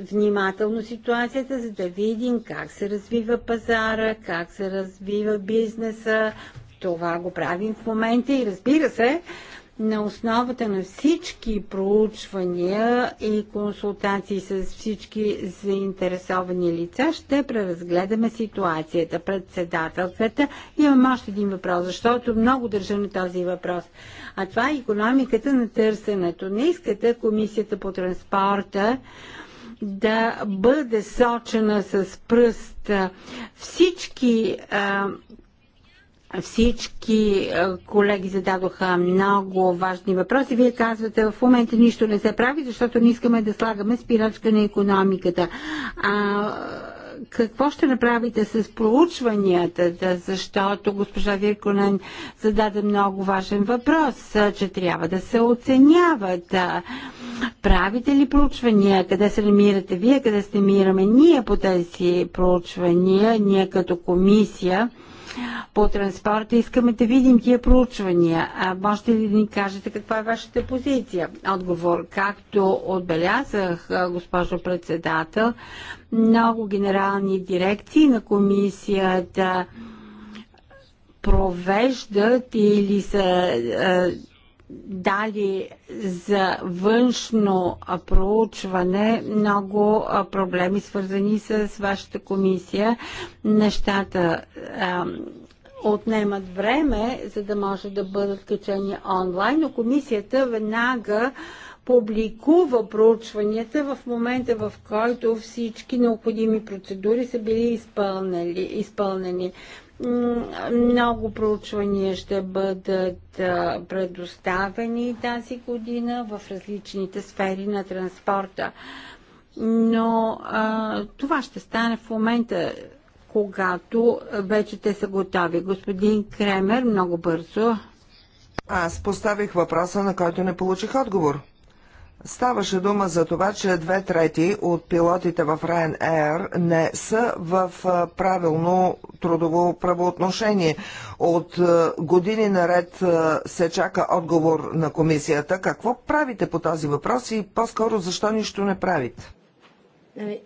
внимателно ситуацията, за да видим как се развива пазара, как се развива бизнеса. Това го правим в момента и разбира се, на основата на всички проучвания и консултации с всички заинтересовани лица ще преразгледаме ситуацията. Председателката, имам още един въпрос, защото много държа на този въпрос. А това е економиката на търсенето. Не искате комисията по транспорта да бъде сочена с пръст. Всички всички колеги зададоха много важни въпроси. Вие казвате, в момента нищо не се прави, защото не искаме да слагаме спирачка на економиката. А, какво ще направите с проучванията, да, защото госпожа Вирконен зададе много важен въпрос, че трябва да се оценяват. Да правите ли проучвания, къде се намирате вие, къде се намираме ние по тези проучвания, ние като комисия по транспорта искаме да видим тия проучвания. А можете ли да ни кажете каква е вашата позиция? Отговор, както отбелязах, госпожо председател, много генерални дирекции на комисията провеждат или са а, дали за външно проучване много проблеми, свързани с вашата комисия. Нещата а, отнемат време, за да може да бъдат качени онлайн, но комисията веднага публикува проучванията в момента, в който всички необходими процедури са били изпълнени. изпълнени. Много проучвания ще бъдат предоставени тази година в различните сфери на транспорта. Но а, това ще стане в момента, когато вече те са готови. Господин Кремер, много бързо. Аз поставих въпроса, на който не получих отговор. Ставаше дума за това, че две трети от пилотите в Ryanair не са в правилно трудово правоотношение. От години наред се чака отговор на комисията. Какво правите по този въпрос и по-скоро защо нищо не правите? Е,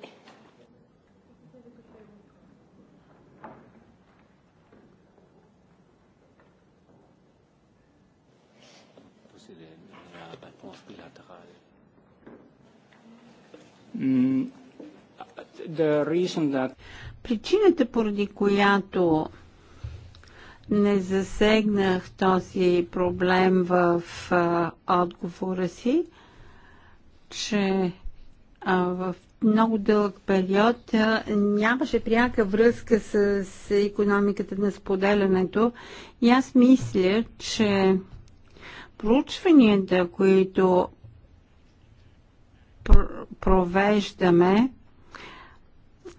That... Причината, поради която не засегнах този проблем в а, отговора си, че а, в много дълъг период а, нямаше пряка връзка с, с економиката на споделянето. И аз мисля, че проучванията, които провеждаме,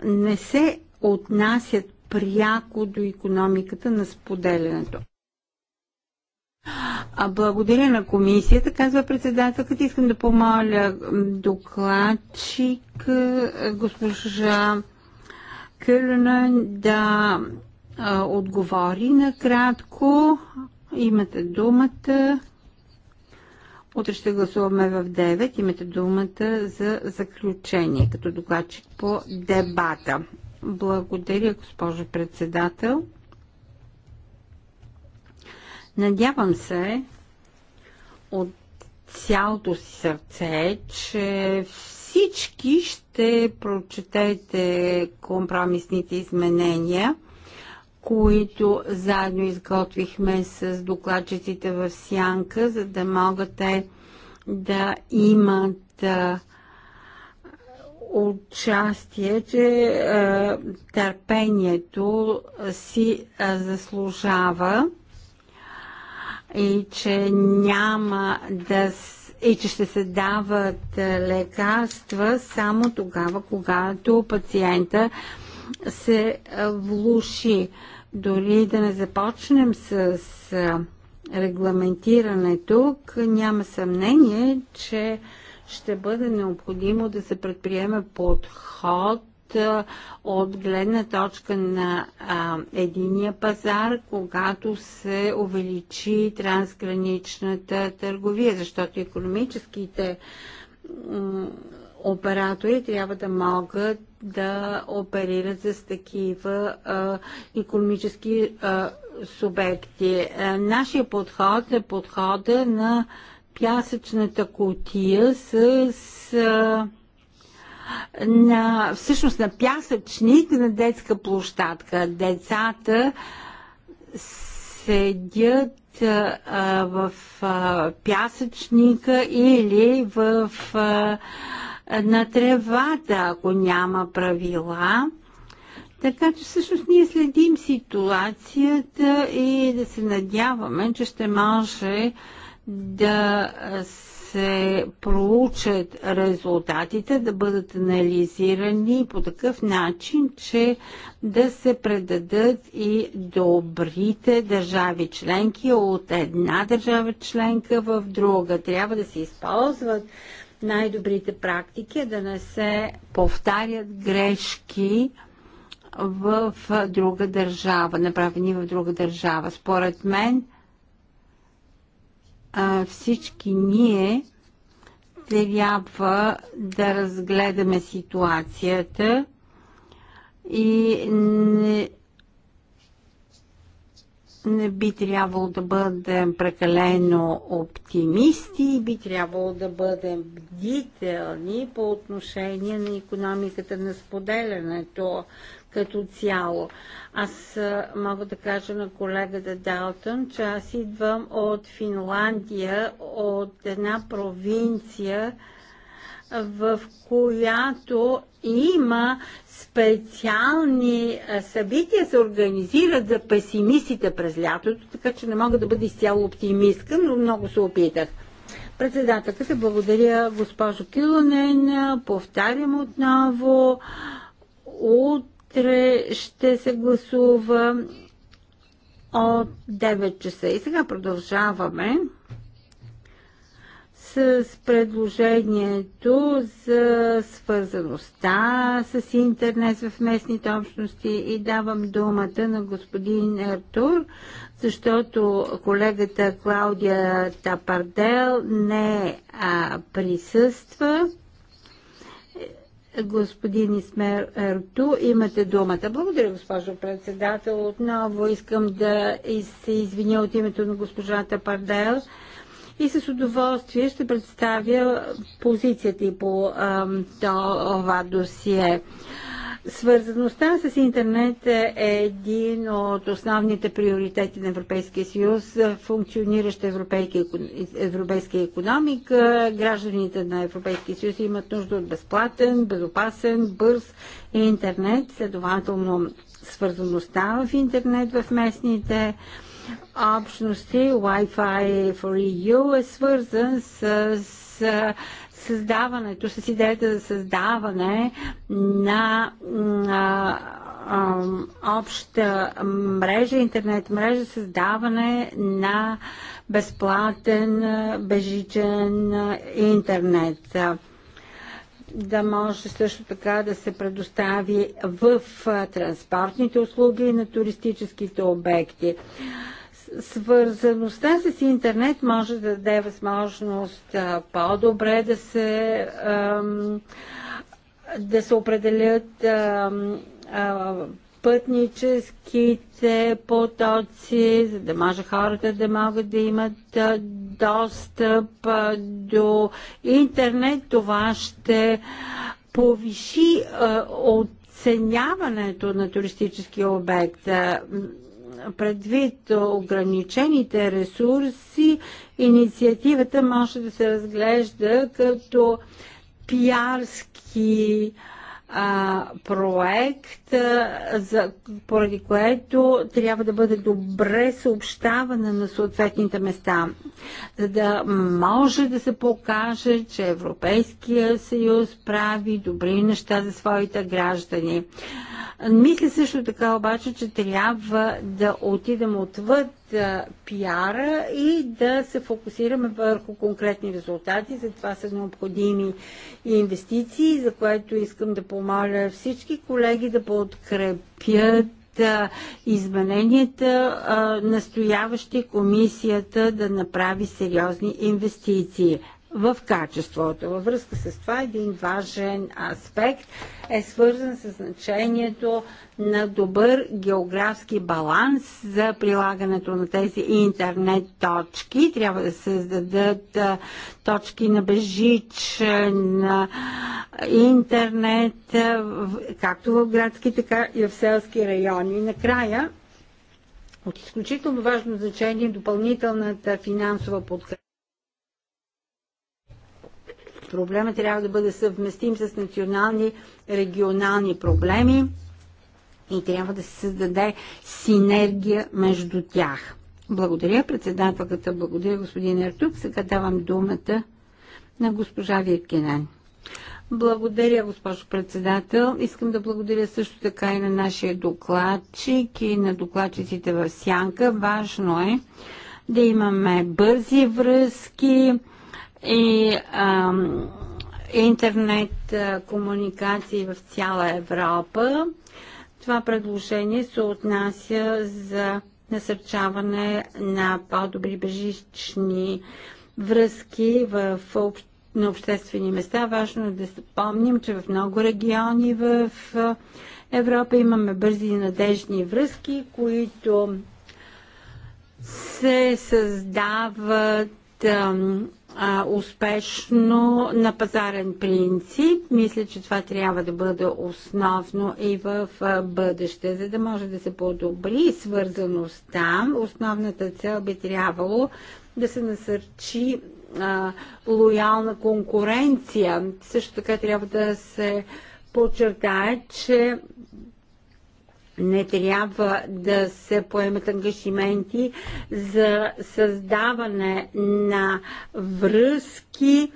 не се отнасят пряко до економиката на споделянето. А благодаря на комисията, казва председателката. Искам да помоля докладчик е, госпожа Кюлена да а, отговори накратко. Имате думата. Утре ще гласуваме в 9. Имате думата за заключение, като докладчик по дебата. Благодаря, госпожо председател. Надявам се от цялото си сърце, че всички ще прочетете компромисните изменения – които заедно изготвихме с докладчиците в Сянка, за да могат те да имат а, участие, че а, търпението си а, заслужава и че няма да и че ще се дават лекарства само тогава, когато пациента се влуши. Дори да не започнем с регламентиране тук, няма съмнение, че ще бъде необходимо да се предприеме подход от гледна точка на а, единия пазар, когато се увеличи трансграничната търговия, защото економическите оператори трябва да могат да оперират с такива а, економически а, субекти. А, е, нашия подход е подхода на пясъчната котия с. А, на, всъщност на пясъчник на детска площадка. Децата седят а, в а, пясъчника или в а, на тревата, ако няма правила. Така че всъщност ние следим ситуацията и да се надяваме, че ще може да се проучат резултатите, да бъдат анализирани по такъв начин, че да се предадат и добрите държави членки от една държава членка в друга. Трябва да се използват най-добрите практики, е да не се повтарят грешки в друга държава, направени в друга държава. Според мен всички ние трябва да разгледаме ситуацията и не, не би трябвало да бъдем прекалено оптимисти и би трябвало да бъдем бдителни по отношение на економиката на споделянето като цяло. Аз мога да кажа на колегата Далтън, че аз идвам от Финландия, от една провинция, в която има специални събития се организират за песимистите през лятото, така че не мога да бъда изцяло оптимистка, но много се опитах. Председателка се благодаря госпожо Килонен. Повтарям отново. Утре ще се гласува от 9 часа. И сега продължаваме с предложението за свързаността с интернет в местните общности и давам думата на господин Артур, защото колегата Клаудия Тапардел не а, присъства. Господин Исмер Ерту, имате думата. Благодаря, госпожо председател. Отново искам да се извиня от името на госпожата Пардел и с удоволствие ще представя позицията и по това досие. Свързаността с интернет е един от основните приоритети на Европейския съюз, функционираща европейска, економика. Гражданите на Европейския съюз имат нужда от безплатен, безопасен, бърз интернет, следователно свързаността в интернет в местните общности Wi-Fi for EU е свързан с, създаването, с идеята за създаване на обща мрежа, интернет мрежа, създаване на безплатен бежичен интернет да може също така да се предостави в транспортните услуги и на туристическите обекти. Свързаността с интернет може да даде възможност по-добре да се да се определят пътническите потоци, за да може хората да могат да имат достъп до интернет. Това ще повиши оценяването на туристическия обект предвид ограничените ресурси, инициативата може да се разглежда като пиарски а, проект, а, за, поради което трябва да бъде добре съобщавана на съответните места, за да може да се покаже, че Европейския съюз прави добри неща за своите граждани. Мисля също така обаче, че трябва да отидем отвъд пиара и да се фокусираме върху конкретни резултати. За това са необходими и инвестиции, за което искам да помоля всички колеги да подкрепят измененията, настояващи комисията да направи сериозни инвестиции в качеството. Във връзка с това един важен аспект е свързан с значението на добър географски баланс за прилагането на тези интернет точки. Трябва да се създадат точки на бежичен интернет, както в градски, така и в селски райони. И накрая, от изключително важно значение, допълнителната финансова подкрепа Проблема трябва да бъде съвместим с национални, регионални проблеми и трябва да се създаде синергия между тях. Благодаря председателката, благодаря господин Ертук. Сега давам думата на госпожа Виркинен. Благодаря, госпожо председател. Искам да благодаря също така и на нашия докладчик и на докладчиците в Сянка. Важно е да имаме бързи връзки, и а, интернет комуникации в цяла Европа. Това предложение се отнася за насърчаване на по-добри бежични връзки в общ... на обществени места. Важно е да се помним, че в много региони в Европа имаме бързи и надежни връзки, които се създават а, успешно на пазарен принцип. Мисля, че това трябва да бъде основно и в а, бъдеще, за да може да се подобри свързаността. Основната цел би трябвало да се насърчи а, лоялна конкуренция. Също така трябва да се подчертае, че не трябва да се поемат ангажименти за създаване на връзки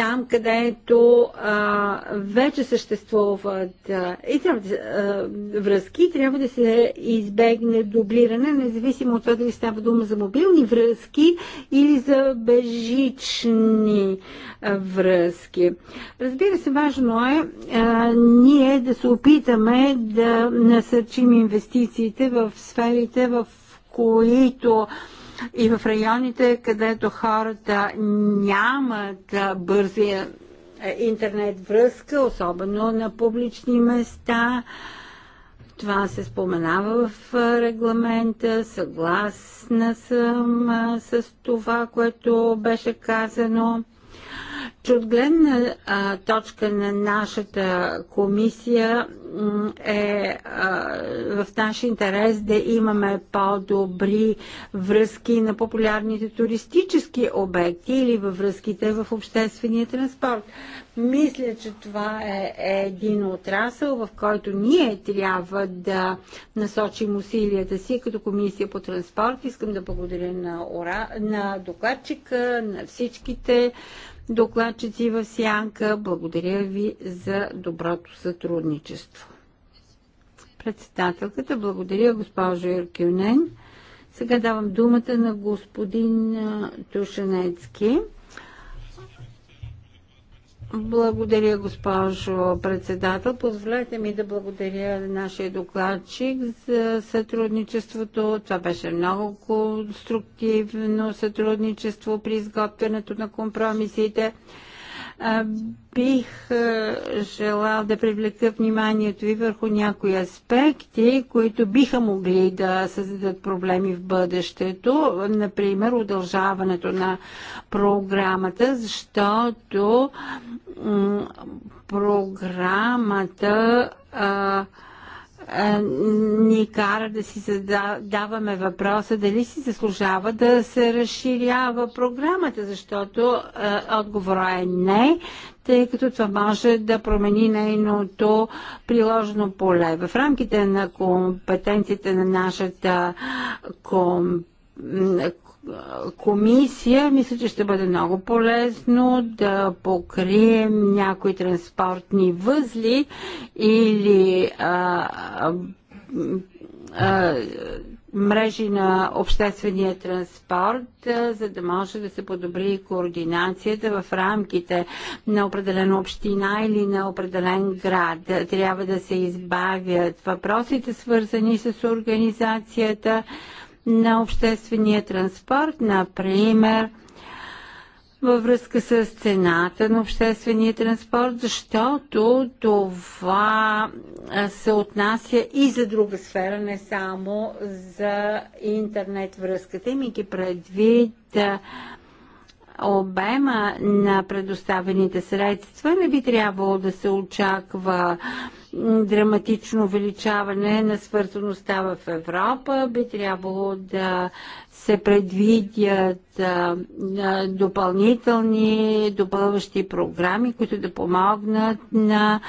там, където а, вече съществуват а, и трябва да, а, връзки, трябва да се избегне дублиране, независимо от това дали става дума за мобилни връзки или за бежични а, връзки. Разбира се, важно е а, ние да се опитаме да насърчим инвестициите в сферите, в които а, и в районите, където хората нямат бързи интернет връзка, особено на публични места. Това се споменава в регламента. Съгласна съм с това, което беше казано че от гледна а, точка на нашата комисия е а, в наш интерес да имаме по-добри връзки на популярните туристически обекти или във връзките в обществения транспорт. Мисля, че това е един отрасъл, в който ние трябва да насочим усилията си като комисия по транспорт. Искам да благодаря на, на докладчика, на всичките докладчици в Сянка. Благодаря ви за доброто сътрудничество. Председателката, благодаря госпожо Юркюнен. Сега давам думата на господин Тушенецки. Благодаря, госпожо председател. Позволете ми да благодаря нашия докладчик за сътрудничеството. Това беше много конструктивно сътрудничество при изготвянето на компромисите бих желал да привлека вниманието ви върху някои аспекти, които биха могли да създадат проблеми в бъдещето, например удължаването на програмата, защото програмата а, е, ни кара да си задаваме въпроса дали си заслужава да се разширява програмата, защото е, отговора е не, тъй като това може да промени нейното приложено поле. В рамките на компетенциите на нашата компетенция, комисия, мисля, че ще бъде много полезно да покрием някои транспортни възли или а, а, мрежи на обществения транспорт, за да може да се подобри координацията в рамките на определена община или на определен град. Трябва да се избавят въпросите, свързани с организацията на обществения транспорт, например, във връзка с цената на обществения транспорт, защото това се отнася и за друга сфера, не само за интернет връзката. Имайки предвид обема на предоставените средства, не би трябвало да се очаква драматично увеличаване на свързаността в Европа. Би трябвало да се предвидят а, а, допълнителни, допълващи програми, които да помогнат на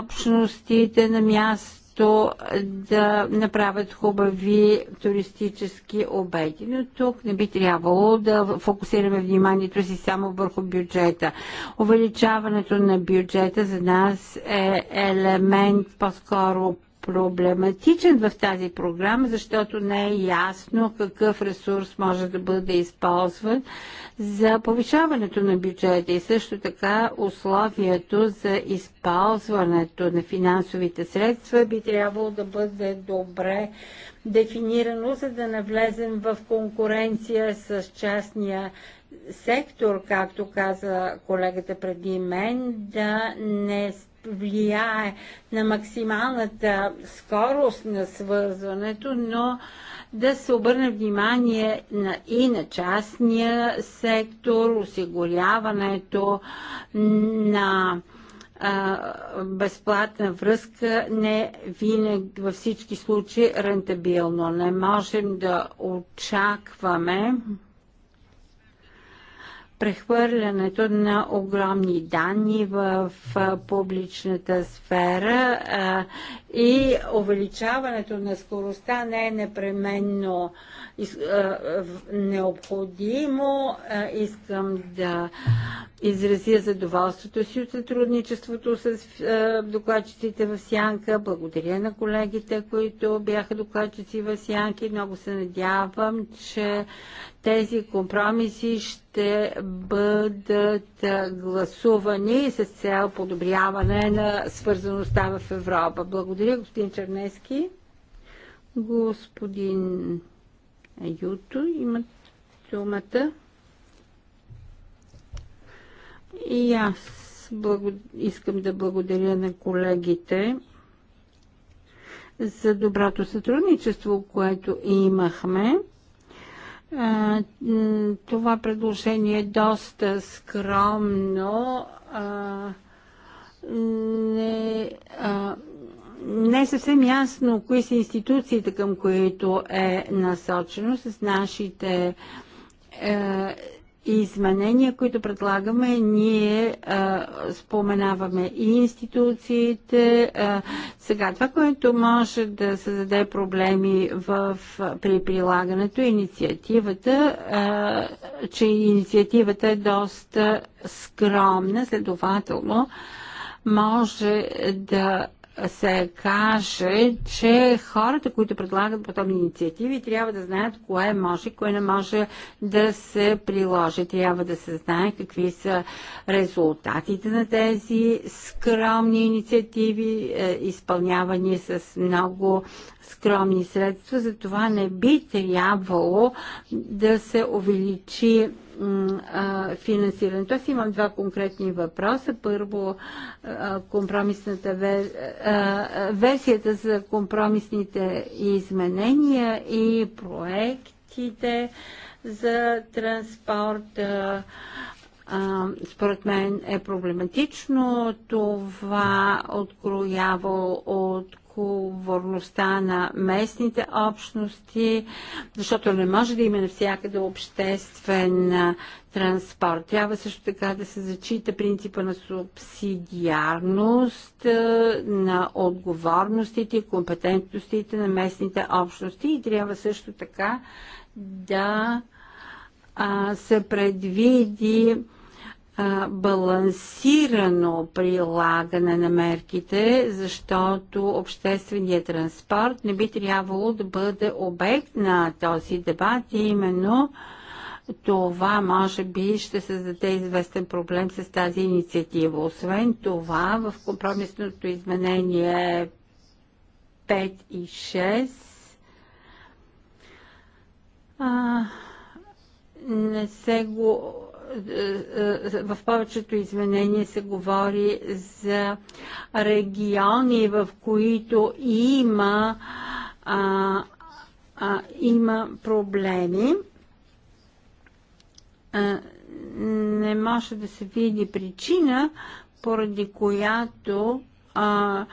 общностите на място просто да направят хубави туристически обеди. Но тук не би трябвало да фокусираме вниманието си само върху бюджета. Увеличаването на бюджета за нас е елемент по-скоро проблематичен в тази програма, защото не е ясно какъв ресурс може да бъде използван за повишаването на бюджета и също така условието за използването на финансовите средства би трябвало да бъде добре дефинирано, за да навлезем в конкуренция с частния сектор, както каза колегата преди мен, да не влияе на максималната скорост на свързването, но да се обърне внимание на, и на частния сектор, осигуряването на безплатна връзка не винаги във всички случаи рентабилно. Не можем да очакваме прехвърлянето на огромни данни в публичната сфера и увеличаването на скоростта не е непременно необходимо. Искам да изразя задоволството си от сътрудничеството с докладчиците в Сянка. Благодаря на колегите, които бяха докладчици в Сянки. Много се надявам, че тези компромиси ще бъдат гласувани с цел подобряване на свързаността в Европа. Благодаря, господин Чернески. Господин Юто, има думата. И аз благо... искам да благодаря на колегите за доброто сътрудничество, което имахме това предложение е доста скромно. не, не е съвсем ясно кои са институциите, към които е насочено с нашите е, изменения, които предлагаме, ние а, споменаваме и институциите. А, сега това, което може да създаде проблеми в, при прилагането, е инициативата, а, че инициативата е доста скромна, следователно може да се каже, че хората, които предлагат подобни инициативи, трябва да знаят кое може и кое не може да се приложи. Трябва да се знае какви са резултатите на тези скромни инициативи, е, изпълнявани с много скромни средства. Затова не би трябвало да се увеличи финансирането. Аз имам два конкретни въпроса. Първо, компромисната версията за компромисните изменения и проектите за транспорт според мен е проблематично. Това откроява от отговорността на местните общности, защото не може да има навсякъде обществен транспорт. Трябва също така да се зачита принципа на субсидиарност, на отговорностите и компетентностите на местните общности и трябва също така да се предвиди а, балансирано прилагане на мерките, защото общественият транспорт не би трябвало да бъде обект на този дебат и именно това може би ще създаде известен проблем с тази инициатива. Освен това, в компромисното изменение 5 и 6 а, не се го е, е, в повечето изменения се говори за региони, в които има, а, а, има проблеми. А, не може да се види причина, поради която а,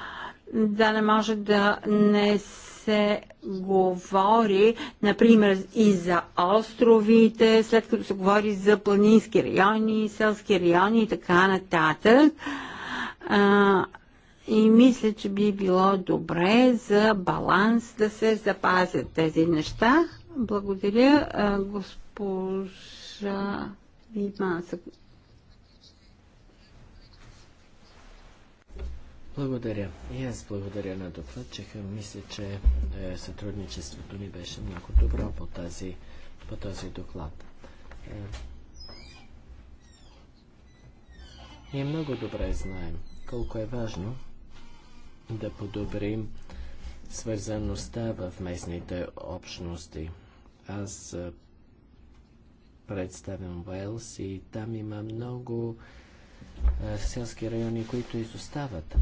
да не може да не се се говори, например, и за островите, след като се говори за планински райони, селски райони и така нататък. А, и мисля, че би било добре за баланс да се запазят тези неща. Благодаря, госпожа Вимаса. Благодаря. И аз благодаря на докладчика. Мисля, че е, сътрудничеството ни беше много добро по, тази, по този доклад. Е, ние е, много добре знаем колко е важно да подобрим свързаността в местните общности. Аз е, представям Уелс и там има много е, селски райони, които изостават.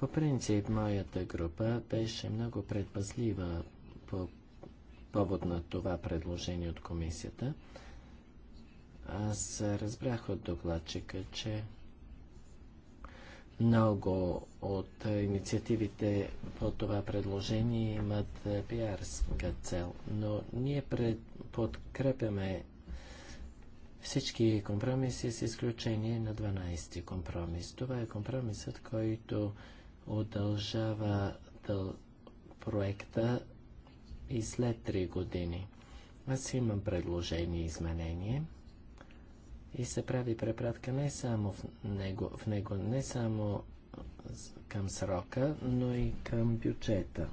По принцип, моята група беше много предпазлива по повод на това предложение от комисията. Аз разбрах от докладчика, че много от инициативите по това предложение имат е, пиарска цел, но ние пред, подкрепяме всички компромиси с изключение на 12 ти компромис. Това е компромисът, който удължава дъл... проекта и след 3 години. Аз имам предложение и изменение и се прави препратка не само в него, в него не само към срока, но и към бюджета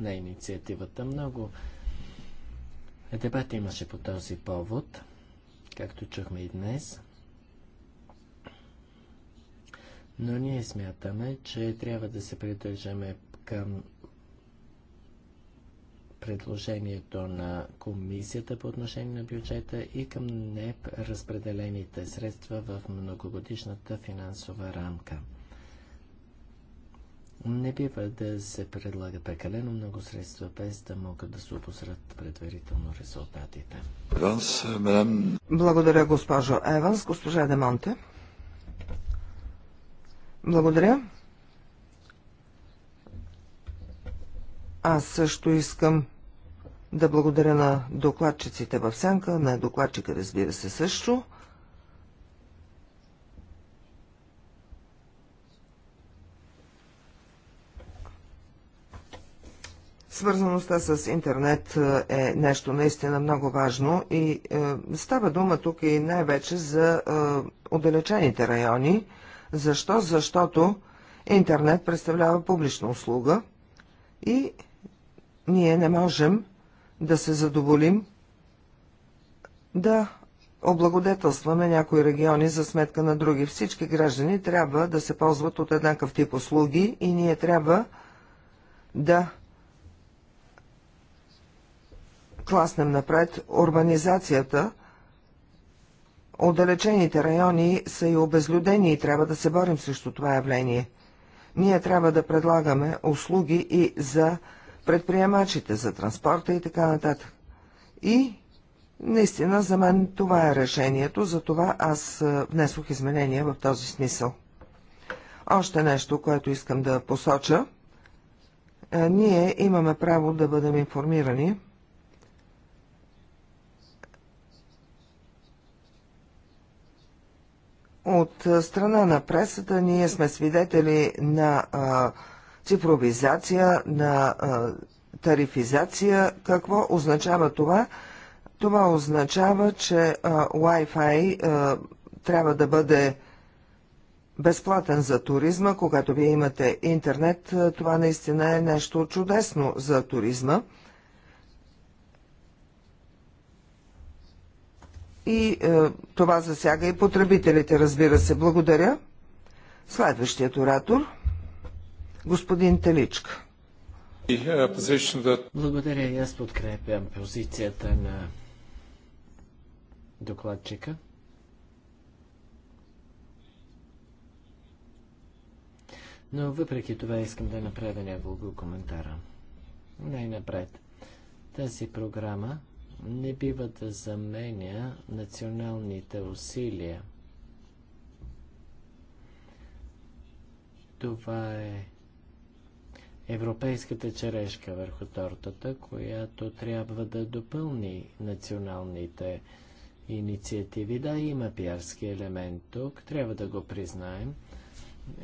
на инициативата. Много дебат имаше по този повод – както чухме и днес. Но ние смятаме, че трябва да се придържаме към предложението на комисията по отношение на бюджета и към НЕП разпределените средства в многогодишната финансова рамка. Не бива да се предлага прекалено много средства, без да могат да се опосрат предварително резултатите. Благодаря, госпожо Еванс. Госпожа Демонте. Благодаря. Аз също искам да благодаря на докладчиците в Сянка, на докладчика, разбира се, също. Свързаността с интернет е, е нещо наистина много важно и е, става дума тук и най-вече за е, отдалечените райони. Защо? Защото интернет представлява публична услуга и ние не можем да се задоволим да облагодетелстваме някои региони за сметка на други. Всички граждани трябва да се ползват от еднакъв тип услуги и ние трябва да тласнем напред урбанизацията. Отдалечените райони са и обезлюдени и трябва да се борим срещу това явление. Ние трябва да предлагаме услуги и за предприемачите, за транспорта и така нататък. И наистина за мен това е решението, за това аз внесох изменения в този смисъл. Още нещо, което искам да посоча. Е, ние имаме право да бъдем информирани От страна на пресата ние сме свидетели на а, цифровизация, на а, тарифизация. Какво означава това? Това означава, че а, Wi-Fi а, трябва да бъде безплатен за туризма. Когато вие имате интернет, това наистина е нещо чудесно за туризма. и е, това засяга и потребителите, разбира се. Благодаря. Следващият оратор, господин Теличка. Благодаря и аз подкрепям позицията на докладчика. Но въпреки това искам да направя няколко коментара. Най-напред. Тази програма не бива да заменя националните усилия. Това е европейската черешка върху тортата, която трябва да допълни националните инициативи. Да, има пиарски елемент тук, трябва да го признаем.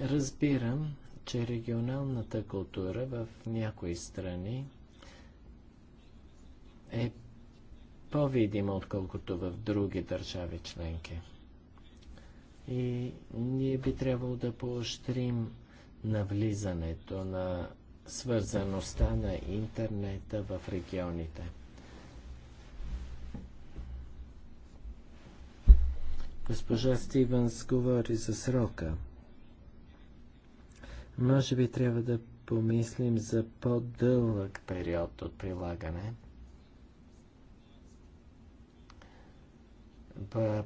Разбирам, че регионалната култура в някои страни е по-видима, отколкото в други държави членки. И ние би трябвало да поощрим навлизането на свързаността на интернета в регионите. Госпожа Стивенс говори за срока. Може би трябва да помислим за по-дълъг период от прилагане –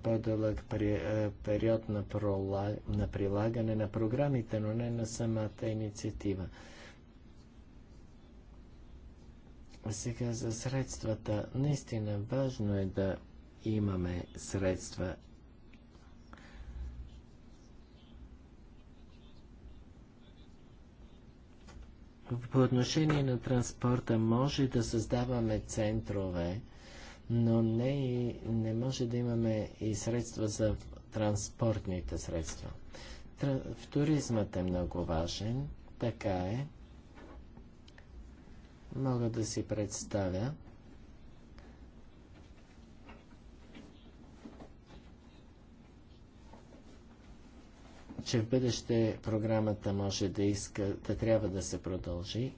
по-дълъг е, период на, прилагане на програмите, но не на самата инициатива. Сега за средствата. Наистина важно е да имаме средства. По отношение на транспорта може да създаваме центрове, но не, не може да имаме и средства за транспортните средства. В туризмът е много важен, така е. Мога да си представя. че в бъдеще програмата може да иска, да трябва да се продължи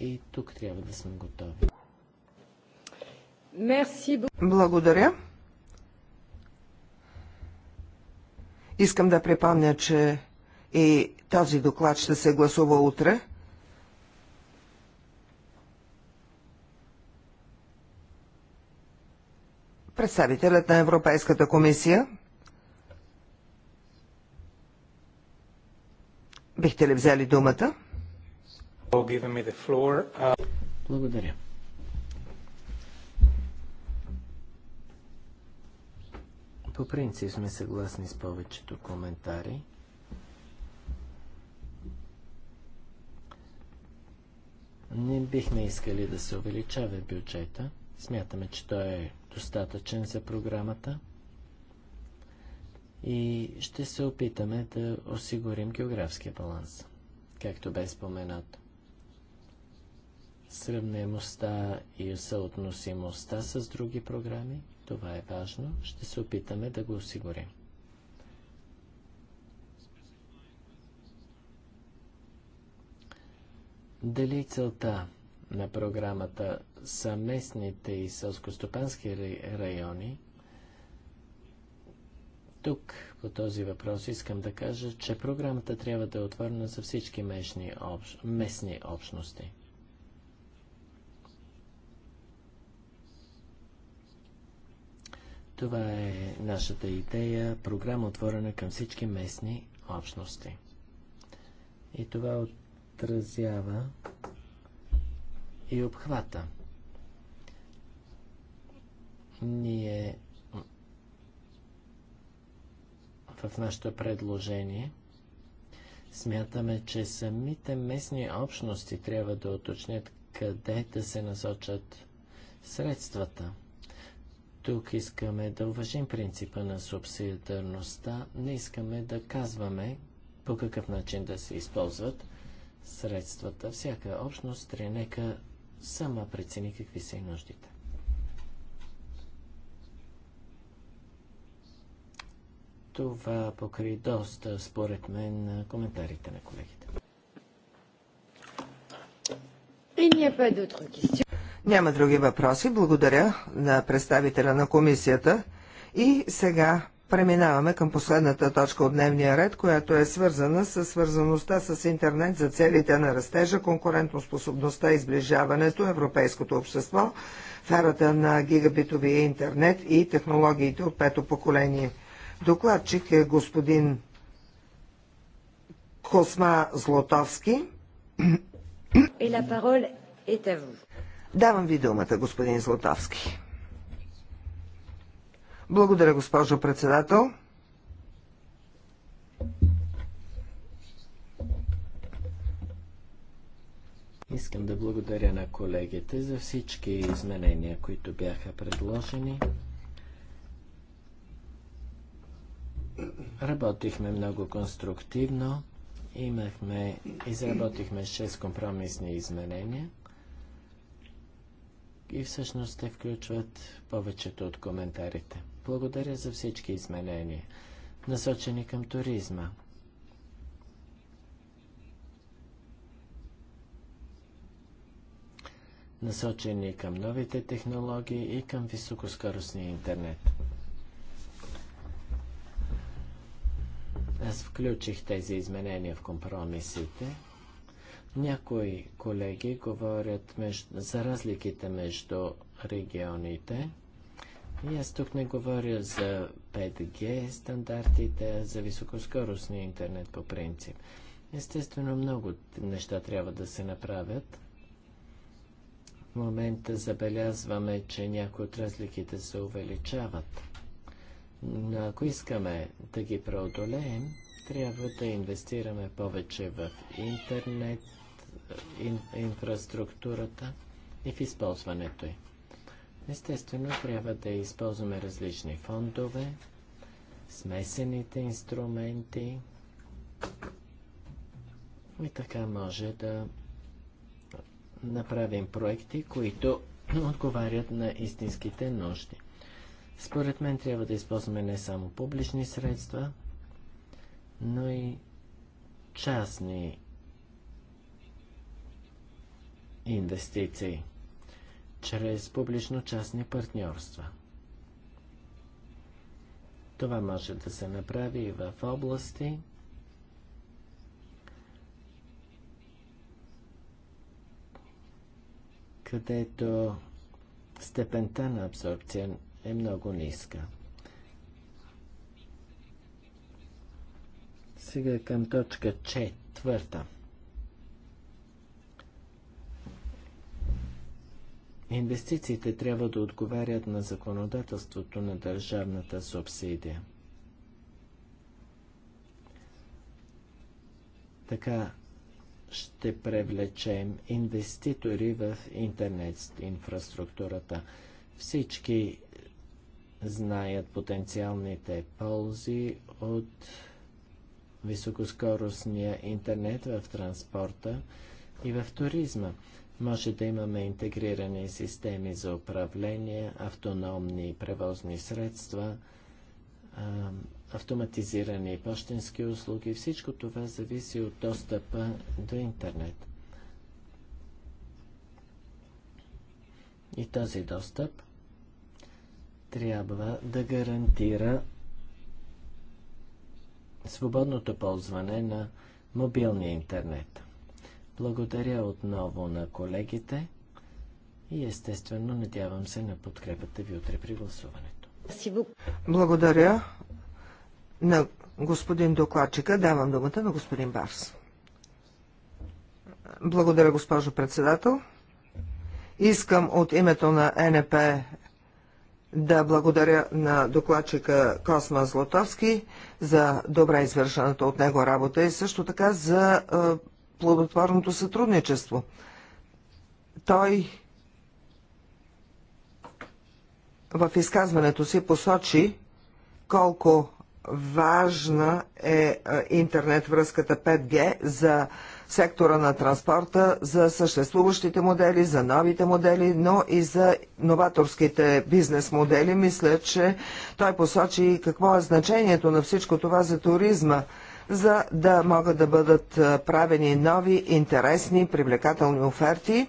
и тук трябва да сме готови. Благодаря. Искам да припомня, че и този доклад ще се гласува утре. Представителят на Европейската комисия. Бихте ли взели думата? Uh, Благодаря. По принцип сме съгласни с повечето коментари. Не бихме искали да се увеличава бюджета. Смятаме, че той е достатъчен за програмата и ще се опитаме да осигурим географския баланс, както бе споменато. Сравнемостта и съотносимостта с други програми – това е важно. Ще се опитаме да го осигурим. Дали целта на програмата са местните и селскостопански райони? Тук по този въпрос искам да кажа, че програмата трябва да е отворена за всички местни, местни общности. Това е нашата идея, програма отворена към всички местни общности. И това отразява и обхвата. Ние в нашето предложение смятаме, че самите местни общности трябва да уточнят къде да се насочат средствата. Тук искаме да уважим принципа на субсидиарността, не искаме да казваме по какъв начин да се използват средствата. Всяка общност нека сама прецени какви са и нуждите. Това покри доста, според мен, коментарите на колегите. И няма други въпроси. Благодаря на представителя на комисията. И сега преминаваме към последната точка от дневния ред, която е свързана с свързаността с интернет за целите на растежа, конкурентоспособността и сближаването, европейското общество, ферата на гигабитовия интернет и технологиите от пето поколение. Докладчик е господин Косма Злотовски. И на parole е Давам ви думата, господин Златовски. Благодаря, госпожо председател. Искам да благодаря на колегите за всички изменения, които бяха предложени. Работихме много конструктивно. Имахме, изработихме 6 компромисни изменения и всъщност те включват повечето от коментарите. Благодаря за всички изменения, насочени към туризма. насочени към новите технологии и към високоскоростния интернет. Аз включих тези изменения в компромисите. Някои колеги говорят между, за разликите между регионите. И аз тук не говоря за 5G стандартите, а за високоскоростния интернет по принцип. Естествено, много неща трябва да се направят. В момента забелязваме, че някои от разликите се увеличават. Но ако искаме да ги преодолеем, трябва да инвестираме повече в интернет, ин, инфраструктурата и в използването й. Естествено, трябва да използваме различни фондове, смесените инструменти и така може да направим проекти, които (clears throat) отговарят на истинските нужди. Според мен трябва да използваме не само публични средства, но и частни инвестиции чрез публично-частни партньорства. Това може да се направи и в области, където степента на абсорбция е много ниска. Сега към точка четвърта. Инвестициите трябва да отговарят на законодателството на държавната субсидия. Така ще привлечем инвеститори в интернет инфраструктурата. Всички знаят потенциалните ползи от високоскоростния интернет в транспорта и в туризма. Може да имаме интегрирани системи за управление, автономни превозни средства, автоматизирани почтенски услуги. Всичко това зависи от достъпа до интернет. И този достъп трябва да гарантира свободното ползване на мобилния интернет. Благодаря отново на колегите и естествено надявам се на подкрепата ви утре при гласуването. Благодаря на господин докладчика. Давам думата на господин Барс. Благодаря, госпожо председател. Искам от името на НП да благодаря на докладчика Косма Златовски за добре извършената от него работа и също така за е, плодотворното сътрудничество. Той в изказването си посочи колко важна е, е интернет връзката 5G за сектора на транспорта, за съществуващите модели, за новите модели, но и за новаторските бизнес модели. Мисля, че той посочи какво е значението на всичко това за туризма за да могат да бъдат правени нови, интересни, привлекателни оферти.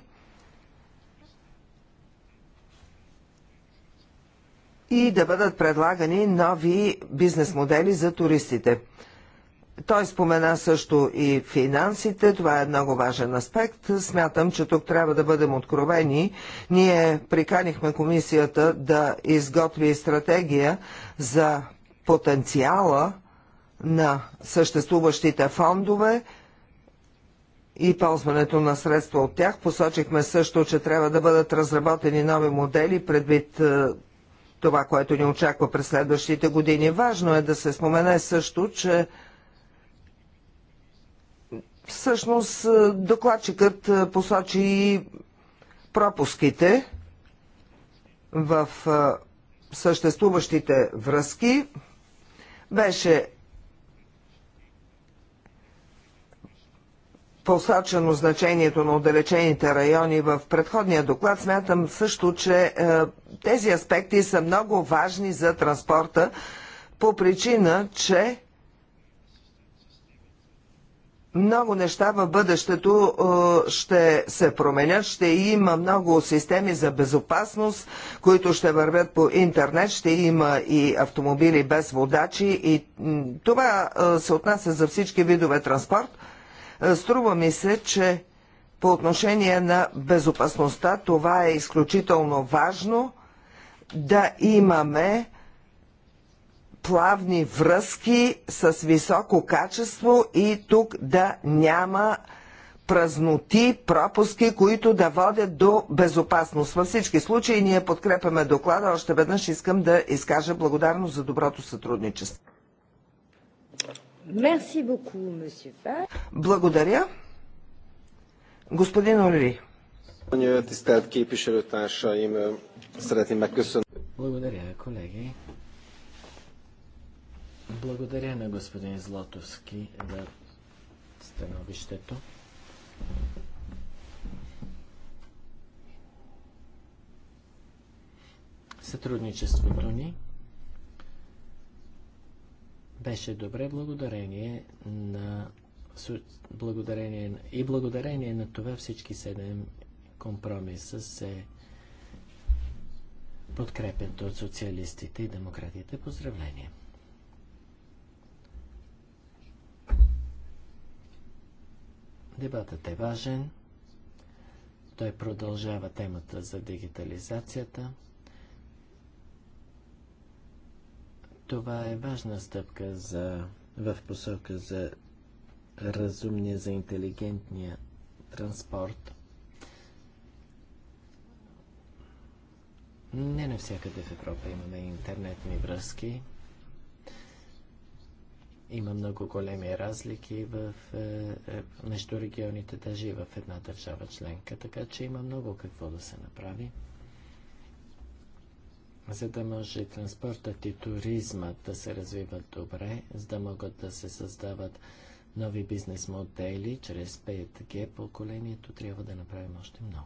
и да бъдат предлагани нови бизнес модели за туристите. Той спомена също и финансите. Това е много важен аспект. Смятам, че тук трябва да бъдем откровени. Ние приканихме комисията да изготви стратегия за потенциала на съществуващите фондове и ползването на средства от тях. Посочихме също, че трябва да бъдат разработени нови модели предвид е, това, което ни очаква през следващите години. Важно е да се спомене също, че всъщност е, докладчикът е, посочи и пропуските в съществуващите връзки. Беше посочено значението на отдалечените райони в предходния доклад, смятам също, че е, тези аспекти са много важни за транспорта по причина, че много неща в бъдещето е, ще се променят, ще има много системи за безопасност, които ще вървят по интернет, ще има и автомобили без водачи и това е, се отнася за всички видове транспорт. Е, струва ми се, че по отношение на безопасността това е изключително важно да имаме плавни връзки с високо качество и тук да няма празноти, пропуски, които да водят до безопасност. Във всички случаи ние подкрепяме доклада. Още веднъж искам да изкажа благодарност за доброто сътрудничество. Merci beaucoup, monsieur Благодаря. Господин Орли. Благодаря, колеги. Благодаря на господин Златовски за становището. Сътрудничеството ни беше добре благодарение на благодарение, и благодарение на това всички седем компромиса се подкрепят от социалистите и демократите. Поздравление! Дебатът е важен. Той продължава темата за дигитализацията. Това е важна стъпка за, в посока за разумния, за интелигентния транспорт. Не навсякъде в Европа имаме интернетни връзки. Има много големи разлики в, е, е, между регионите, даже и в една държава членка, така че има много какво да се направи за да може транспортът и туризмът да се развиват добре, за да могат да се създават нови бизнес модели чрез 5G поколението, трябва да направим още много.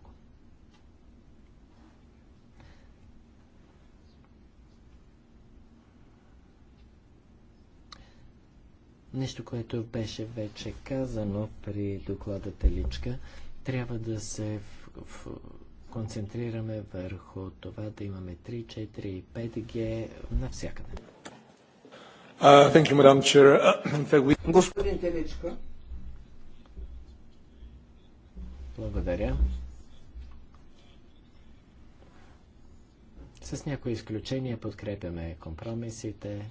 Нещо, което беше вече казано при доклада Теличка, трябва да се в, в, концентрираме върху това да имаме 3, 4 и 5G навсякъде. (clears throat) Господин Теличко. Благодаря. С някои изключения подкрепяме компромисите.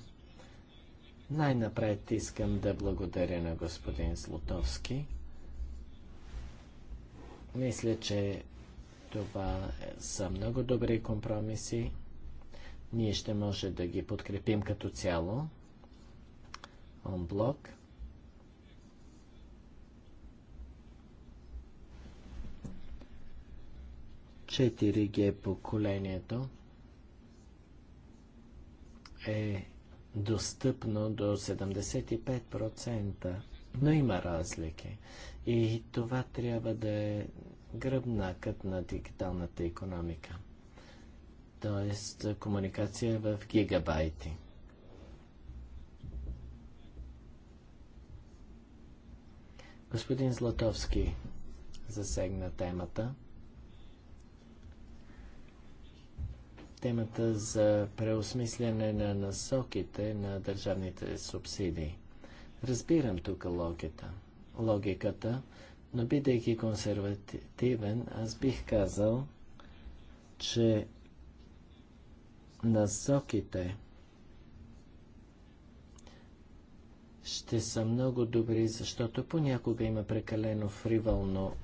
Най-напред искам да благодаря на господин Слотовски. Мисля, че това са много добри компромиси. Ние ще може да ги подкрепим като цяло. Онблок. Четири ге поколението е достъпно до 75%, но има разлики. И това трябва да е гръбнакът на дигиталната економика. Тоест комуникация в гигабайти. Господин Златовски засегна темата. Темата за преосмислене на насоките на държавните субсидии. Разбирам тук логиката. Логиката но бидейки консервативен, аз бих казал, че насоките ще са много добри, защото понякога има прекалено фривално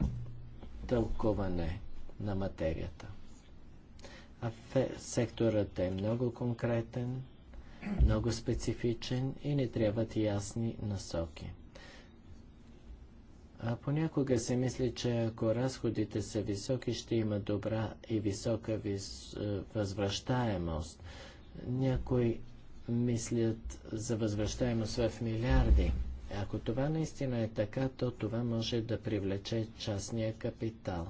тълкуване на материята. А секторът е много конкретен, много специфичен и не трябват ясни насоки. Понякога се мисли, че ако разходите са високи, ще има добра и висока възвръщаемост. Някои мислят за възвръщаемост в милиарди. Ако това наистина е така, то това може да привлече частния капитал.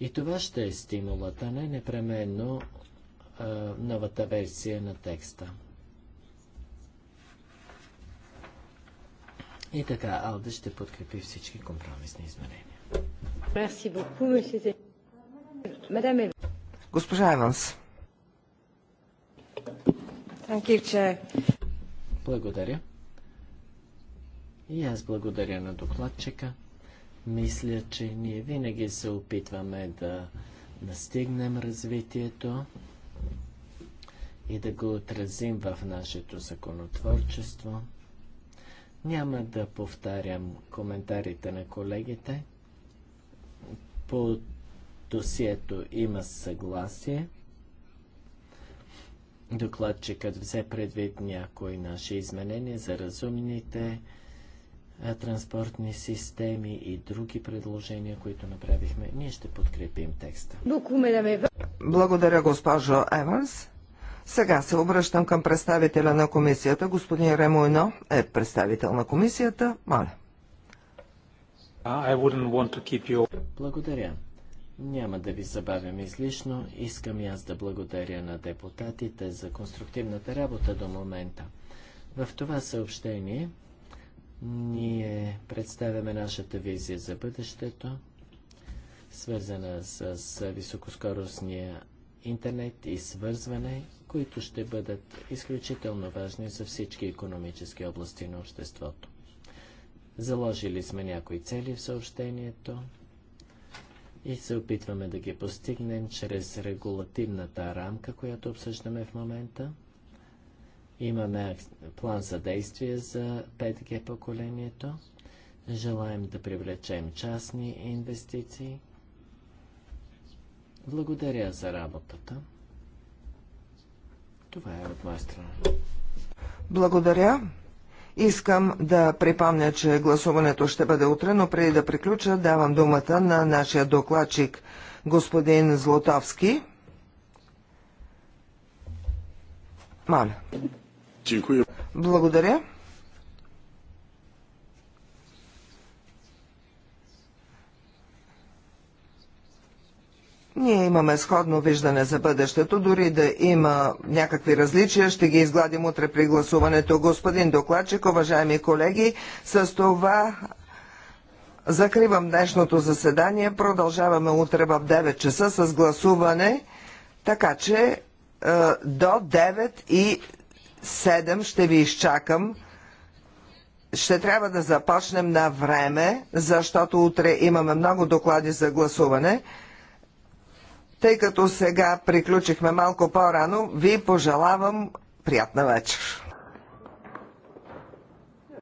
И това ще е стимулата, не непременно новата версия на текста. И така, Алда ще подкрепи всички компромисни изменения. Госпожа Еванс. Благодаря. И аз благодаря на докладчика. Мисля, че ние винаги се опитваме да настигнем развитието и да го отразим в нашето законотворчество. Няма да повтарям коментарите на колегите. По досието има съгласие. Докладчикът взе предвид някои наши изменения за разумните транспортни системи и други предложения, които направихме. Ние ще подкрепим текста. Е- Благодаря, госпожо Еванс. Сега се обръщам към представителя на комисията. Господин Ремо Ино е представител на комисията. Моля. You... Благодаря. Няма да ви забавям излишно. Искам и аз да благодаря на депутатите за конструктивната работа до момента. В това съобщение ние представяме нашата визия за бъдещето, свързана с високоскоростния интернет и свързване които ще бъдат изключително важни за всички економически области на обществото. Заложили сме някои цели в съобщението и се опитваме да ги постигнем чрез регулативната рамка, която обсъждаме в момента. Имаме план за действие за 5G поколението. Желаем да привлечем частни инвестиции. Благодаря за работата. Това е от моя страна. Благодаря. Искам да припомня, че гласуването ще бъде утре, но преди да приключа, давам думата на нашия докладчик господин Злотовски. Маля. Благодаря. Ние имаме сходно виждане за бъдещето, дори да има някакви различия, ще ги изгладим утре при гласуването. Господин докладчик, уважаеми колеги, с това закривам днешното заседание. Продължаваме утре в 9 часа с гласуване, така че е, до 9 и 7 ще ви изчакам ще трябва да започнем на време, защото утре имаме много доклади за гласуване. Тъй като сега приключихме малко по-рано, ви пожелавам приятна вечер.